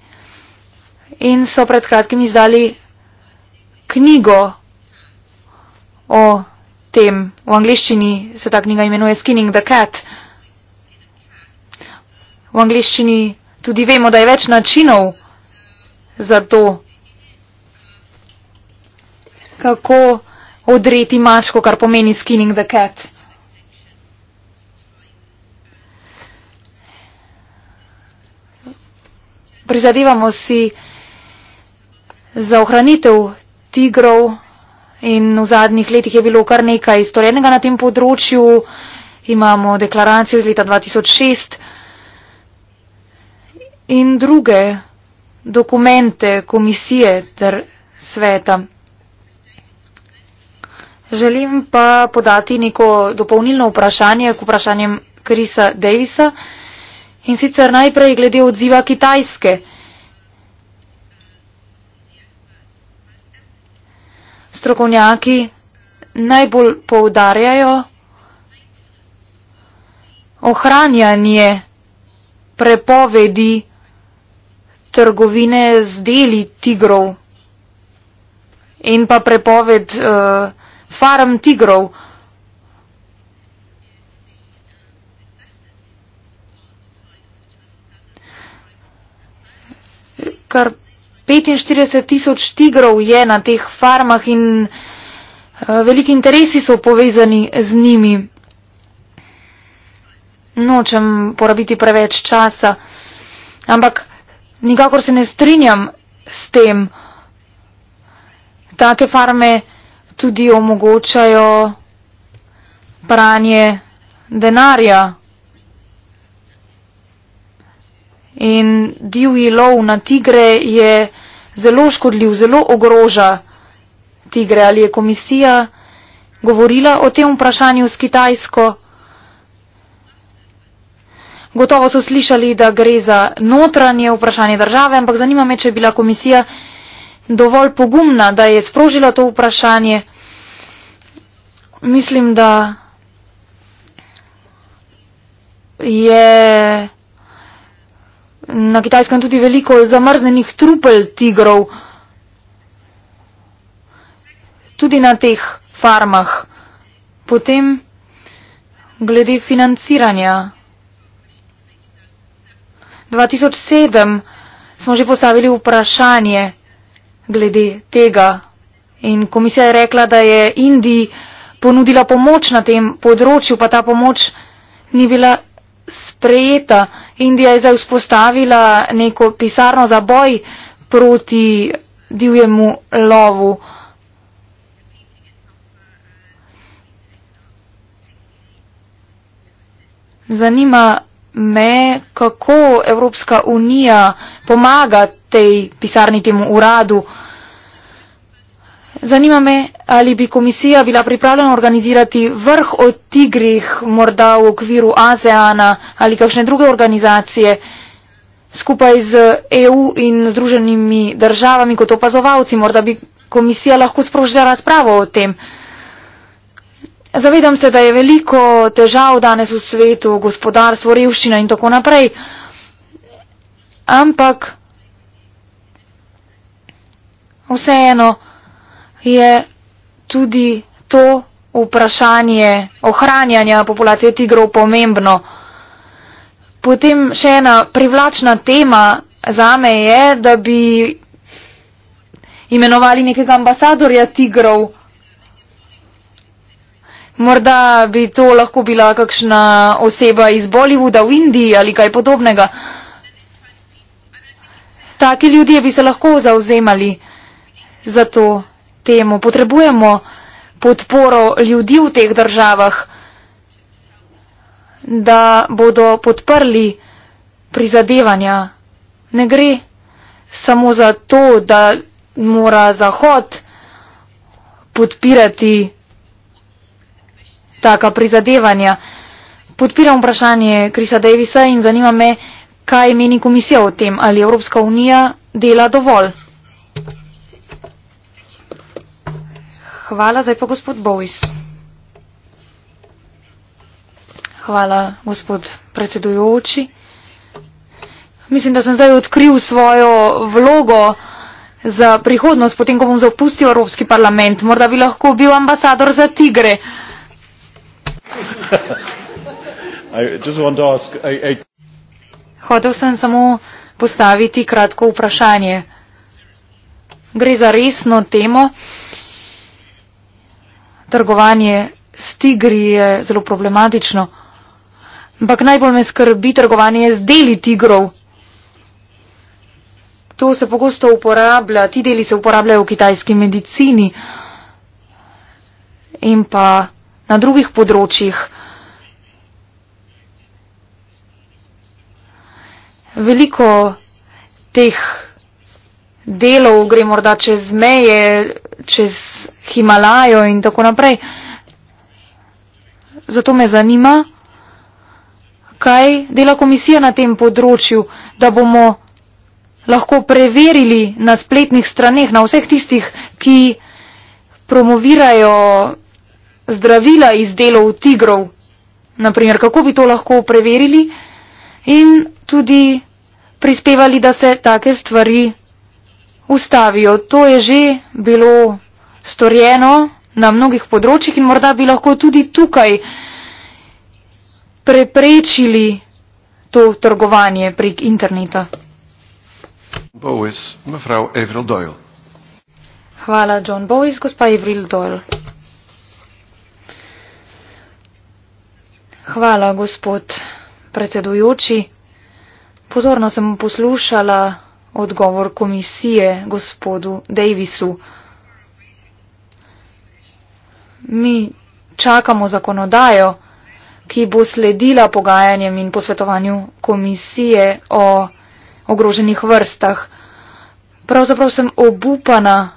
in so pred kratkim izdali knjigo o tem. V angliščini se ta knjiga imenuje Skinning the Cat. V angliščini tudi vemo, da je več načinov za to, kako odreti mačko, kar pomeni skinning the cat. Prizadevamo si za ohranitev tigrov in v zadnjih letih je bilo kar nekaj storjenega na tem področju. Imamo deklaracijo iz leta 2006, in druge dokumente komisije ter sveta. Želim pa podati neko dopolnilno vprašanje k vprašanjem Krisa Davisa in sicer najprej glede odziva Kitajske. Strokovnjaki najbolj poudarjajo ohranjanje prepovedi trgovine z deli tigrov in pa prepoved uh, farm tigrov. Kar 45 tisoč tigrov je na teh farmah in eh, veliki interesi so povezani z njimi. Nočem porabiti preveč časa, ampak nikakor se ne strinjam s tem. Take farme tudi omogočajo pranje denarja in divji lov na tigre je zelo škodljiv, zelo ogroža tigre. Ali je komisija govorila o tem vprašanju s Kitajsko? Gotovo so slišali, da gre za notranje vprašanje države, ampak zanima me, če je bila komisija dovolj pogumna, da je sprožila to vprašanje. Mislim, da je na kitajskem tudi veliko zamrznenih trupel tigrov, tudi na teh farmah. Potem glede financiranja. 2007 smo že postavili vprašanje glede tega in komisija je rekla, da je Indiji ponudila pomoč na tem področju, pa ta pomoč ni bila sprejeta. Indija je zdaj vzpostavila neko pisarno za boj proti divjemu lovu. Zanima me, kako Evropska unija pomaga tej pisarni, temu uradu. Zanima me, ali bi komisija bila pripravljena organizirati vrh o tigrih, morda v okviru ASEANA ali kakšne druge organizacije, skupaj z EU in združenimi državami kot opazovalci. Morda bi komisija lahko sprožila razpravo o tem. Zavedam se, da je veliko težav danes v svetu, gospodarstvo, revščina in tako naprej. Ampak vseeno je tudi to vprašanje ohranjanja populacije tigrov pomembno. Potem še ena privlačna tema zame je, da bi imenovali nekega ambasadorja tigrov. Morda bi to lahko bila kakšna oseba iz Bollywooda v Indiji ali kaj podobnega. Taki ljudje bi se lahko zauzemali za to temo. Potrebujemo podporo ljudi v teh državah, da bodo podprli prizadevanja. Ne gre samo za to, da mora Zahod podpirati taka prizadevanja. Podpiram vprašanje Krisa Davisa in zanima me, kaj meni komisija o tem, ali Evropska unija dela dovolj. Hvala, zdaj pa gospod Bois. Hvala, gospod predsedujoči. Mislim, da sem zdaj odkril svojo vlogo za prihodnost, potem ko bom zapustil Evropski parlament. Morda bi lahko bil ambasador za tigre. Uh, Hotev sem samo postaviti kratko vprašanje. Gre za resno temo. Trgovanje s tigri je zelo problematično. Ampak najbolj me skrbi trgovanje z deli tigrov. To se pogosto uporablja, ti deli se uporabljajo v kitajski medicini in pa na drugih področjih. Veliko teh delov gre morda čez meje, čez Himalajo in tako naprej. Zato me zanima, kaj dela komisija na tem področju, da bomo lahko preverili na spletnih straneh, na vseh tistih, ki promovirajo zdravila iz delov tigrov. Naprimer, kako bi to lahko preverili in tudi prispevali, da se take stvari ustavijo. To je že bilo storjeno na mnogih področjih in morda bi lahko tudi tukaj preprečili to trgovanje prek interneta. Bowis, Hvala, John Bowis, gospa Evril Doyle. Hvala, gospod predsedujoči. Pozorno sem poslušala odgovor komisije gospodu Davisu. Mi čakamo zakonodajo, ki bo sledila pogajanjem in posvetovanju komisije o ogroženih vrstah. Pravzaprav sem obupana,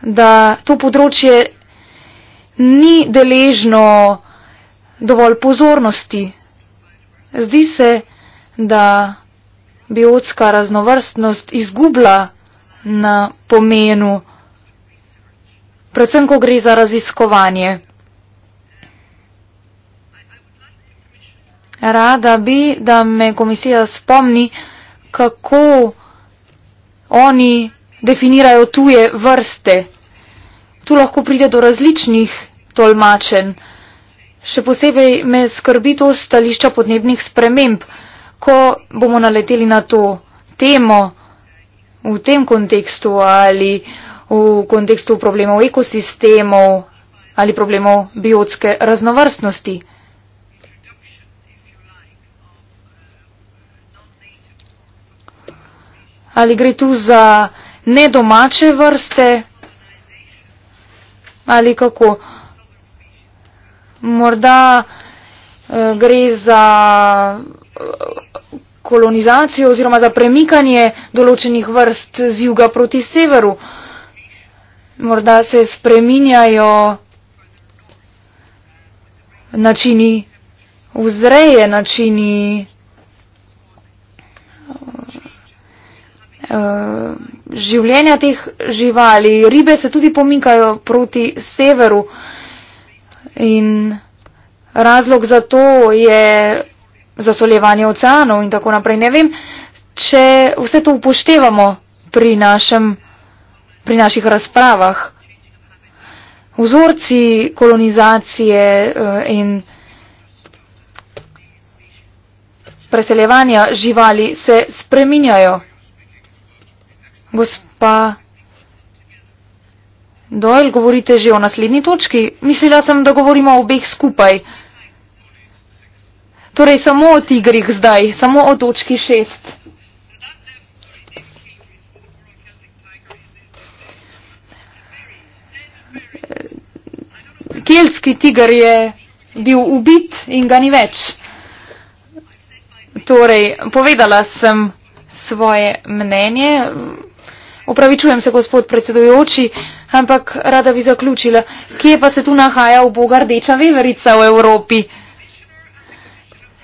da to področje ni deležno dovolj pozornosti. Zdi se, da biotska raznovrstnost izgubla na pomenu, predvsem, ko gre za raziskovanje. Rada bi, da me komisija spomni, kako oni definirajo tuje vrste. Tu lahko pride do različnih tolmačenj. Še posebej me skrbi to stališča podnebnih sprememb, ko bomo naleteli na to temo v tem kontekstu ali v kontekstu problemov ekosistemov ali problemov biotske raznovrstnosti. Ali gre tu za nedomače vrste ali kako? morda eh, gre za eh, kolonizacijo oziroma za premikanje določenih vrst z juga proti severu. Morda se spreminjajo načini vzreje, načini uh, življenja teh živali. Ribe se tudi pomikajo proti severu. Uh, In razlog za to je zasoljevanje oceanov in tako naprej. Ne vem, če vse to upoštevamo pri, našem, pri naših razpravah. Vzorci kolonizacije eh, in preseljevanja živali se spreminjajo. Gospa. Doyle, govorite že o naslednji točki. Mislila sem, da govorimo o obeh skupaj. Torej, samo o tigrih zdaj, samo o točki šest. Keljski tiger je bil ubit in ga ni več. Torej, povedala sem svoje mnenje. Upravičujem se, gospod predsedujoči, ampak rada bi zaključila, kje pa se tu nahaja uboga rdeča veverica v Evropi.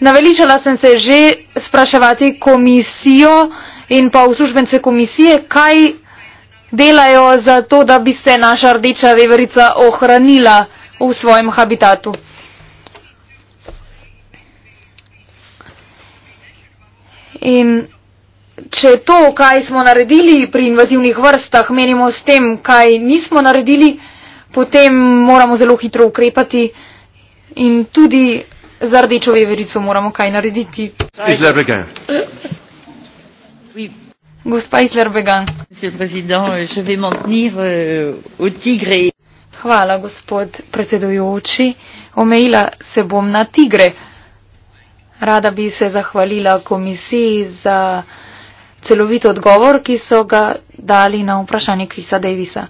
Naveličala sem se že spraševati komisijo in pa uslužbence komisije, kaj delajo za to, da bi se naša rdeča veverica ohranila v svojem habitatu. In če to, kaj smo naredili pri invazivnih vrstah, menimo s tem, kaj nismo naredili, potem moramo zelo hitro ukrepati in tudi za rdečo veverico moramo kaj narediti. Gospa Islerbegan. Euh, Hvala, gospod predsedujoči. Omejila se bom na tigre. Rada bi se zahvalila komisiji za celovit odgovor, ki so ga dali na vprašanje Krisa Davisa.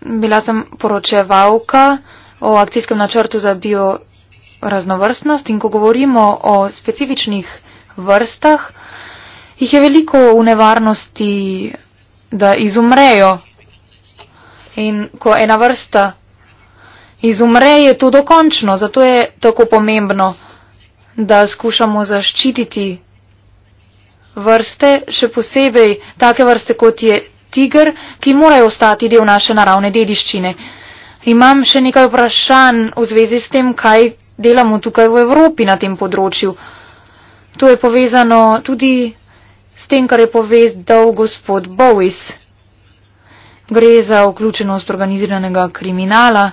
Bila sem poročevalka o akcijskem načrtu za bioraznovrstnost in ko govorimo o specifičnih vrstah, jih je veliko v nevarnosti, da izumrejo. In ko ena vrsta izumre, je to dokončno, zato je tako pomembno da skušamo zaščititi vrste, še posebej take vrste, kot je tiger, ki morajo ostati del naše naravne dediščine. Imam še nekaj vprašanj v zvezi s tem, kaj delamo tukaj v Evropi na tem področju. To je povezano tudi s tem, kar je povedal gospod Bowis. Gre za vključenost organiziranega kriminala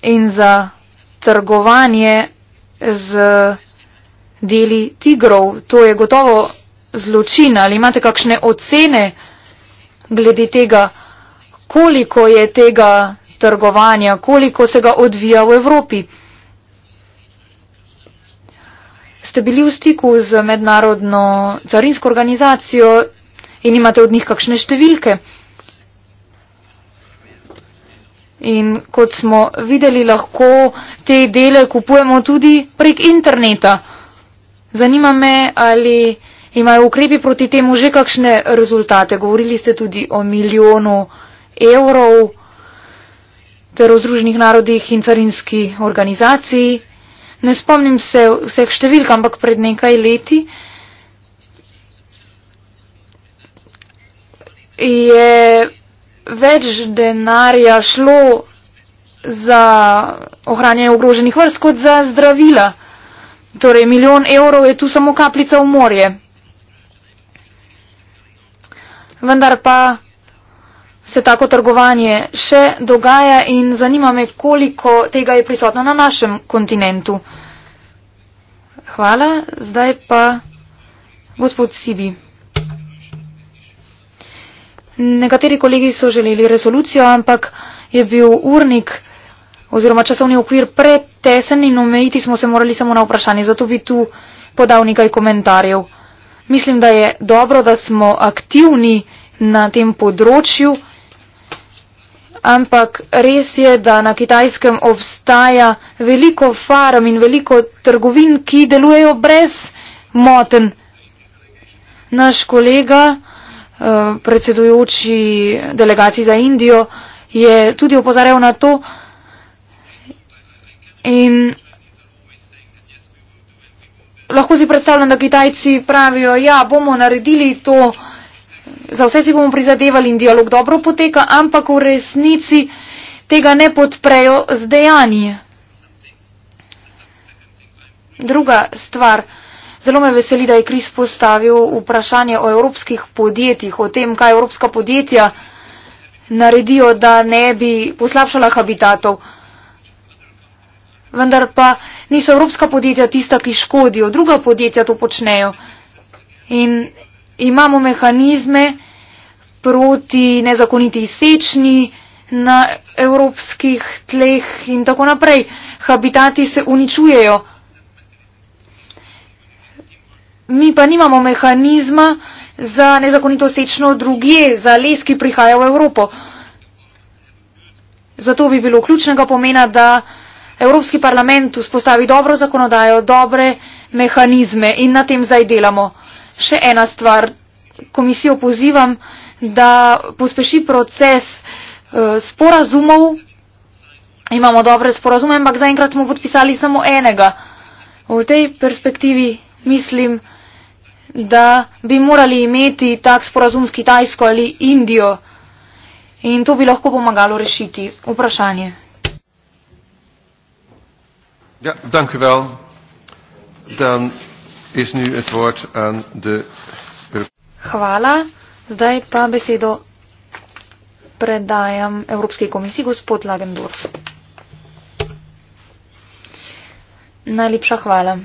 in za trgovanje z deli tigrov. To je gotovo zločin. Ali imate kakšne ocene glede tega, koliko je tega trgovanja, koliko se ga odvija v Evropi? Ste bili v stiku z mednarodno carinsko organizacijo in imate od njih kakšne številke? In kot smo videli, lahko te dele kupujemo tudi prek interneta. Zanima me, ali imajo ukrepi proti temu že kakšne rezultate. Govorili ste tudi o milijonu evrov ter o Združenih narodih in carinski organizaciji. Ne spomnim se vseh številk, ampak pred nekaj leti je več denarja šlo za ohranjanje ogroženih vrst kot za zdravila. Torej, milijon evrov je tu samo kapljica v morje. Vendar pa se tako trgovanje še dogaja in zanima me, koliko tega je prisotno na našem kontinentu. Hvala, zdaj pa gospod Sibi. Nekateri kolegi so želeli resolucijo, ampak je bil urnik oziroma časovni okvir pretesen in omejiti smo se morali samo na vprašanje. Zato bi tu podal nekaj komentarjev. Mislim, da je dobro, da smo aktivni na tem področju, ampak res je, da na kitajskem obstaja veliko farm in veliko trgovin, ki delujejo brez moten. Naš kolega. Eh, predsedujoči delegaciji za Indijo, je tudi opozarjal na to in lahko si predstavljam, da Kitajci pravijo, ja, bomo naredili to, za vse si bomo prizadevali in dialog dobro poteka, ampak v resnici tega ne podprejo z dejanji. Druga stvar. Zelo me veseli, da je Kris postavil vprašanje o evropskih podjetjih, o tem, kaj evropska podjetja naredijo, da ne bi poslabšala habitatov. Vendar pa niso evropska podjetja tista, ki škodijo, druga podjetja to počnejo. In imamo mehanizme proti nezakoniti sečni na evropskih tleh in tako naprej. Habitati se uničujejo mi pa nimamo mehanizma za nezakonito sečno druge, za les, ki prihaja v Evropo. Zato bi bilo ključnega pomena, da Evropski parlament vzpostavi dobro zakonodajo, dobre mehanizme in na tem zdaj delamo. Še ena stvar. Komisijo pozivam, da pospeši proces uh, sporazumov. Imamo dobre sporazume, ampak zaenkrat smo podpisali samo enega. V tej perspektivi mislim, da da bi morali imeti tak sporazum s Kitajsko ali Indijo in to bi lahko pomagalo rešiti. Vprašanje. Ja, danke vel. Dan is nu het woord aan de... Hvala. Zdaj pa besedo predajam Evropske komisiji gospod Lagendorf. Najlepša hvala.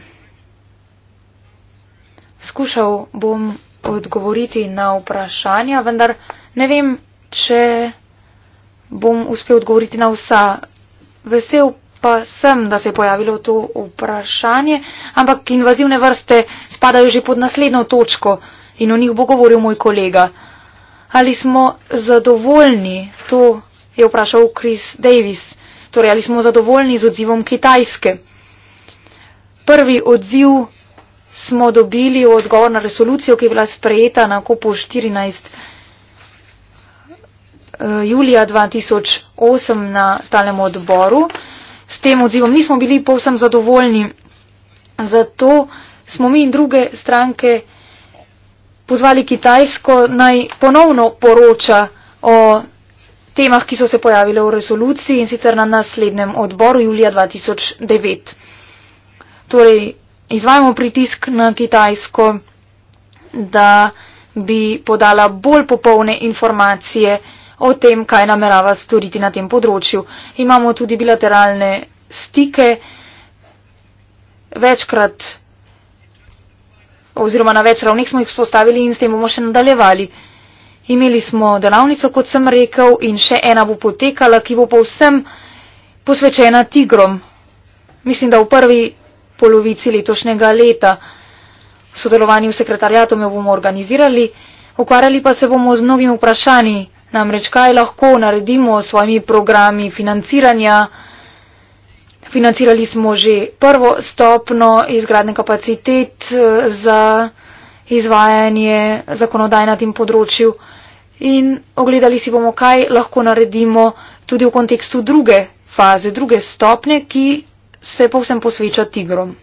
Skušal bom odgovoriti na vprašanja, vendar ne vem, če bom uspel odgovoriti na vsa. Vesel pa sem, da se je pojavilo to vprašanje, ampak invazivne vrste spadajo že pod naslednjo točko in o njih bo govoril moj kolega. Ali smo zadovoljni, to je vprašal Chris Davis, torej ali smo zadovoljni z odzivom Kitajske. Prvi odziv smo dobili odgovor na resolucijo, ki je bila sprejeta na kopu 14. Eh, julija 2008 na stalnem odboru. S tem odzivom nismo bili povsem zadovoljni, zato smo mi in druge stranke pozvali Kitajsko naj ponovno poroča o temah, ki so se pojavile v resoluciji in sicer na naslednjem odboru julija 2009. Torej, izvajamo pritisk na Kitajsko, da bi podala bolj popolne informacije o tem, kaj namerava storiti na tem področju. Imamo tudi bilateralne stike, večkrat oziroma na več ravnih smo jih spostavili in s tem bomo še nadaljevali. Imeli smo delavnico, kot sem rekel, in še ena bo potekala, ki bo povsem posvečena tigrom. Mislim, da v prvi polovici letošnjega leta. V sodelovanju s sekretarjatom jo bomo organizirali, ukvarjali pa se bomo z mnogimi vprašanji, namreč kaj lahko naredimo s svojimi programi financiranja. Financirali smo že prvo stopno izgradne kapacitet eh, za izvajanje zakonodaj na tem področju in ogledali si bomo, kaj lahko naredimo tudi v kontekstu druge faze, druge stopne, ki se povsem posveča tigrom.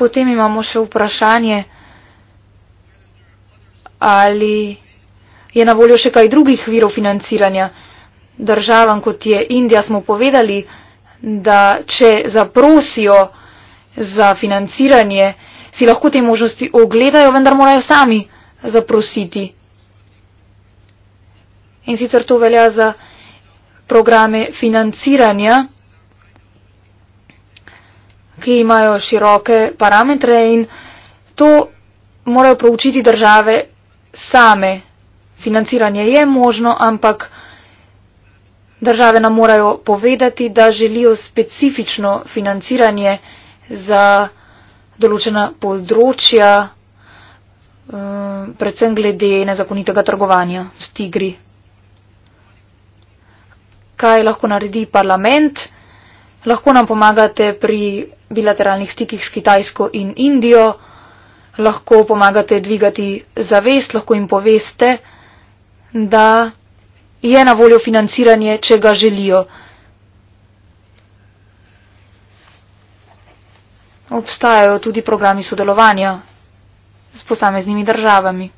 Potem imamo še vprašanje, ali je na voljo še kaj drugih virov financiranja. Državam, kot je Indija, smo povedali, da če zaprosijo za financiranje, si lahko te možnosti ogledajo, vendar morajo sami zaprositi. In sicer to velja za programe financiranja, ki imajo široke parametre in to morajo proučiti države same. Financiranje je možno, ampak države nam morajo povedati, da želijo specifično financiranje za določena področja, eh, predvsem glede nezakonitega trgovanja s tigri kaj lahko naredi parlament. Lahko nam pomagate pri bilateralnih stikih s Kitajsko in Indijo. Lahko pomagate dvigati zavest, lahko jim poveste, da je na voljo financiranje, če ga želijo. Obstajajo tudi programi sodelovanja s posameznimi državami.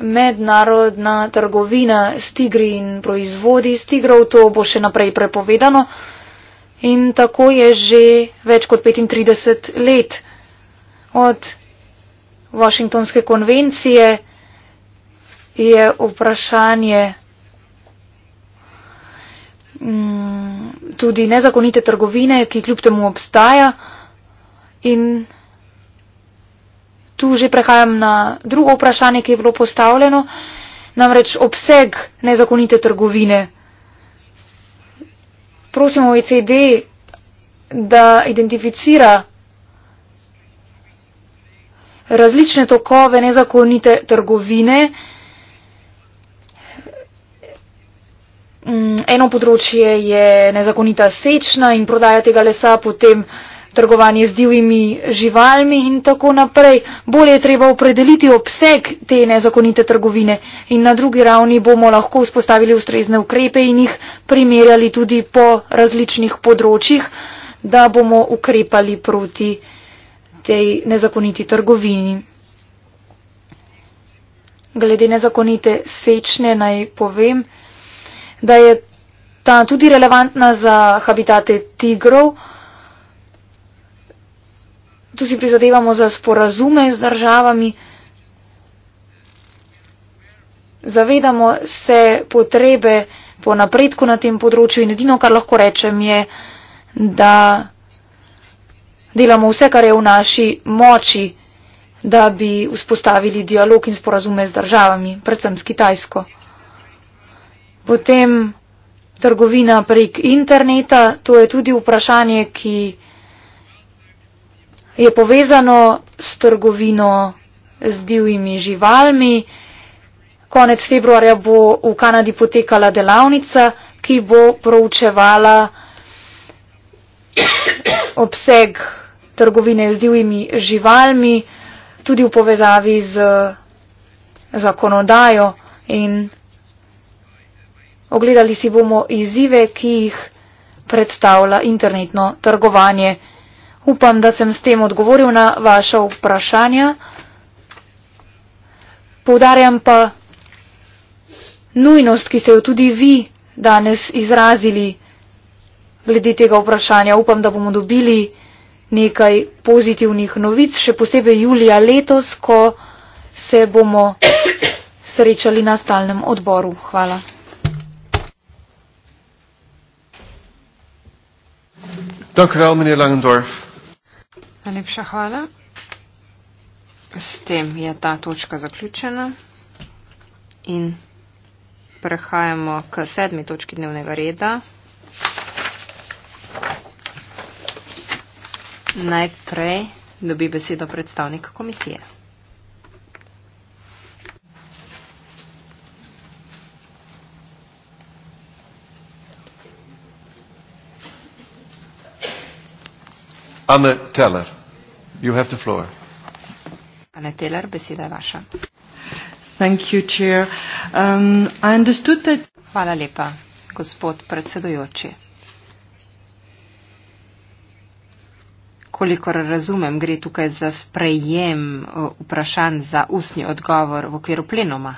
mednarodna trgovina s tigri in proizvodi s tigrov, to bo še naprej prepovedano. In tako je že več kot 35 let od Vašingtonske konvencije je vprašanje mm, tudi nezakonite trgovine, ki kljub temu obstaja in tu že prehajam na drugo vprašanje, ki je bilo postavljeno, namreč obseg nezakonite trgovine. Prosimo OECD, da identificira različne tokove nezakonite trgovine. Mm, eno področje je nezakonita sečna in prodaja tega lesa, potem trgovanje z divjimi živalmi in tako naprej. Bolje je treba opredeliti obseg te nezakonite trgovine in na drugi ravni bomo lahko vzpostavili ustrezne ukrepe in jih primerjali tudi po različnih področjih, da bomo ukrepali proti tej nezakoniti trgovini. Glede nezakonite sečne naj povem, da je ta tudi relevantna za habitate tigrov, tu si prizadevamo za sporazume z državami. Zavedamo se potrebe po napredku na tem področju in edino, kar lahko rečem, je, da delamo vse, kar je v naši moči, da bi vzpostavili dialog in sporazume z državami, predvsem s Kitajsko. Potem trgovina prek interneta, to je tudi vprašanje, ki je povezano s trgovino z divjimi živalmi. Konec februarja bo v Kanadi potekala delavnica, ki bo proučevala obseg trgovine z divjimi živalmi, tudi v povezavi z zakonodajo in ogledali si bomo izzive, ki jih predstavlja internetno trgovanje. Upam, da sem s tem odgovoril na vaše vprašanja. Povdarjam pa nujnost, ki ste jo tudi vi danes izrazili glede tega vprašanja. Upam, da bomo dobili nekaj pozitivnih novic, še posebej julija letos, ko se bomo [coughs] srečali na stalnem odboru. Hvala. Dank u wel, meneer Langendorf. Najlepša hvala. S tem je ta točka zaključena in prehajamo k sedmi točki dnevnega reda. Najprej dobi besedo predstavnik komisije. Anne Teller, you have the floor. Anne Teller, beseda je vaša. Thank you, Chair. Um, I understood that. Hvala lepa, gospod predsedujoči. Kolikor razumem, gre tukaj za sprejem uh, vprašanj za usni odgovor v okviru plenoma.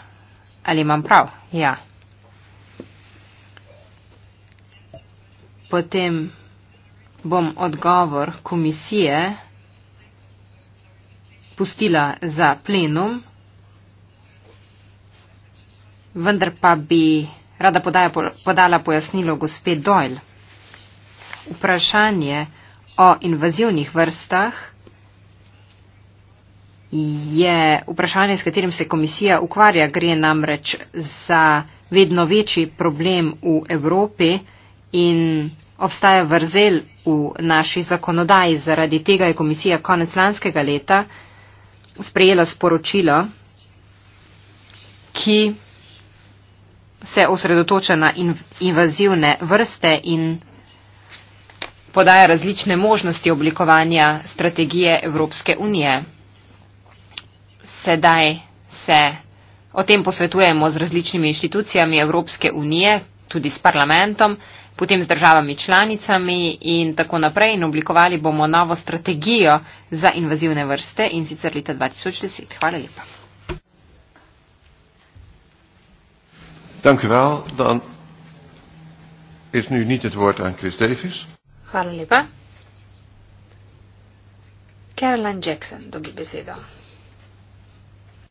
Ali imam prav? Ja. Potem bom odgovor komisije pustila za plenum, vendar pa bi rada podaja, podala pojasnilo gospe Doyle. Vprašanje o invazivnih vrstah je vprašanje, s katerim se komisija ukvarja, gre namreč za vedno večji problem v Evropi in obstaja vrzel v naši zakonodaji. Zaradi tega je komisija konec lanskega leta sprejela sporočilo, ki se osredotoča na invazivne vrste in podaja različne možnosti oblikovanja strategije Evropske unije. Sedaj se o tem posvetujemo z različnimi inštitucijami Evropske unije, tudi s parlamentom potem z državami članicami in tako naprej in oblikovali bomo novo strategijo za invazivne vrste in sicer leta 2010. Hvala lepa. Hvala lepa. Caroline Jackson dobi besedo.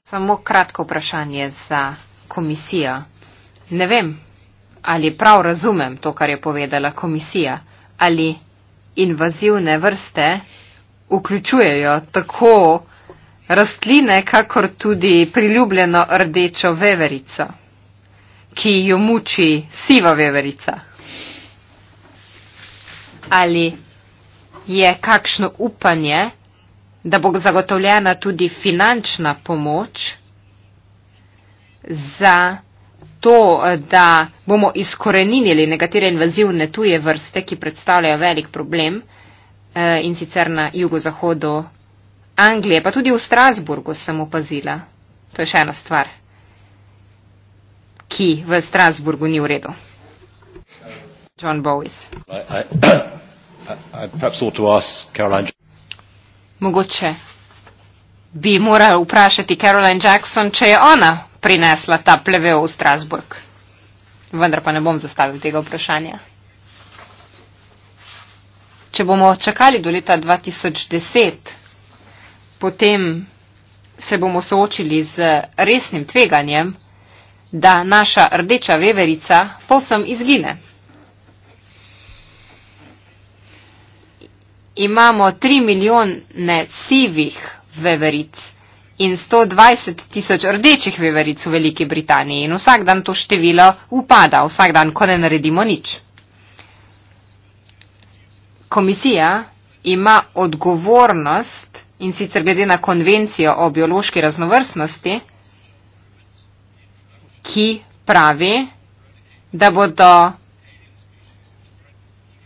Samo kratko vprašanje za komisijo. Ne vem, ali prav razumem to, kar je povedala komisija, ali invazivne vrste vključujejo tako rastline, kakor tudi priljubljeno rdečo veverico, ki jo muči siva veverica. Ali je kakšno upanje, da bo zagotovljena tudi finančna pomoč za to, da bomo izkoreninili nekatere invazivne tuje vrste, ki predstavljajo velik problem eh, in sicer na jugozahodu Anglije, pa tudi v Strasburgu sem opazila. To je še ena stvar, ki v Strasburgu ni v redu. John Bowies. Mogoče bi morala vprašati Caroline Jackson, če je ona prinesla ta plevel v Strasburg. Vendar pa ne bom zastavil tega vprašanja. Če bomo čakali do leta 2010, potem se bomo soočili z resnim tveganjem, da naša rdeča veverica povsem izgine. Imamo tri milijone sivih veveric, in 120 tisoč rdečih veveric v Veliki Britaniji in vsak dan to število upada, vsak dan, ko ne naredimo nič. Komisija ima odgovornost in sicer glede na konvencijo o biološki raznovrstnosti, ki pravi, da bodo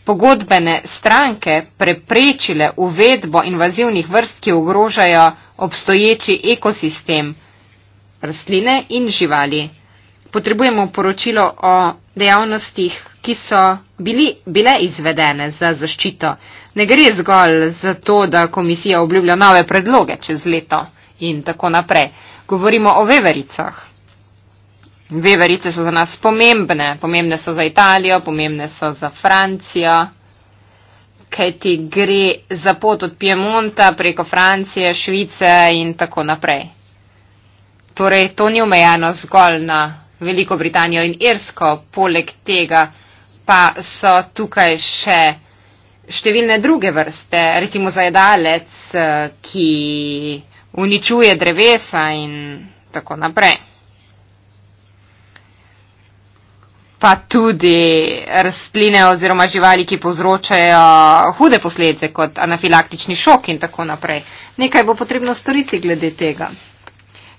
pogodbene stranke preprečile uvedbo invazivnih vrst, ki ogrožajo obstoječi ekosistem rastline in živali. Potrebujemo poročilo o dejavnostih, ki so bili, bile izvedene za zaščito. Ne gre zgolj za to, da komisija obljublja nove predloge čez leto in tako naprej. Govorimo o vevericah. Dve varice so za nas pomembne. Pomembne so za Italijo, pomembne so za Francijo, kajti gre za pot od Piemonta preko Francije, Švice in tako naprej. Torej, to ni omejeno zgolj na Veliko Britanijo in Irsko, poleg tega pa so tukaj še številne druge vrste, recimo zajedalec, eh, ki uničuje drevesa in tako naprej. pa tudi rastline oziroma živali, ki povzročajo hude posledice kot anafilaktični šok in tako naprej. Nekaj bo potrebno storiti glede tega.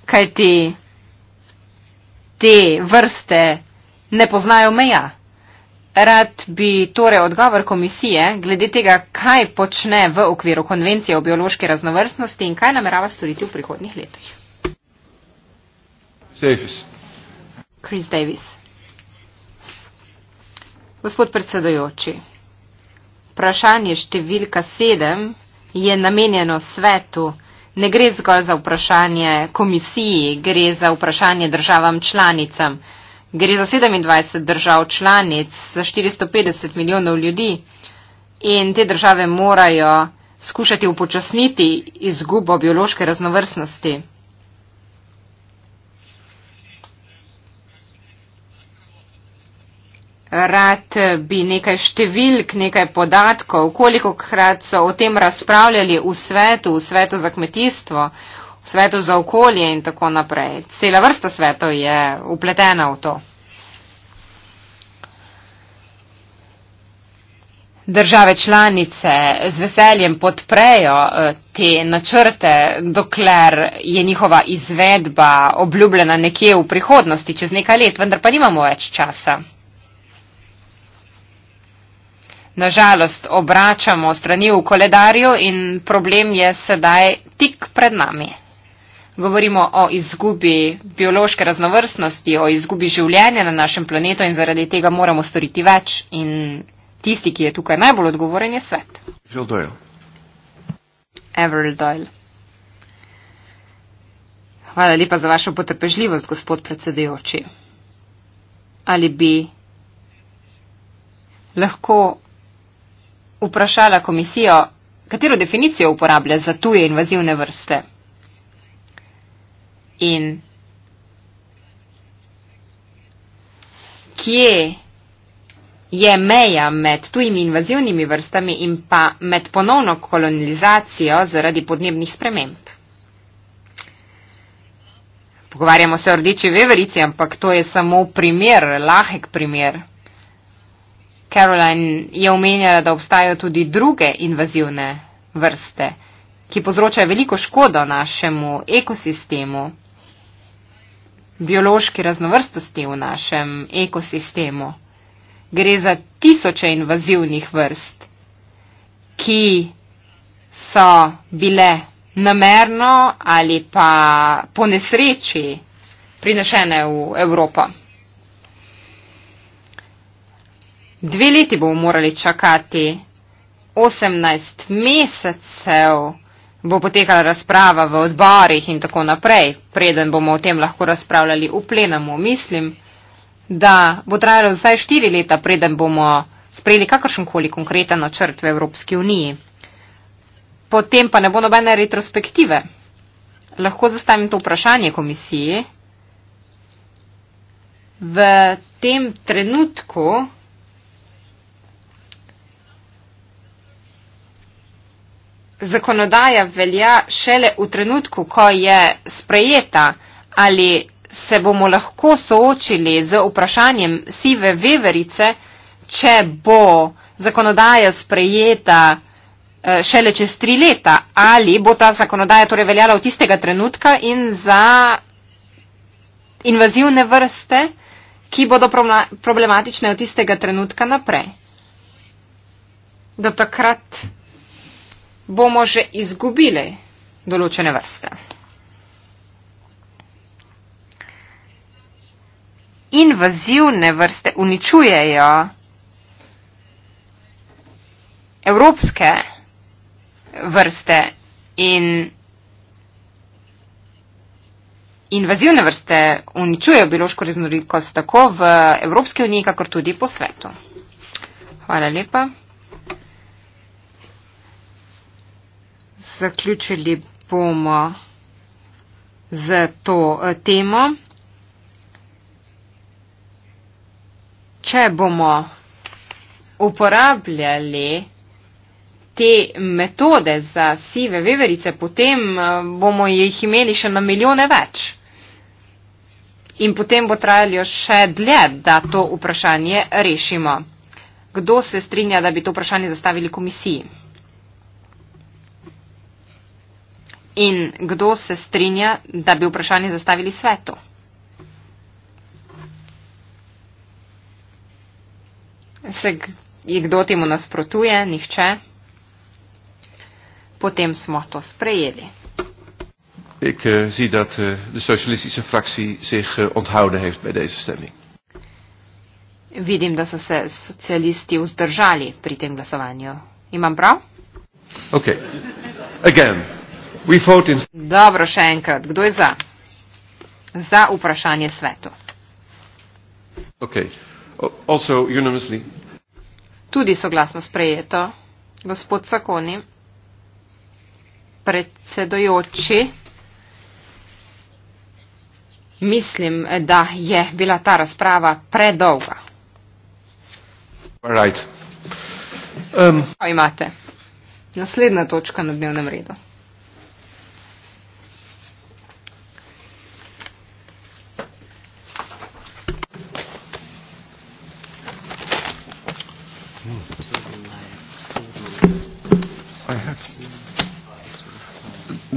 Kaj ti te vrste ne poznajo meja? Rad bi torej odgovor komisije glede tega, kaj počne v okviru konvencije o biološki raznovrstnosti in kaj namerava storiti v prihodnih letih. Davis. Chris Davis. Gospod predsedojoči, vprašanje številka sedem je namenjeno svetu. Ne gre zgolj za vprašanje komisiji, gre za vprašanje državam članicam. Gre za 27 držav članic, za 450 milijonov ljudi in te države morajo skušati upočasniti izgubo biološke raznovrstnosti. rad bi nekaj številk, nekaj podatkov, koliko krat so o tem razpravljali v svetu, v svetu za kmetijstvo, v svetu za okolje in tako naprej. Cela vrsta svetov je upletena v to. Države članice z veseljem podprejo eh, te načrte, dokler je njihova izvedba obljubljena nekje v prihodnosti, čez nekaj let, vendar pa nimamo več časa nažalost obračamo strani v koledarju in problem je sedaj tik pred nami. Govorimo o izgubi biološke raznovrstnosti, o izgubi življenja na našem planetu in zaradi tega moramo storiti več. In tisti, ki je tukaj najbolj odgovoren, je svet. Phil Doyle. Avril Doyle. Hvala lepa za vašo potrpežljivost, gospod predsedujoči. Ali bi lahko vprašala komisijo, katero definicijo uporablja za tuje invazivne vrste. In kje je meja med tujimi invazivnimi vrstami in pa med ponovno kolonizacijo zaradi podnebnih sprememb? Pogovarjamo se o rdeči veverici, ampak to je samo primer, lahek primer. Caroline je omenjala, da obstajajo tudi druge invazivne vrste, ki povzročajo veliko škodo našemu ekosistemu, biološki raznovrstosti v našem ekosistemu. Gre za tisoče invazivnih vrst, ki so bile namerno ali pa po nesreči prinešene v Evropo. Dve leti bomo morali čakati. 18 mesecev bo potekala razprava v odborih in tako naprej, preden bomo o tem lahko razpravljali v plenamu. Mislim, da bo trajalo vsaj štiri leta, preden bomo sprejeli kakršenkoli konkreten načrt v Evropski uniji. Potem pa ne bo nobene retrospektive. Lahko zastavim to vprašanje komisiji. V tem trenutku. zakonodaja velja šele v trenutku, ko je sprejeta ali se bomo lahko soočili z vprašanjem sive veverice, če bo zakonodaja sprejeta eh, šele čez tri leta ali bo ta zakonodaja torej veljala v tistega trenutka in za invazivne vrste, ki bodo problematične od tistega trenutka naprej. Do takrat bomo že izgubili določene vrste. Invazivne vrste uničujejo evropske vrste in invazivne vrste uničujejo biološko raznolikost tako v Evropski uniji, kakor tudi po svetu. Hvala lepa. zaključili bomo z to eh, temo. Če bomo uporabljali te metode za sive veverice, potem eh, bomo jih imeli še na milijone več. In potem bo trajalo še dlje, da to vprašanje rešimo. Kdo se strinja, da bi to vprašanje zastavili komisiji? In kdo se strinja, da bi vprašanje zastavili svetu? Se kdo temu nasprotuje? Nihče. Potem smo to sprejeli. Ik uh, zie dat uh, de socialistische fractie zich uh, onthouden heeft bij deze stemming. Vidim, dat ze socialisten uzdržali pri tem glasovanju. Imam prav? Oké. Okay. Again. Dobro, še enkrat. Kdo je za? Za vprašanje svetu. Okay. Tudi soglasno sprejeto. Gospod Sakoni, predsedojoči, mislim, da je bila ta razprava predolga. Right. Um. Imate. Naslednja točka na dnevnem redu.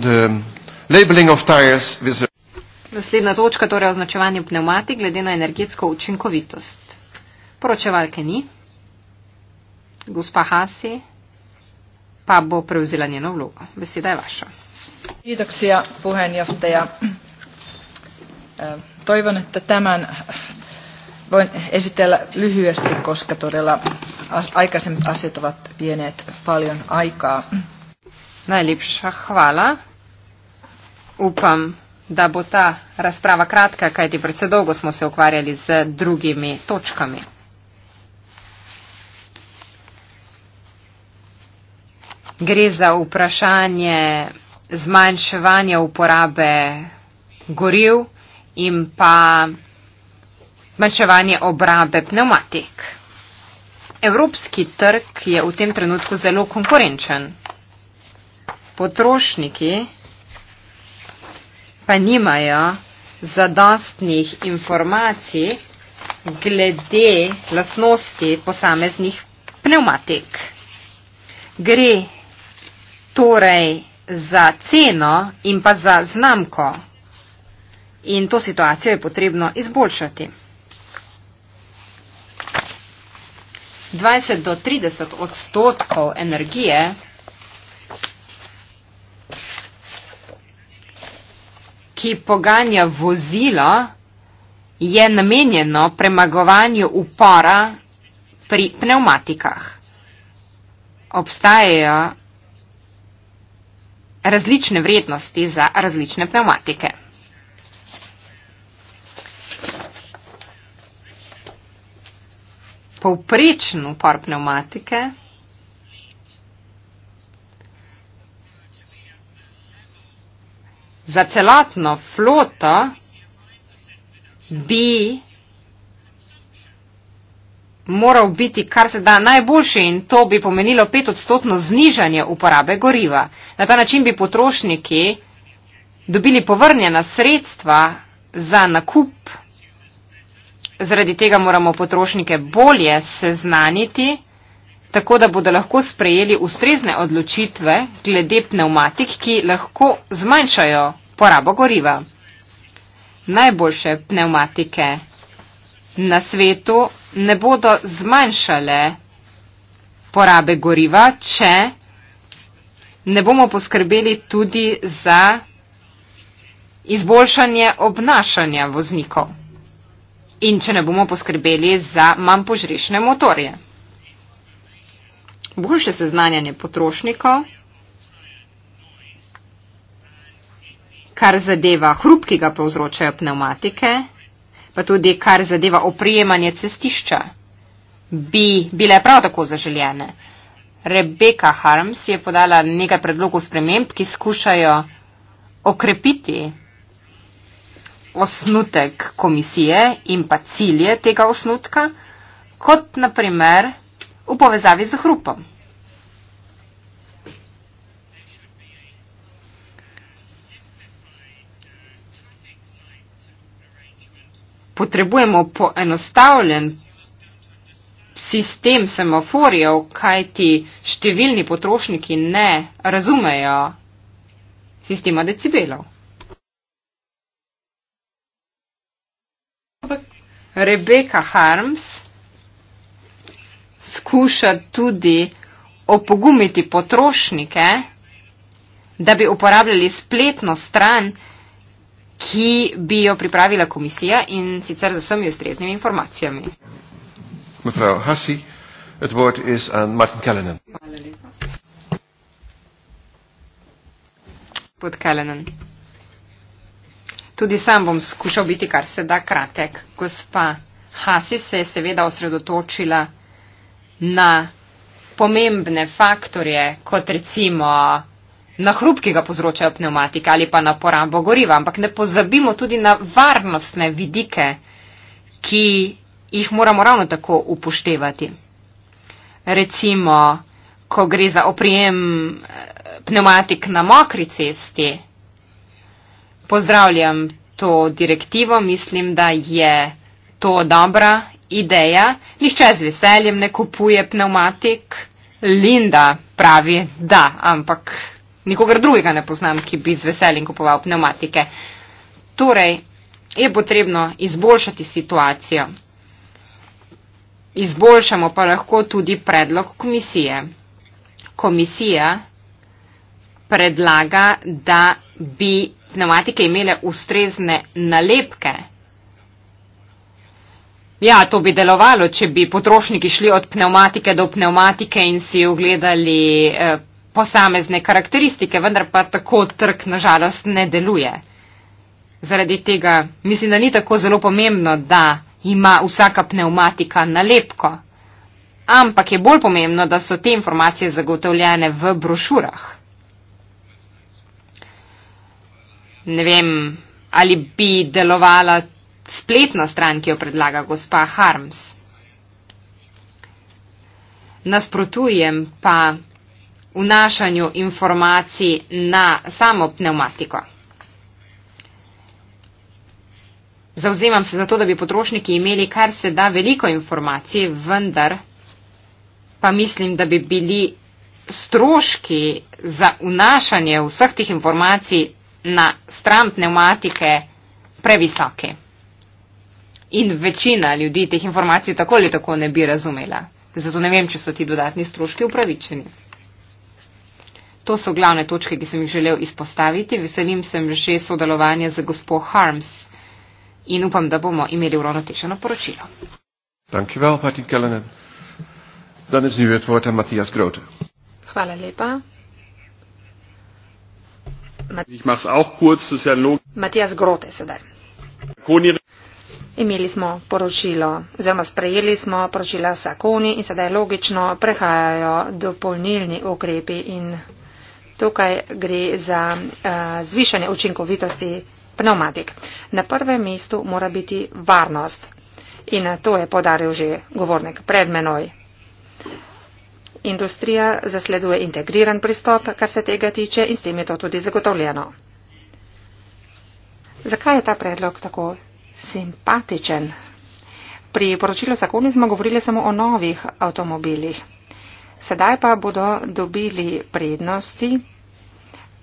the labeling of tires with Naslednja točka, torej označevanje pneumatik glede na energetsko učinkovitost. Poročevalke ni. Gospa Hasi pa bo prevzela njeno vlogo. Beseda je vaša. Kiitoksia puheenjohtaja. Toivon, että tämän voin esitellä lyhyesti, koska todella aikaisemmat asiat ovat vieneet paljon aikaa. Najlipša hvala upam, da bo ta razprava kratka, kajti predvsej dolgo smo se ukvarjali z drugimi točkami. Gre za vprašanje zmanjševanja uporabe goriv in pa zmanjševanje obrabe pneumatik. Evropski trg je v tem trenutku zelo konkurenčen. Potrošniki pa nimajo zadostnih informacij glede lasnosti posameznih pneumatik. Gre torej za ceno in pa za znamko in to situacijo je potrebno izboljšati. 20 do 30 odstotkov energije ki poganja vozilo, je namenjeno premagovanju upora pri pneumatikah. Obstajajo različne vrednosti za različne pneumatike. Povprečen upor pneumatike za celatno floto bi moral biti kar se da najboljši in to bi pomenilo petodstotno znižanje uporabe goriva. Na ta način bi potrošniki dobili povrnjena sredstva za nakup. Zaradi tega moramo potrošnike bolje seznaniti tako da bodo lahko sprejeli ustrezne odločitve glede pneumatik, ki lahko zmanjšajo porabo goriva. Najboljše pneumatike na svetu ne bodo zmanjšale porabe goriva, če ne bomo poskrbeli tudi za izboljšanje obnašanja voznikov in če ne bomo poskrbeli za manj požrešne motorje boljše seznanjanje potrošnikov, kar zadeva hrup, ki ga povzročajo pneumatike, pa tudi kar zadeva oprijemanje cestišča, bi bile prav tako zaželjene. Rebeka Harms je podala nekaj predlogov sprememb, ki skušajo okrepiti osnutek komisije in pa cilje tega osnutka, kot naprimer u povezavi z hrupom. Potrebujemo poenostavljen sistem semaforjev, kaj ti številni potrošniki ne razumejo sistema decibelov. Rebeka Harms skuša tudi opogumiti potrošnike, da bi uporabljali spletno stran, ki bi jo pripravila komisija in sicer z vsemi ustreznimi informacijami. Tudi sam bom skušal biti kar se da kratek. Gospa Hasi se je seveda osredotočila na pomembne faktorje, kot recimo na hrup, ki ga povzročajo pneumatike ali pa na porabo goriva, ampak ne pozabimo tudi na varnostne vidike, ki jih moramo ravno tako upoštevati. Recimo, ko gre za oprijem eh, pneumatik na mokri cesti, pozdravljam to direktivo, mislim, da je to dobra ideja, nihče z veseljem ne kupuje pneumatik. Linda pravi, da, ampak nikogar drugega ne poznam, ki bi z veseljem kupoval pneumatike. Torej, je potrebno izboljšati situacijo. Izboljšamo pa lahko tudi predlog komisije. Komisija predlaga, da bi pneumatike imele ustrezne nalepke. Ja, to bi delovalo, če bi potrošniki šli od pneumatike do pneumatike in si ogledali eh, posamezne karakteristike, vendar pa tako trg nažalost ne deluje. Zaradi tega mislim, da ni tako zelo pomembno, da ima vsaka pneumatika nalepko, ampak je bolj pomembno, da so te informacije zagotovljene v brošurah. Ne vem, ali bi delovala spletno stran, ki jo predlaga gospa Harms. Nasprotujem pa vnašanju informacij na samo pneumatiko. Zauzemam se za to, da bi potrošniki imeli kar se da veliko informacij, vendar pa mislim, da bi bili stroški za vnašanje vseh teh informacij na stran pneumatike previsoki in večina ljudi teh informacij tako ali tako ne bi razumela. Zato ne vem, če so ti dodatni stroški upravičeni. To so glavne točke, ki sem jih želel izpostaviti. Veselim se že sodelovanja z gospo Harms in upam, da bomo imeli uravnotečeno poročilo. Hvala lepa. Matijas Grote sedaj. Imeli smo poročilo, oziroma sprejeli smo poročila Sakoni in sedaj logično prehajajo dopolnilni ukrepi in tukaj gre za uh, zvišanje učinkovitosti pneumatik. Na prvem mestu mora biti varnost in to je podaril že govornik pred menoj. Industrija zasleduje integriran pristop, kar se tega tiče in s tem je to tudi zagotovljeno. Zakaj je ta predlog tako simpatičen. Pri poročilu zakoni smo govorili samo o novih avtomobilih. Sedaj pa bodo dobili prednosti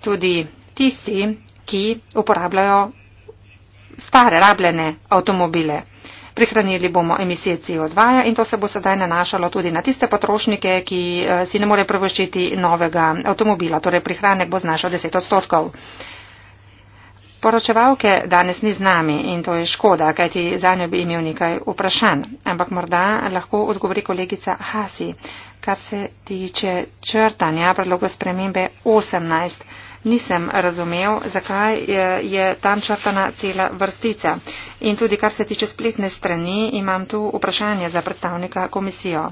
tudi tisti, ki uporabljajo stare, rabljene avtomobile. Prihranili bomo emisije CO2 in to se bo sedaj nanašalo tudi na tiste potrošnike, ki eh, si ne more privoščiti novega avtomobila. Torej prihranek bo znašal 10 odstotkov. Poročevalke danes ni z nami in to je škoda, kajti za njo bi imel nekaj vprašanj. Ampak morda lahko odgovori kolegica Hasi, kar se tiče črtanja predloga spremembe 18. Nisem razumel, zakaj je, je tam črtana cela vrstica. In tudi kar se tiče spletne strani, imam tu vprašanje za predstavnika komisijo.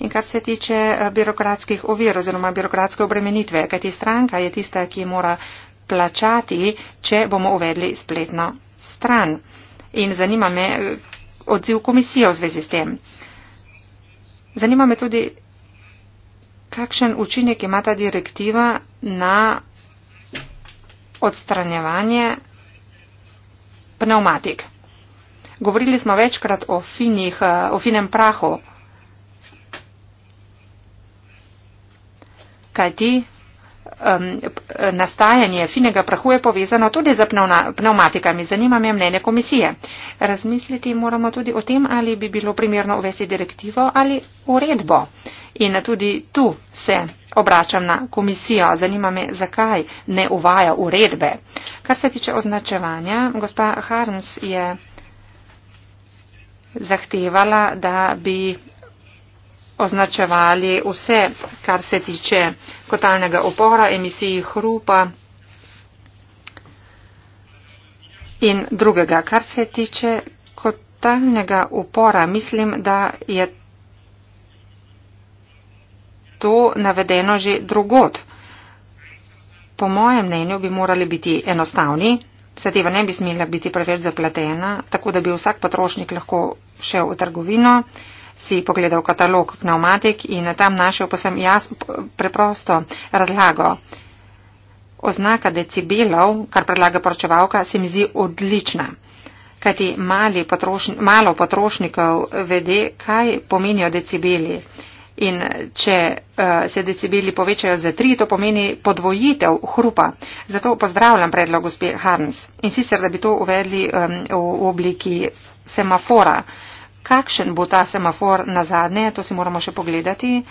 In kar se tiče eh, birokratskih ovir oziroma birokratske obremenitve, kajti stranka je tista, ki mora plačati, če bomo uvedli spletno stran. In zanima me eh, odziv komisije v zvezi s tem. Zanima me tudi, kakšen učinek ima ta direktiva na odstranjevanje pneumatik. Govorili smo večkrat o, finih, eh, o finem prahu. Kaj ti um, nastajanje finega prahu je povezano tudi z pneumatikami. Zanima me mnenje komisije. Razmisliti moramo tudi o tem, ali bi bilo primerno uvesti direktivo ali uredbo. In tudi tu se obračam na komisijo. Zanima me, zakaj ne uvaja uredbe. Kar se tiče označevanja, gospa Harms je zahtevala, da bi označevali vse, kar se tiče kotalnega upora, emisiji hrupa in drugega. Kar se tiče kotalnega upora, mislim, da je to navedeno že drugot. Po mojem mnenju bi morali biti enostavni, zadeva ne bi smela biti preveč zapletena, tako da bi vsak potrošnik lahko šel v trgovino si pogledal katalog pneumatik in tam našel posem jaz preprosto razlago. Oznaka decibelov, kar predlaga poročevalka, se mi zdi odlična, kajti potrošn, malo potrošnikov vede, kaj pomenijo decibeli. In če uh, se decibeli povečajo za tri, to pomeni podvojitev hrupa. Zato pozdravljam predlog gospe Harns. In sicer, da bi to uvedli um, v, v obliki semafora. Uh, kakšen bo ta semafor na zadnje, to si moramo še pogledati.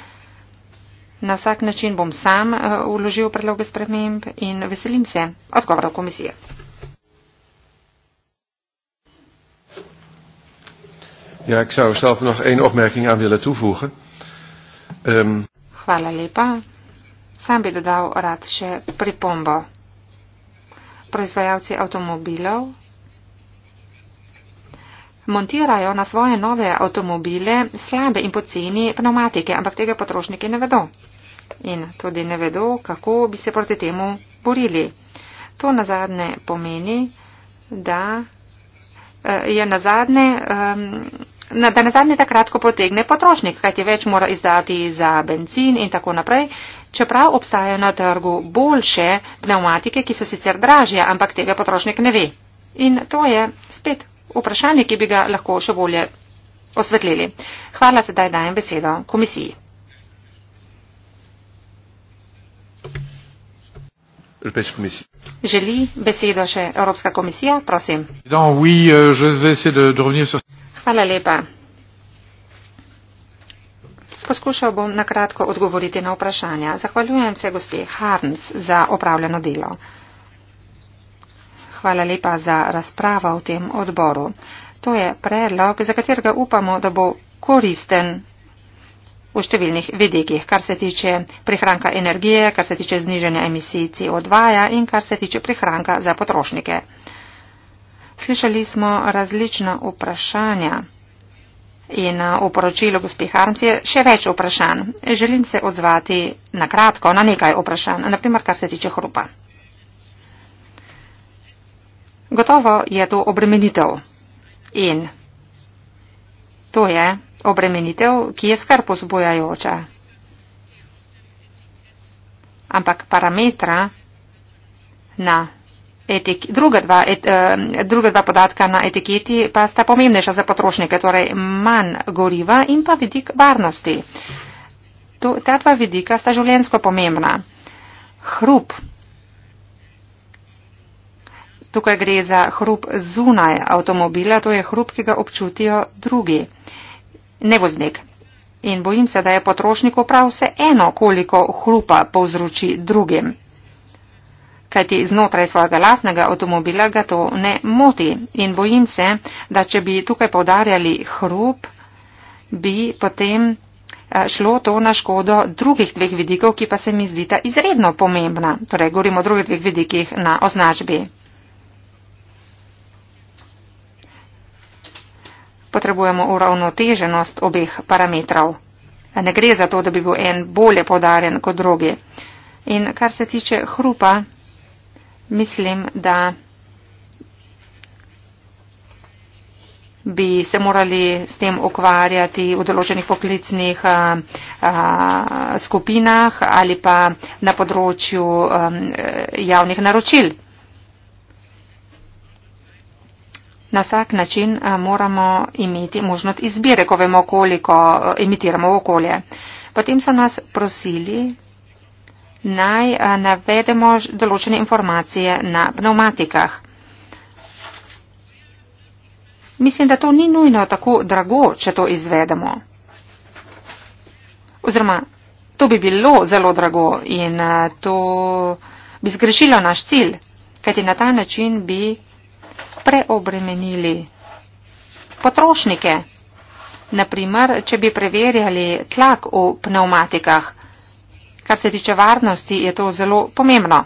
Na vsak način bom sam uložil eh, predloge sprememb in veselim se odgovorov komisije. Ja, ik zou zelf nog één opmerking aan willen toevoegen. Um, Hvala lepa. Sam bi dodal rad še pripombo. Proizvajalci avtomobilov montirajo na svoje nove avtomobile slabe in poceni pneumatike, ampak tega potrošniki ne vedo. In tudi ne vedo, kako bi se proti temu borili. To nazadne pomeni, da eh, je nazadne. Um, ehm, Da na zadnji takrat, ko potegne potrošnik, kajti več mora izdati za benzin in tako naprej, čeprav obstajajo na trgu boljše pneumatike, ki so sicer dražje, ampak tega potrošnik ne ve. In to je spet vprašanje, ki bi ga lahko še bolje osvetlili. Hvala, sedaj dajem besedo komisiji. Želi besedo še Evropska komisija? Prosim. Euh, Hvala lepa. Poskušal bom nakratko odgovoriti na vprašanja. Zahvaljujem se gospe Harns za opravljeno delo. Hvala lepa za razpravo v tem odboru. To je predlog, za katerega upamo, da bo koristen v številnih vidikih, kar se tiče prihranka energije, kar se tiče znižene emisij CO2 ja, in kar se tiče prihranka za potrošnike. Slišali smo različna vprašanja in v poročilu gospe Harms je še več vprašanj. Želim se odzvati na kratko na nekaj vprašanj, naprimer kar se tiče hrupa. Gotovo je to obremenitev in to je obremenitev, ki je skrb pozbojajoča. Ampak parametra na etik, druga dva, et, eh, druga dva podatka na etiketi pa sta pomembnejša za potrošnike, torej manj goriva in pa vidik varnosti. To, ta dva vidika sta življensko pomembna. Hrup tukaj gre za hrup zunaj avtomobila, to je hrup, ki ga občutijo drugi, ne voznik. In bojim se, da je potrošniku prav vse eno, koliko hrupa povzroči drugim. Kajti znotraj svojega lasnega avtomobila ga to ne moti. In bojim se, da če bi tukaj podarjali hrup, bi potem eh, šlo to na škodo drugih dveh vidikov, ki pa se mi zdita izredno pomembna. Torej, govorimo o drugih dveh vidikih na označbi. potrebujemo uravnoteženost obeh parametrov. Ne gre za to, da bi bil en bolje podarjen kot drugi. In kar se tiče hrupa, mislim, da bi se morali s tem ukvarjati v določenih poklicnih a, a, skupinah ali pa na področju a, javnih naročil. Na vsak način eh, moramo imeti možnost izbire, ko vemo, koliko imitiramo eh, v okolje. Potem so nas prosili, naj eh, navedemo določene informacije na pneumatikah. Mislim, da to ni nujno tako drago, če to izvedemo. Oziroma, to bi bilo zelo drago in to bi zgrešilo naš cilj, kajti na ta način bi preobremenili potrošnike. Naprimer, če bi preverjali tlak v pneumatikah, kar se tiče varnosti, je to zelo pomembno.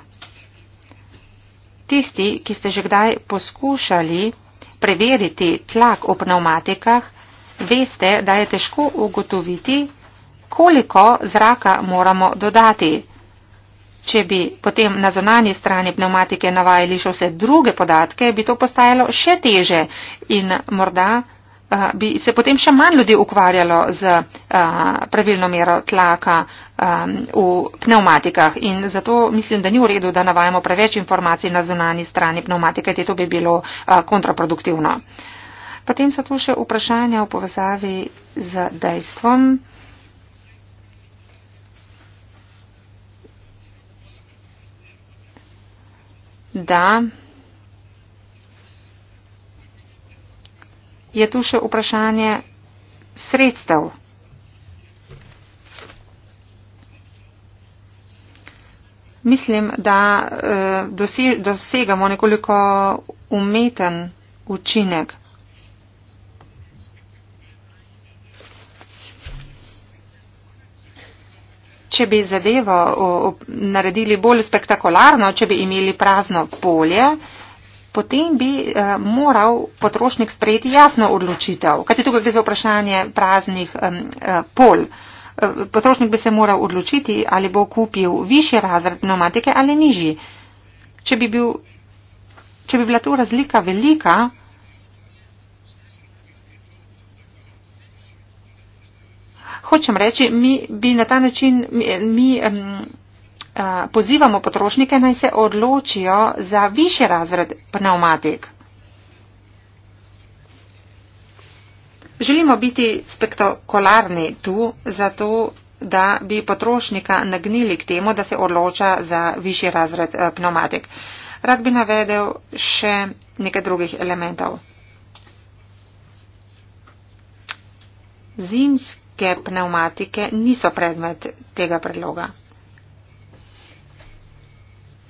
Tisti, ki ste že kdaj poskušali preveriti tlak v pneumatikah, veste, da je težko ugotoviti, koliko zraka moramo dodati. Če bi potem na zonani strani pneumatike navajali še vse druge podatke, bi to postajalo še teže in morda uh, bi se potem še manj ljudi ukvarjalo z uh, pravilno mero tlaka um, v pneumatikah. In zato mislim, da ni v redu, da navajamo preveč informacij na zonani strani pneumatike, ker to bi bilo uh, kontraproduktivno. Potem so tu še vprašanja v povezavi z dejstvom. da je tu še vprašanje sredstev. Mislim, da eh, dosegamo nekoliko umeten učinek. če bi zadevo o, o, naredili bolj spektakularno, če bi imeli prazno polje, potem bi e, moral potrošnik sprejeti jasno odločitev. Kaj ti tukaj gre za vprašanje praznih e, pol? E, potrošnik bi se moral odločiti, ali bo kupil više razred pneumatike ali nižji. Če bi, bil, če bi bila tu razlika velika, hočem reči, mi bi na ta način, mi, mi a, pozivamo potrošnike naj se odločijo za više razred pneumatik. Želimo biti spektakularni tu, zato da bi potrošnika nagnili k temu, da se odloča za višji razred e, pneumatik. Rad bi navedel še nekaj drugih elementov. Zinski. Ke pneumatike niso predmet tega predloga.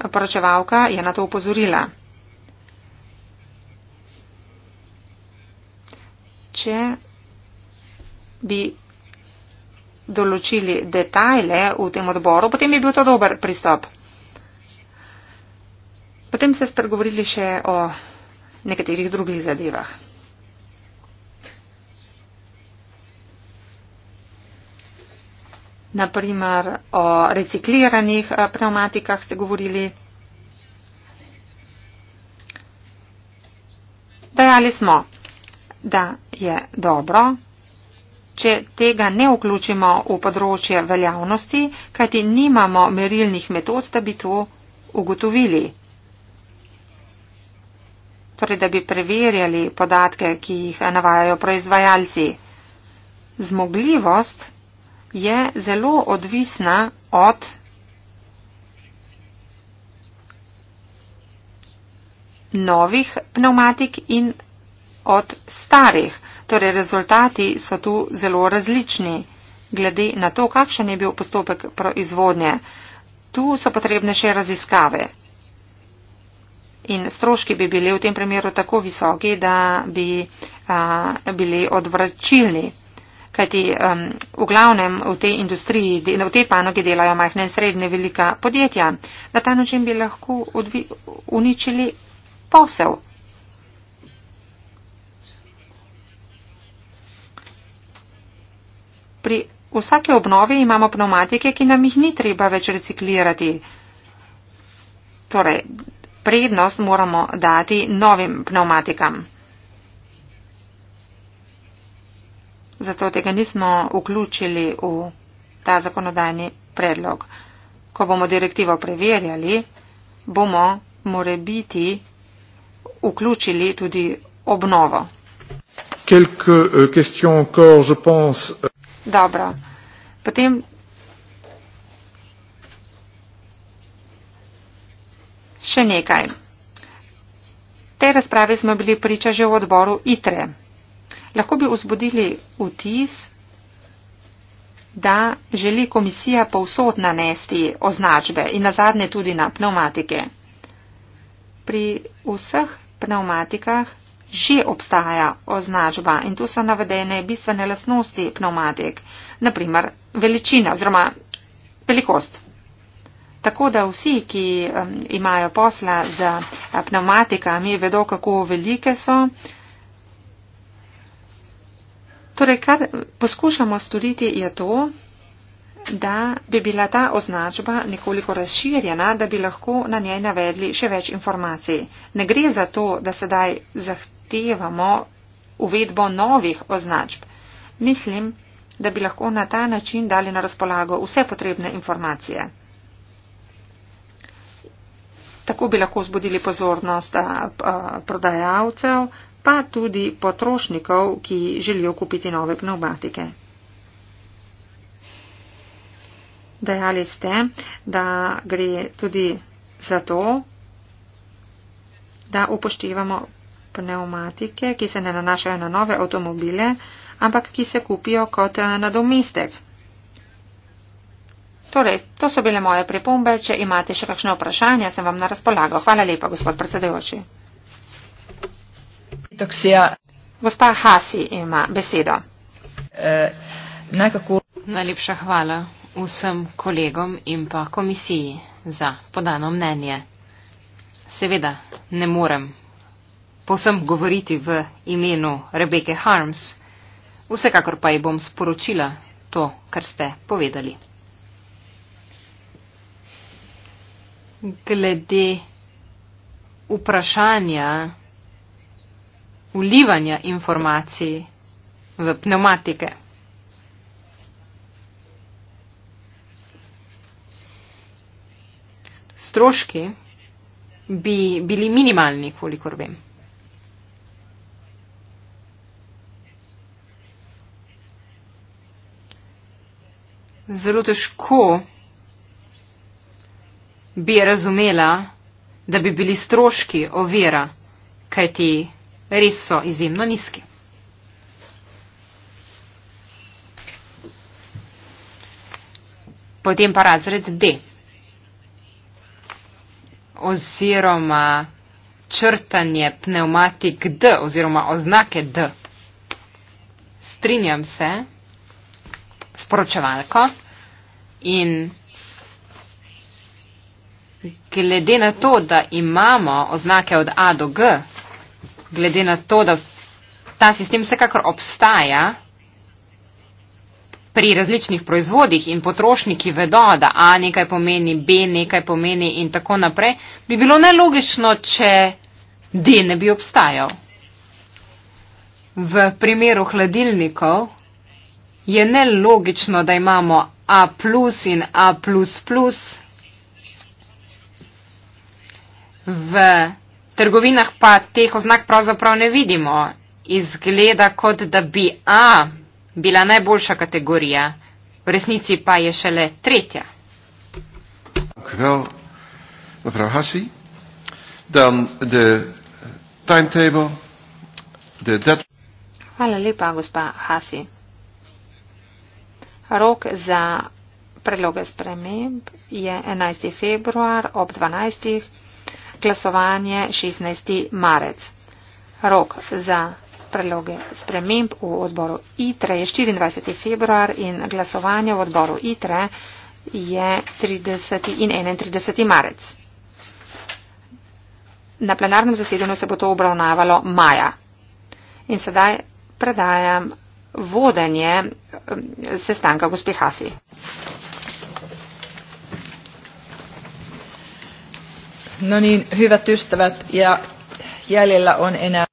Poročevalka je na to upozorila. Če bi določili detajle v tem odboru, potem bi bil to dober pristop. Potem ste spregovorili še o nekaterih drugih zadevah. naprimer o recikliranih eh, pneumatikah ste govorili. Dajali smo, da je dobro, če tega ne vključimo v področje veljavnosti, kajti nimamo merilnih metod, da bi to ugotovili. Torej, da bi preverjali podatke, ki jih navajajo proizvajalci. Zmogljivost je zelo odvisna od novih pneumatik in od starih. Torej, rezultati so tu zelo različni, glede na to, kakšen je bil postopek proizvodnje. Tu so potrebne še raziskave in stroški bi bili v tem primeru tako visoki, da bi a, bili odvračilni kajti um, v glavnem v tej industriji, v tej panogi delajo majhne in srednje velika podjetja. Na ta način bi lahko odvi, uničili posel. Pri vsake obnovi imamo pneumatike, ki nam jih ni treba več reciklirati. Torej, prednost moramo dati novim pneumatikam. zato tega nismo vključili v ta zakonodajni predlog. Ko bomo direktivo preverjali, bomo more biti vključili tudi obnovo. Euh, euh. Dobro. Potem še nekaj. Te razprave smo bili priča že v odboru ITRE lahko bi vzbudili vtis, da želi komisija povsod nanesti označbe in nazadnje tudi na pneumatike. Pri vseh pneumatikah že obstaja označba in tu so navedene bistvene lasnosti pneumatik, naprimer veličina oziroma velikost. Tako da vsi, ki imajo posla z eh, pneumatikami, vedo, kako velike so, Torej, kar poskušamo storiti je to, da bi bila ta označba nekoliko razširjena, da bi lahko na njej navedli še več informacij. Ne gre za to, da sedaj zahtevamo uvedbo novih označb. Mislim, da bi lahko na ta način dali na razpolago vse potrebne informacije. Tako bi lahko zbudili pozornost prodajalcev, pa tudi potrošnikov, ki želijo kupiti nove pneumatike. Dejali ste, da gre tudi za to, da upoštevamo pneumatike, ki se ne nanašajo na nove avtomobile, ampak ki se kupijo kot eh, nadomestek. Torej, to so bile moje pripombe. Če imate še kakšne vprašanja, sem vam na razpolago. Hvala lepa, gospod predsedujoči. Taksija. Gospa Hasi ima besedo. E, eh, nekako... Najlepša hvala vsem kolegom in pa komisiji za podano mnenje. Seveda ne morem posem govoriti v imenu Rebeke Harms, vsekakor pa ji bom sporočila to, kar ste povedali. Glede vprašanja vlivanja informacij v pneumatike. Stroški bi bili minimalni, kolikor vem. Zelo težko bi razumela, da bi bili stroški ovira, kajti res so izjemno nizki. Potem pa razred D oziroma črtanje pneumatik D oziroma oznake D. Strinjam se s poročevalko in glede na to, da imamo oznake od A do G, glede na to, da ta sistem vsekakor obstaja pri različnih proizvodih in potrošniki vedo, da A nekaj pomeni, B nekaj pomeni in tako naprej, bi bilo nelogično, če D ne bi obstajal. V primeru hladilnikov je nelogično, da imamo A plus in A plus plus. V trgovinah pa teh oznak pravzaprav ne vidimo. Izgleda kot, da bi A bila najboljša kategorija, v resnici pa je šele tretja. Well, mevrouw Hassi, dan de timetable, de dat... Hvala lepa, gospa Hasi. Rok za predloge sprememb je 11. februar ob 12 glasovanje 16. marec. Rok za predloge sprememb v odboru ITRE je 24. februar in glasovanje v odboru ITRE je 30. in 31. marec. Na plenarnem zasedanju se bo to obravnavalo maja. In sedaj predajam vodenje eh, sestanka gospe Hasi. No niin, hyvät ystävät, ja jäljellä on enää.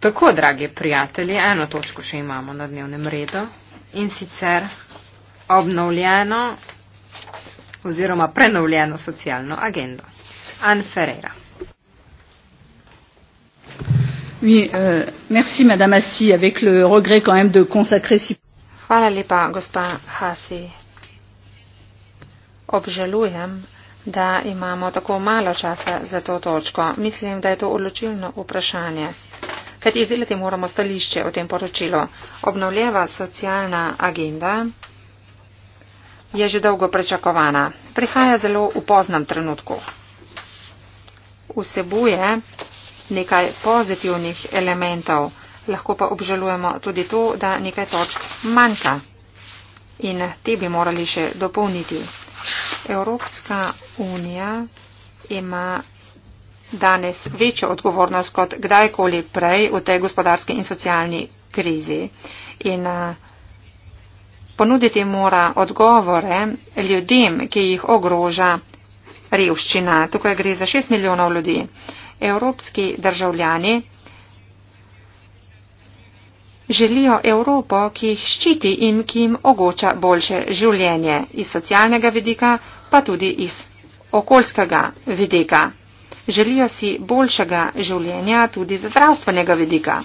Tako, dragi prijatelji, eno točko še imamo na dnevnem redu in sicer obnovljeno oziroma prenovljeno socialno agendo. An Ferreira. Oui, euh, merci, madame Assi, avec le regret quand même de consacrer si. Hvala lepa, gospod Hasi. Obžalujem. Euh, da imamo tako malo časa za to točko. Mislim, da je to odločilno vprašanje. Kajti izdelati moramo stališče o tem poročilu. Obnovljeva socialna agenda je že dolgo prečakovana. Prihaja zelo v poznem trenutku. Vsebuje nekaj pozitivnih elementov, lahko pa obžalujemo tudi to, da nekaj točk manjka. In te bi morali še dopolniti. Evropska unija ima danes večjo odgovornost kot kdajkoli prej v tej gospodarski in socialni krizi. In eh, ponuditi mora odgovore ljudem, ki jih ogroža revščina. Tukaj gre za 6 milijonov ljudi. Evropski državljani želijo Evropo, ki jih ščiti in ki jim ogoča boljše življenje iz socialnega vidika, pa tudi iz okoljskega vidika. Želijo si boljšega življenja tudi z zdravstvenega vidika.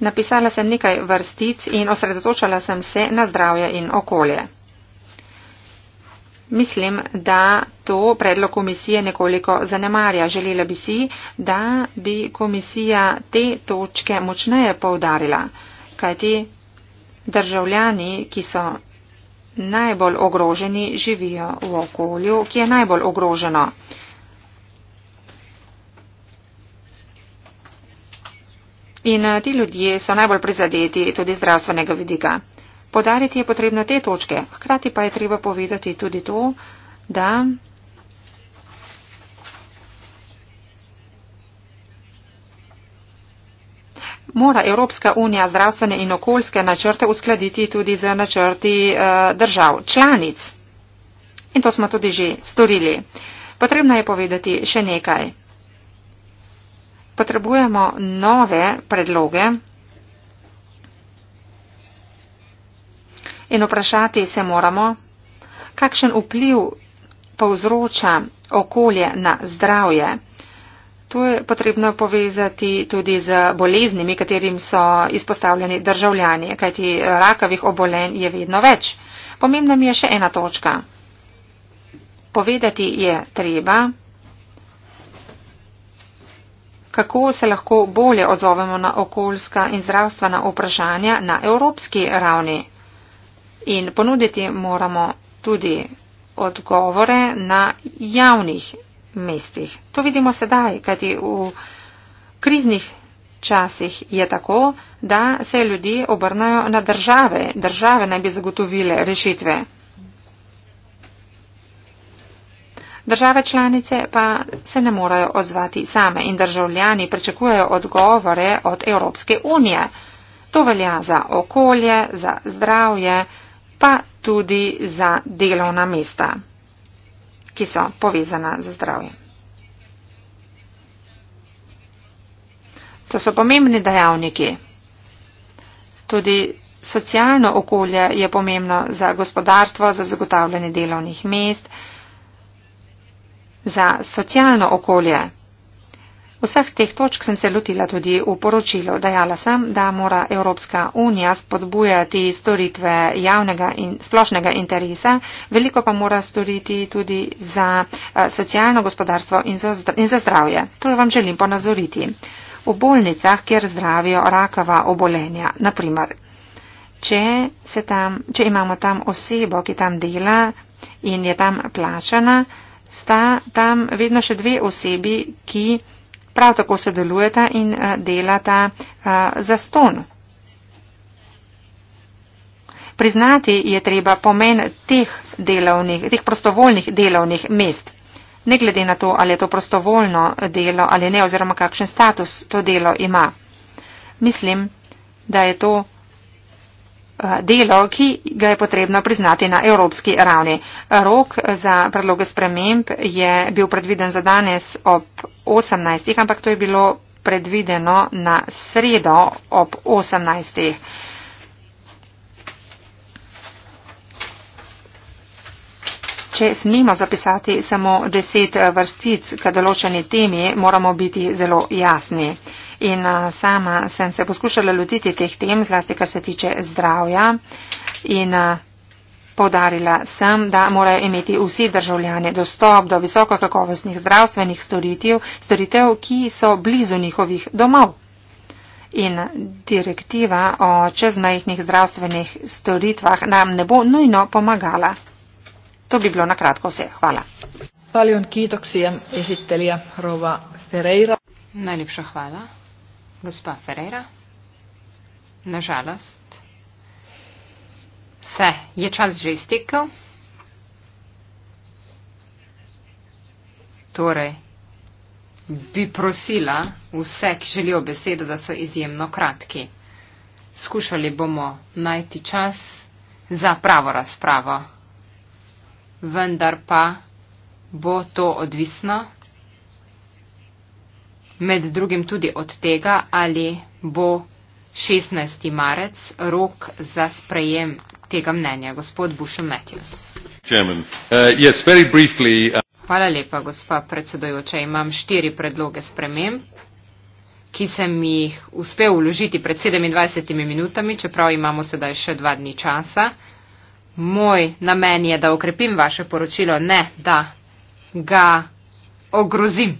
Napisala sem nekaj vrstic in osredotočala sem se na zdravje in okolje. Mislim, da to predlog komisije nekoliko zanemarja. Želela bi si, da bi komisija te točke močneje povdarila, kajti državljani, ki so najbolj ogroženi, živijo v okolju, ki je najbolj ogroženo. In eh, ti ljudje so najbolj prizadeti tudi zdravstvenega vidika. Podariti je potrebno te točke. Hkrati pa je treba povedati tudi to, da mora Evropska unija zdravstvene in okoljske načrte uskladiti tudi z načrti eh, držav, članic. In to smo tudi že storili. Potrebno je povedati še nekaj. Potrebujemo nove predloge. In vprašati se moramo, kakšen vpliv povzroča okolje na zdravje. To je potrebno povezati tudi z boleznimi, katerim so izpostavljeni državljani, kajti rakavih obolenj je vedno več. Pomembna mi je še ena točka. Povedati je treba, kako se lahko bolje odzovemo na okoljska in zdravstvena vprašanja na evropski ravni. In ponuditi moramo tudi odgovore na javnih mestih. To vidimo sedaj, kajti v kriznih časih je tako, da se ljudi obrnajo na države. Države naj bi zagotovile rešitve. Države članice pa se ne morajo odzvati same in državljani pričakujejo odgovore od Evropske unije. To velja za okolje, za zdravje, pa tudi za delovna mesta, ki so povezana za zdravje. To so pomembni dejavniki. Tudi socialno okolje je pomembno za gospodarstvo, za zagotavljanje delovnih mest, za socialno okolje. Vseh teh točk sem se lotila tudi v poročilu. Dajala sem, da mora Evropska unija spodbujati storitve javnega in splošnega interesa, veliko pa mora storiti tudi za eh, socialno gospodarstvo in za zdravje. To vam želim ponazoriti. V bolnicah, kjer zdravijo rakava obolenja, naprimer, če, tam, če imamo tam osebo, ki tam dela in je tam plačana, sta tam vedno še dve osebi, ki prav tako sodelujeta in eh, delata eh, za ston. Priznati je treba pomen teh, delovnih, teh prostovoljnih delovnih mest. Ne glede na to, ali je to prostovoljno delo ali ne, oziroma kakšen status to delo ima. Mislim, da je to Eh, delo, ki ga je potrebno priznati na evropski ravni. Rok za predloge sprememb je bil predviden za danes ob 18. ampak to je bilo predvideno na sredo ob 18. Če smemo zapisati samo deset vrstic k določeni temi, moramo biti zelo jasni. In sama sem se poskušala lotiti teh tem, zlasti kar se tiče zdravja. In podarila sem, da morajo imeti vsi državljani dostop do visokokakovostnih zdravstvenih storitev, storitev, ki so blizu njihovih domov. In direktiva o čezmejnih zdravstvenih storitvah nam ne bo nujno pomagala. To bi bilo na kratko vse. Hvala. Najlepša hvala gospa Ferreira, nažalost, se je čas že iztekel. Torej, bi prosila vse, ki želijo besedo, da so izjemno kratki. Skušali bomo najti čas za pravo razpravo, vendar pa bo to odvisno med drugim tudi od tega, ali bo 16. marec rok za sprejem tega mnenja. Gospod Bušem Matthews. Uh, uh, Hvala lepa, gospa predsedojoča. Imam štiri predloge sprememb, ki sem jih uspel vložiti pred 27 minutami, čeprav imamo sedaj še dva dni časa. Moj namen je, da okrepim vaše poročilo, ne da ga ogrozim.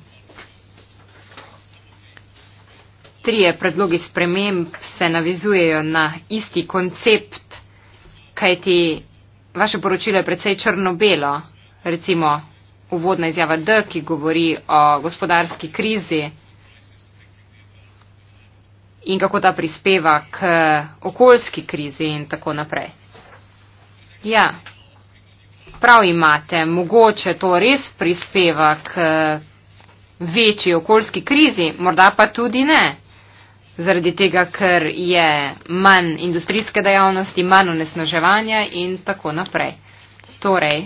trije predlogi sprememb se navizujejo na isti koncept, kajti vaše poročilo je precej črno-belo, recimo uvodna izjava D, ki govori o gospodarski krizi in kako ta prispeva k okoljski krizi in tako naprej. Ja, prav imate, mogoče to res prispeva k večji okoljski krizi, morda pa tudi ne zaradi tega, ker je manj industrijske dejavnosti, manj onesnaževanja in tako naprej. Torej,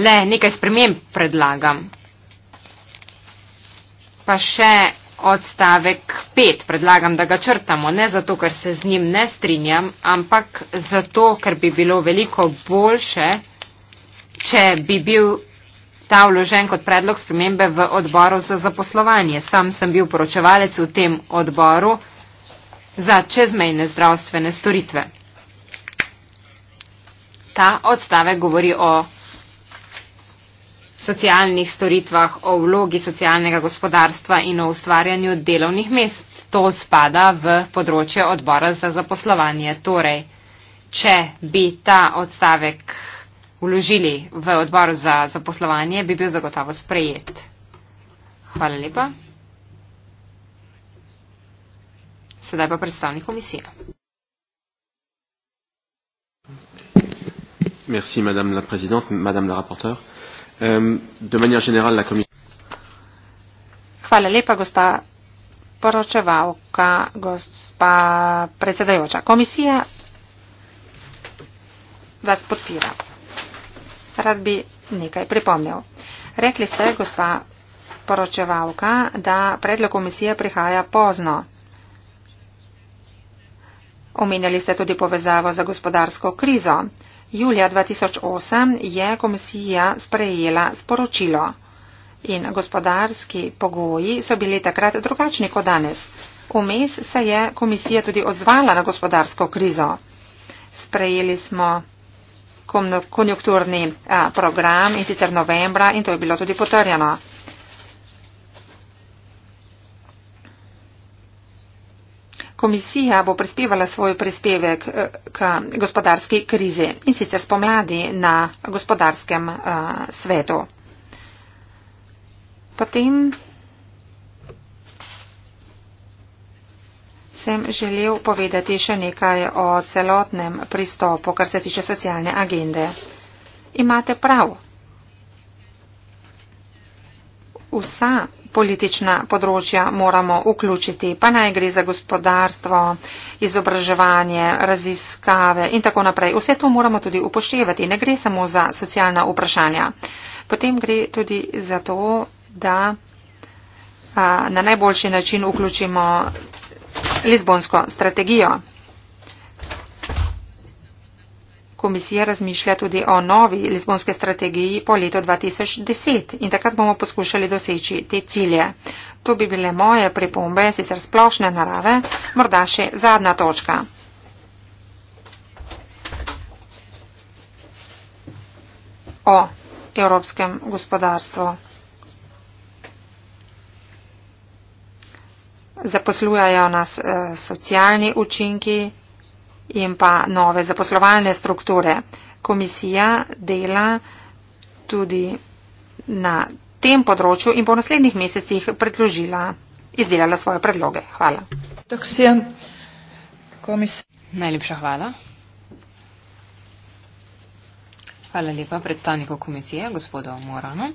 le nekaj sprememb predlagam. Pa še odstavek 5 predlagam, da ga črtamo, ne zato, ker se z njim ne strinjam, ampak zato, ker bi bilo veliko boljše, če bi bil ta vložen kot predlog spremembe v odboru za zaposlovanje. Sam sem bil poročevalec v tem odboru za čezmejne zdravstvene storitve. Ta odstave govori o socialnih storitvah, o vlogi socialnega gospodarstva in o ustvarjanju delovnih mest. To spada v področje odbora za zaposlovanje. Torej, če bi ta odstavek vložili v odbor za zaposlovanje, bi bil zagotovo sprejet. Hvala lepa. Sedaj pa predstavnik komisije. Merci, madame la présidente, madame la rapporteur. Um, euh, de manière générale, la commission. Hvala lepa, gospa poročevalka, gospa predsedajoča. Komisija vas podpira rad bi nekaj pripomnil. Rekli ste, gospa poročevalka, da predlog komisije prihaja pozno. Omenjali ste tudi povezavo za gospodarsko krizo. Julija 2008 je komisija sprejela sporočilo in gospodarski pogoji so bili takrat drugačni kot danes. Vmes se je komisija tudi odzvala na gospodarsko krizo. Sprejeli smo konjunkturni program in sicer novembra in to je bilo tudi potrjeno. Komisija bo prispevala svoj prispevek e, k gospodarski krizi in sicer spomladi na gospodarskem e, svetu. Potem sem želel povedati še nekaj o celotnem pristopu, kar se tiče socialne agende. Imate prav. Vsa politična področja moramo vključiti, pa naj gre za gospodarstvo, izobraževanje, raziskave in tako naprej. Vse to moramo tudi upoštevati. Ne gre samo za socialna vprašanja. Potem gre tudi za to, da a, na najboljši način vključimo Lizbonsko strategijo. Komisija razmišlja tudi o novi Lizbonske strategiji po letu 2010 in takrat bomo poskušali doseči te cilje. To bi bile moje pripombe, sicer splošne narave, morda še zadnja točka. O evropskem gospodarstvu. zaposlujajo nas eh, socialni učinki in pa nove zaposlovalne strukture. Komisija dela tudi na tem področju in po naslednjih mesecih predložila, izdelala svoje predloge. Hvala. Najlepša hvala. Hvala lepa predstavniku komisije, gospodu Moranu.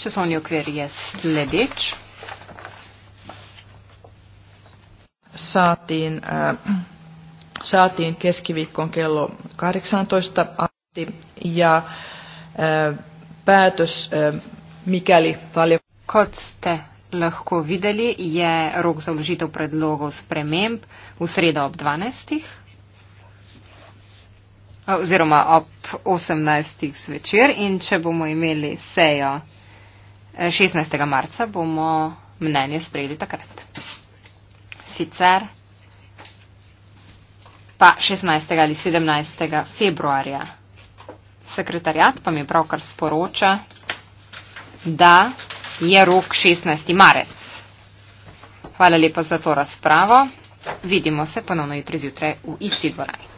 Časovni okvir je sledeč. Saatiin, äh, saatiin keskiviikkoon kello 18 asti ja äh, päätös, äh, mikäli valiokunta... te lahko videli, je rok za vložitev predlogov sprememb v sredo ob 12. oziroma ob 18. zvečer in če bomo imeli sejo. 16. marca bomo mnenje sprejeli takrat. Sicer pa 16. ali 17. februarja. Sekretarjat pa mi pravkar sporoča, da je rok 16. marec. Hvala lepa za to razpravo. Vidimo se ponovno jutri zjutraj v isti dvorani.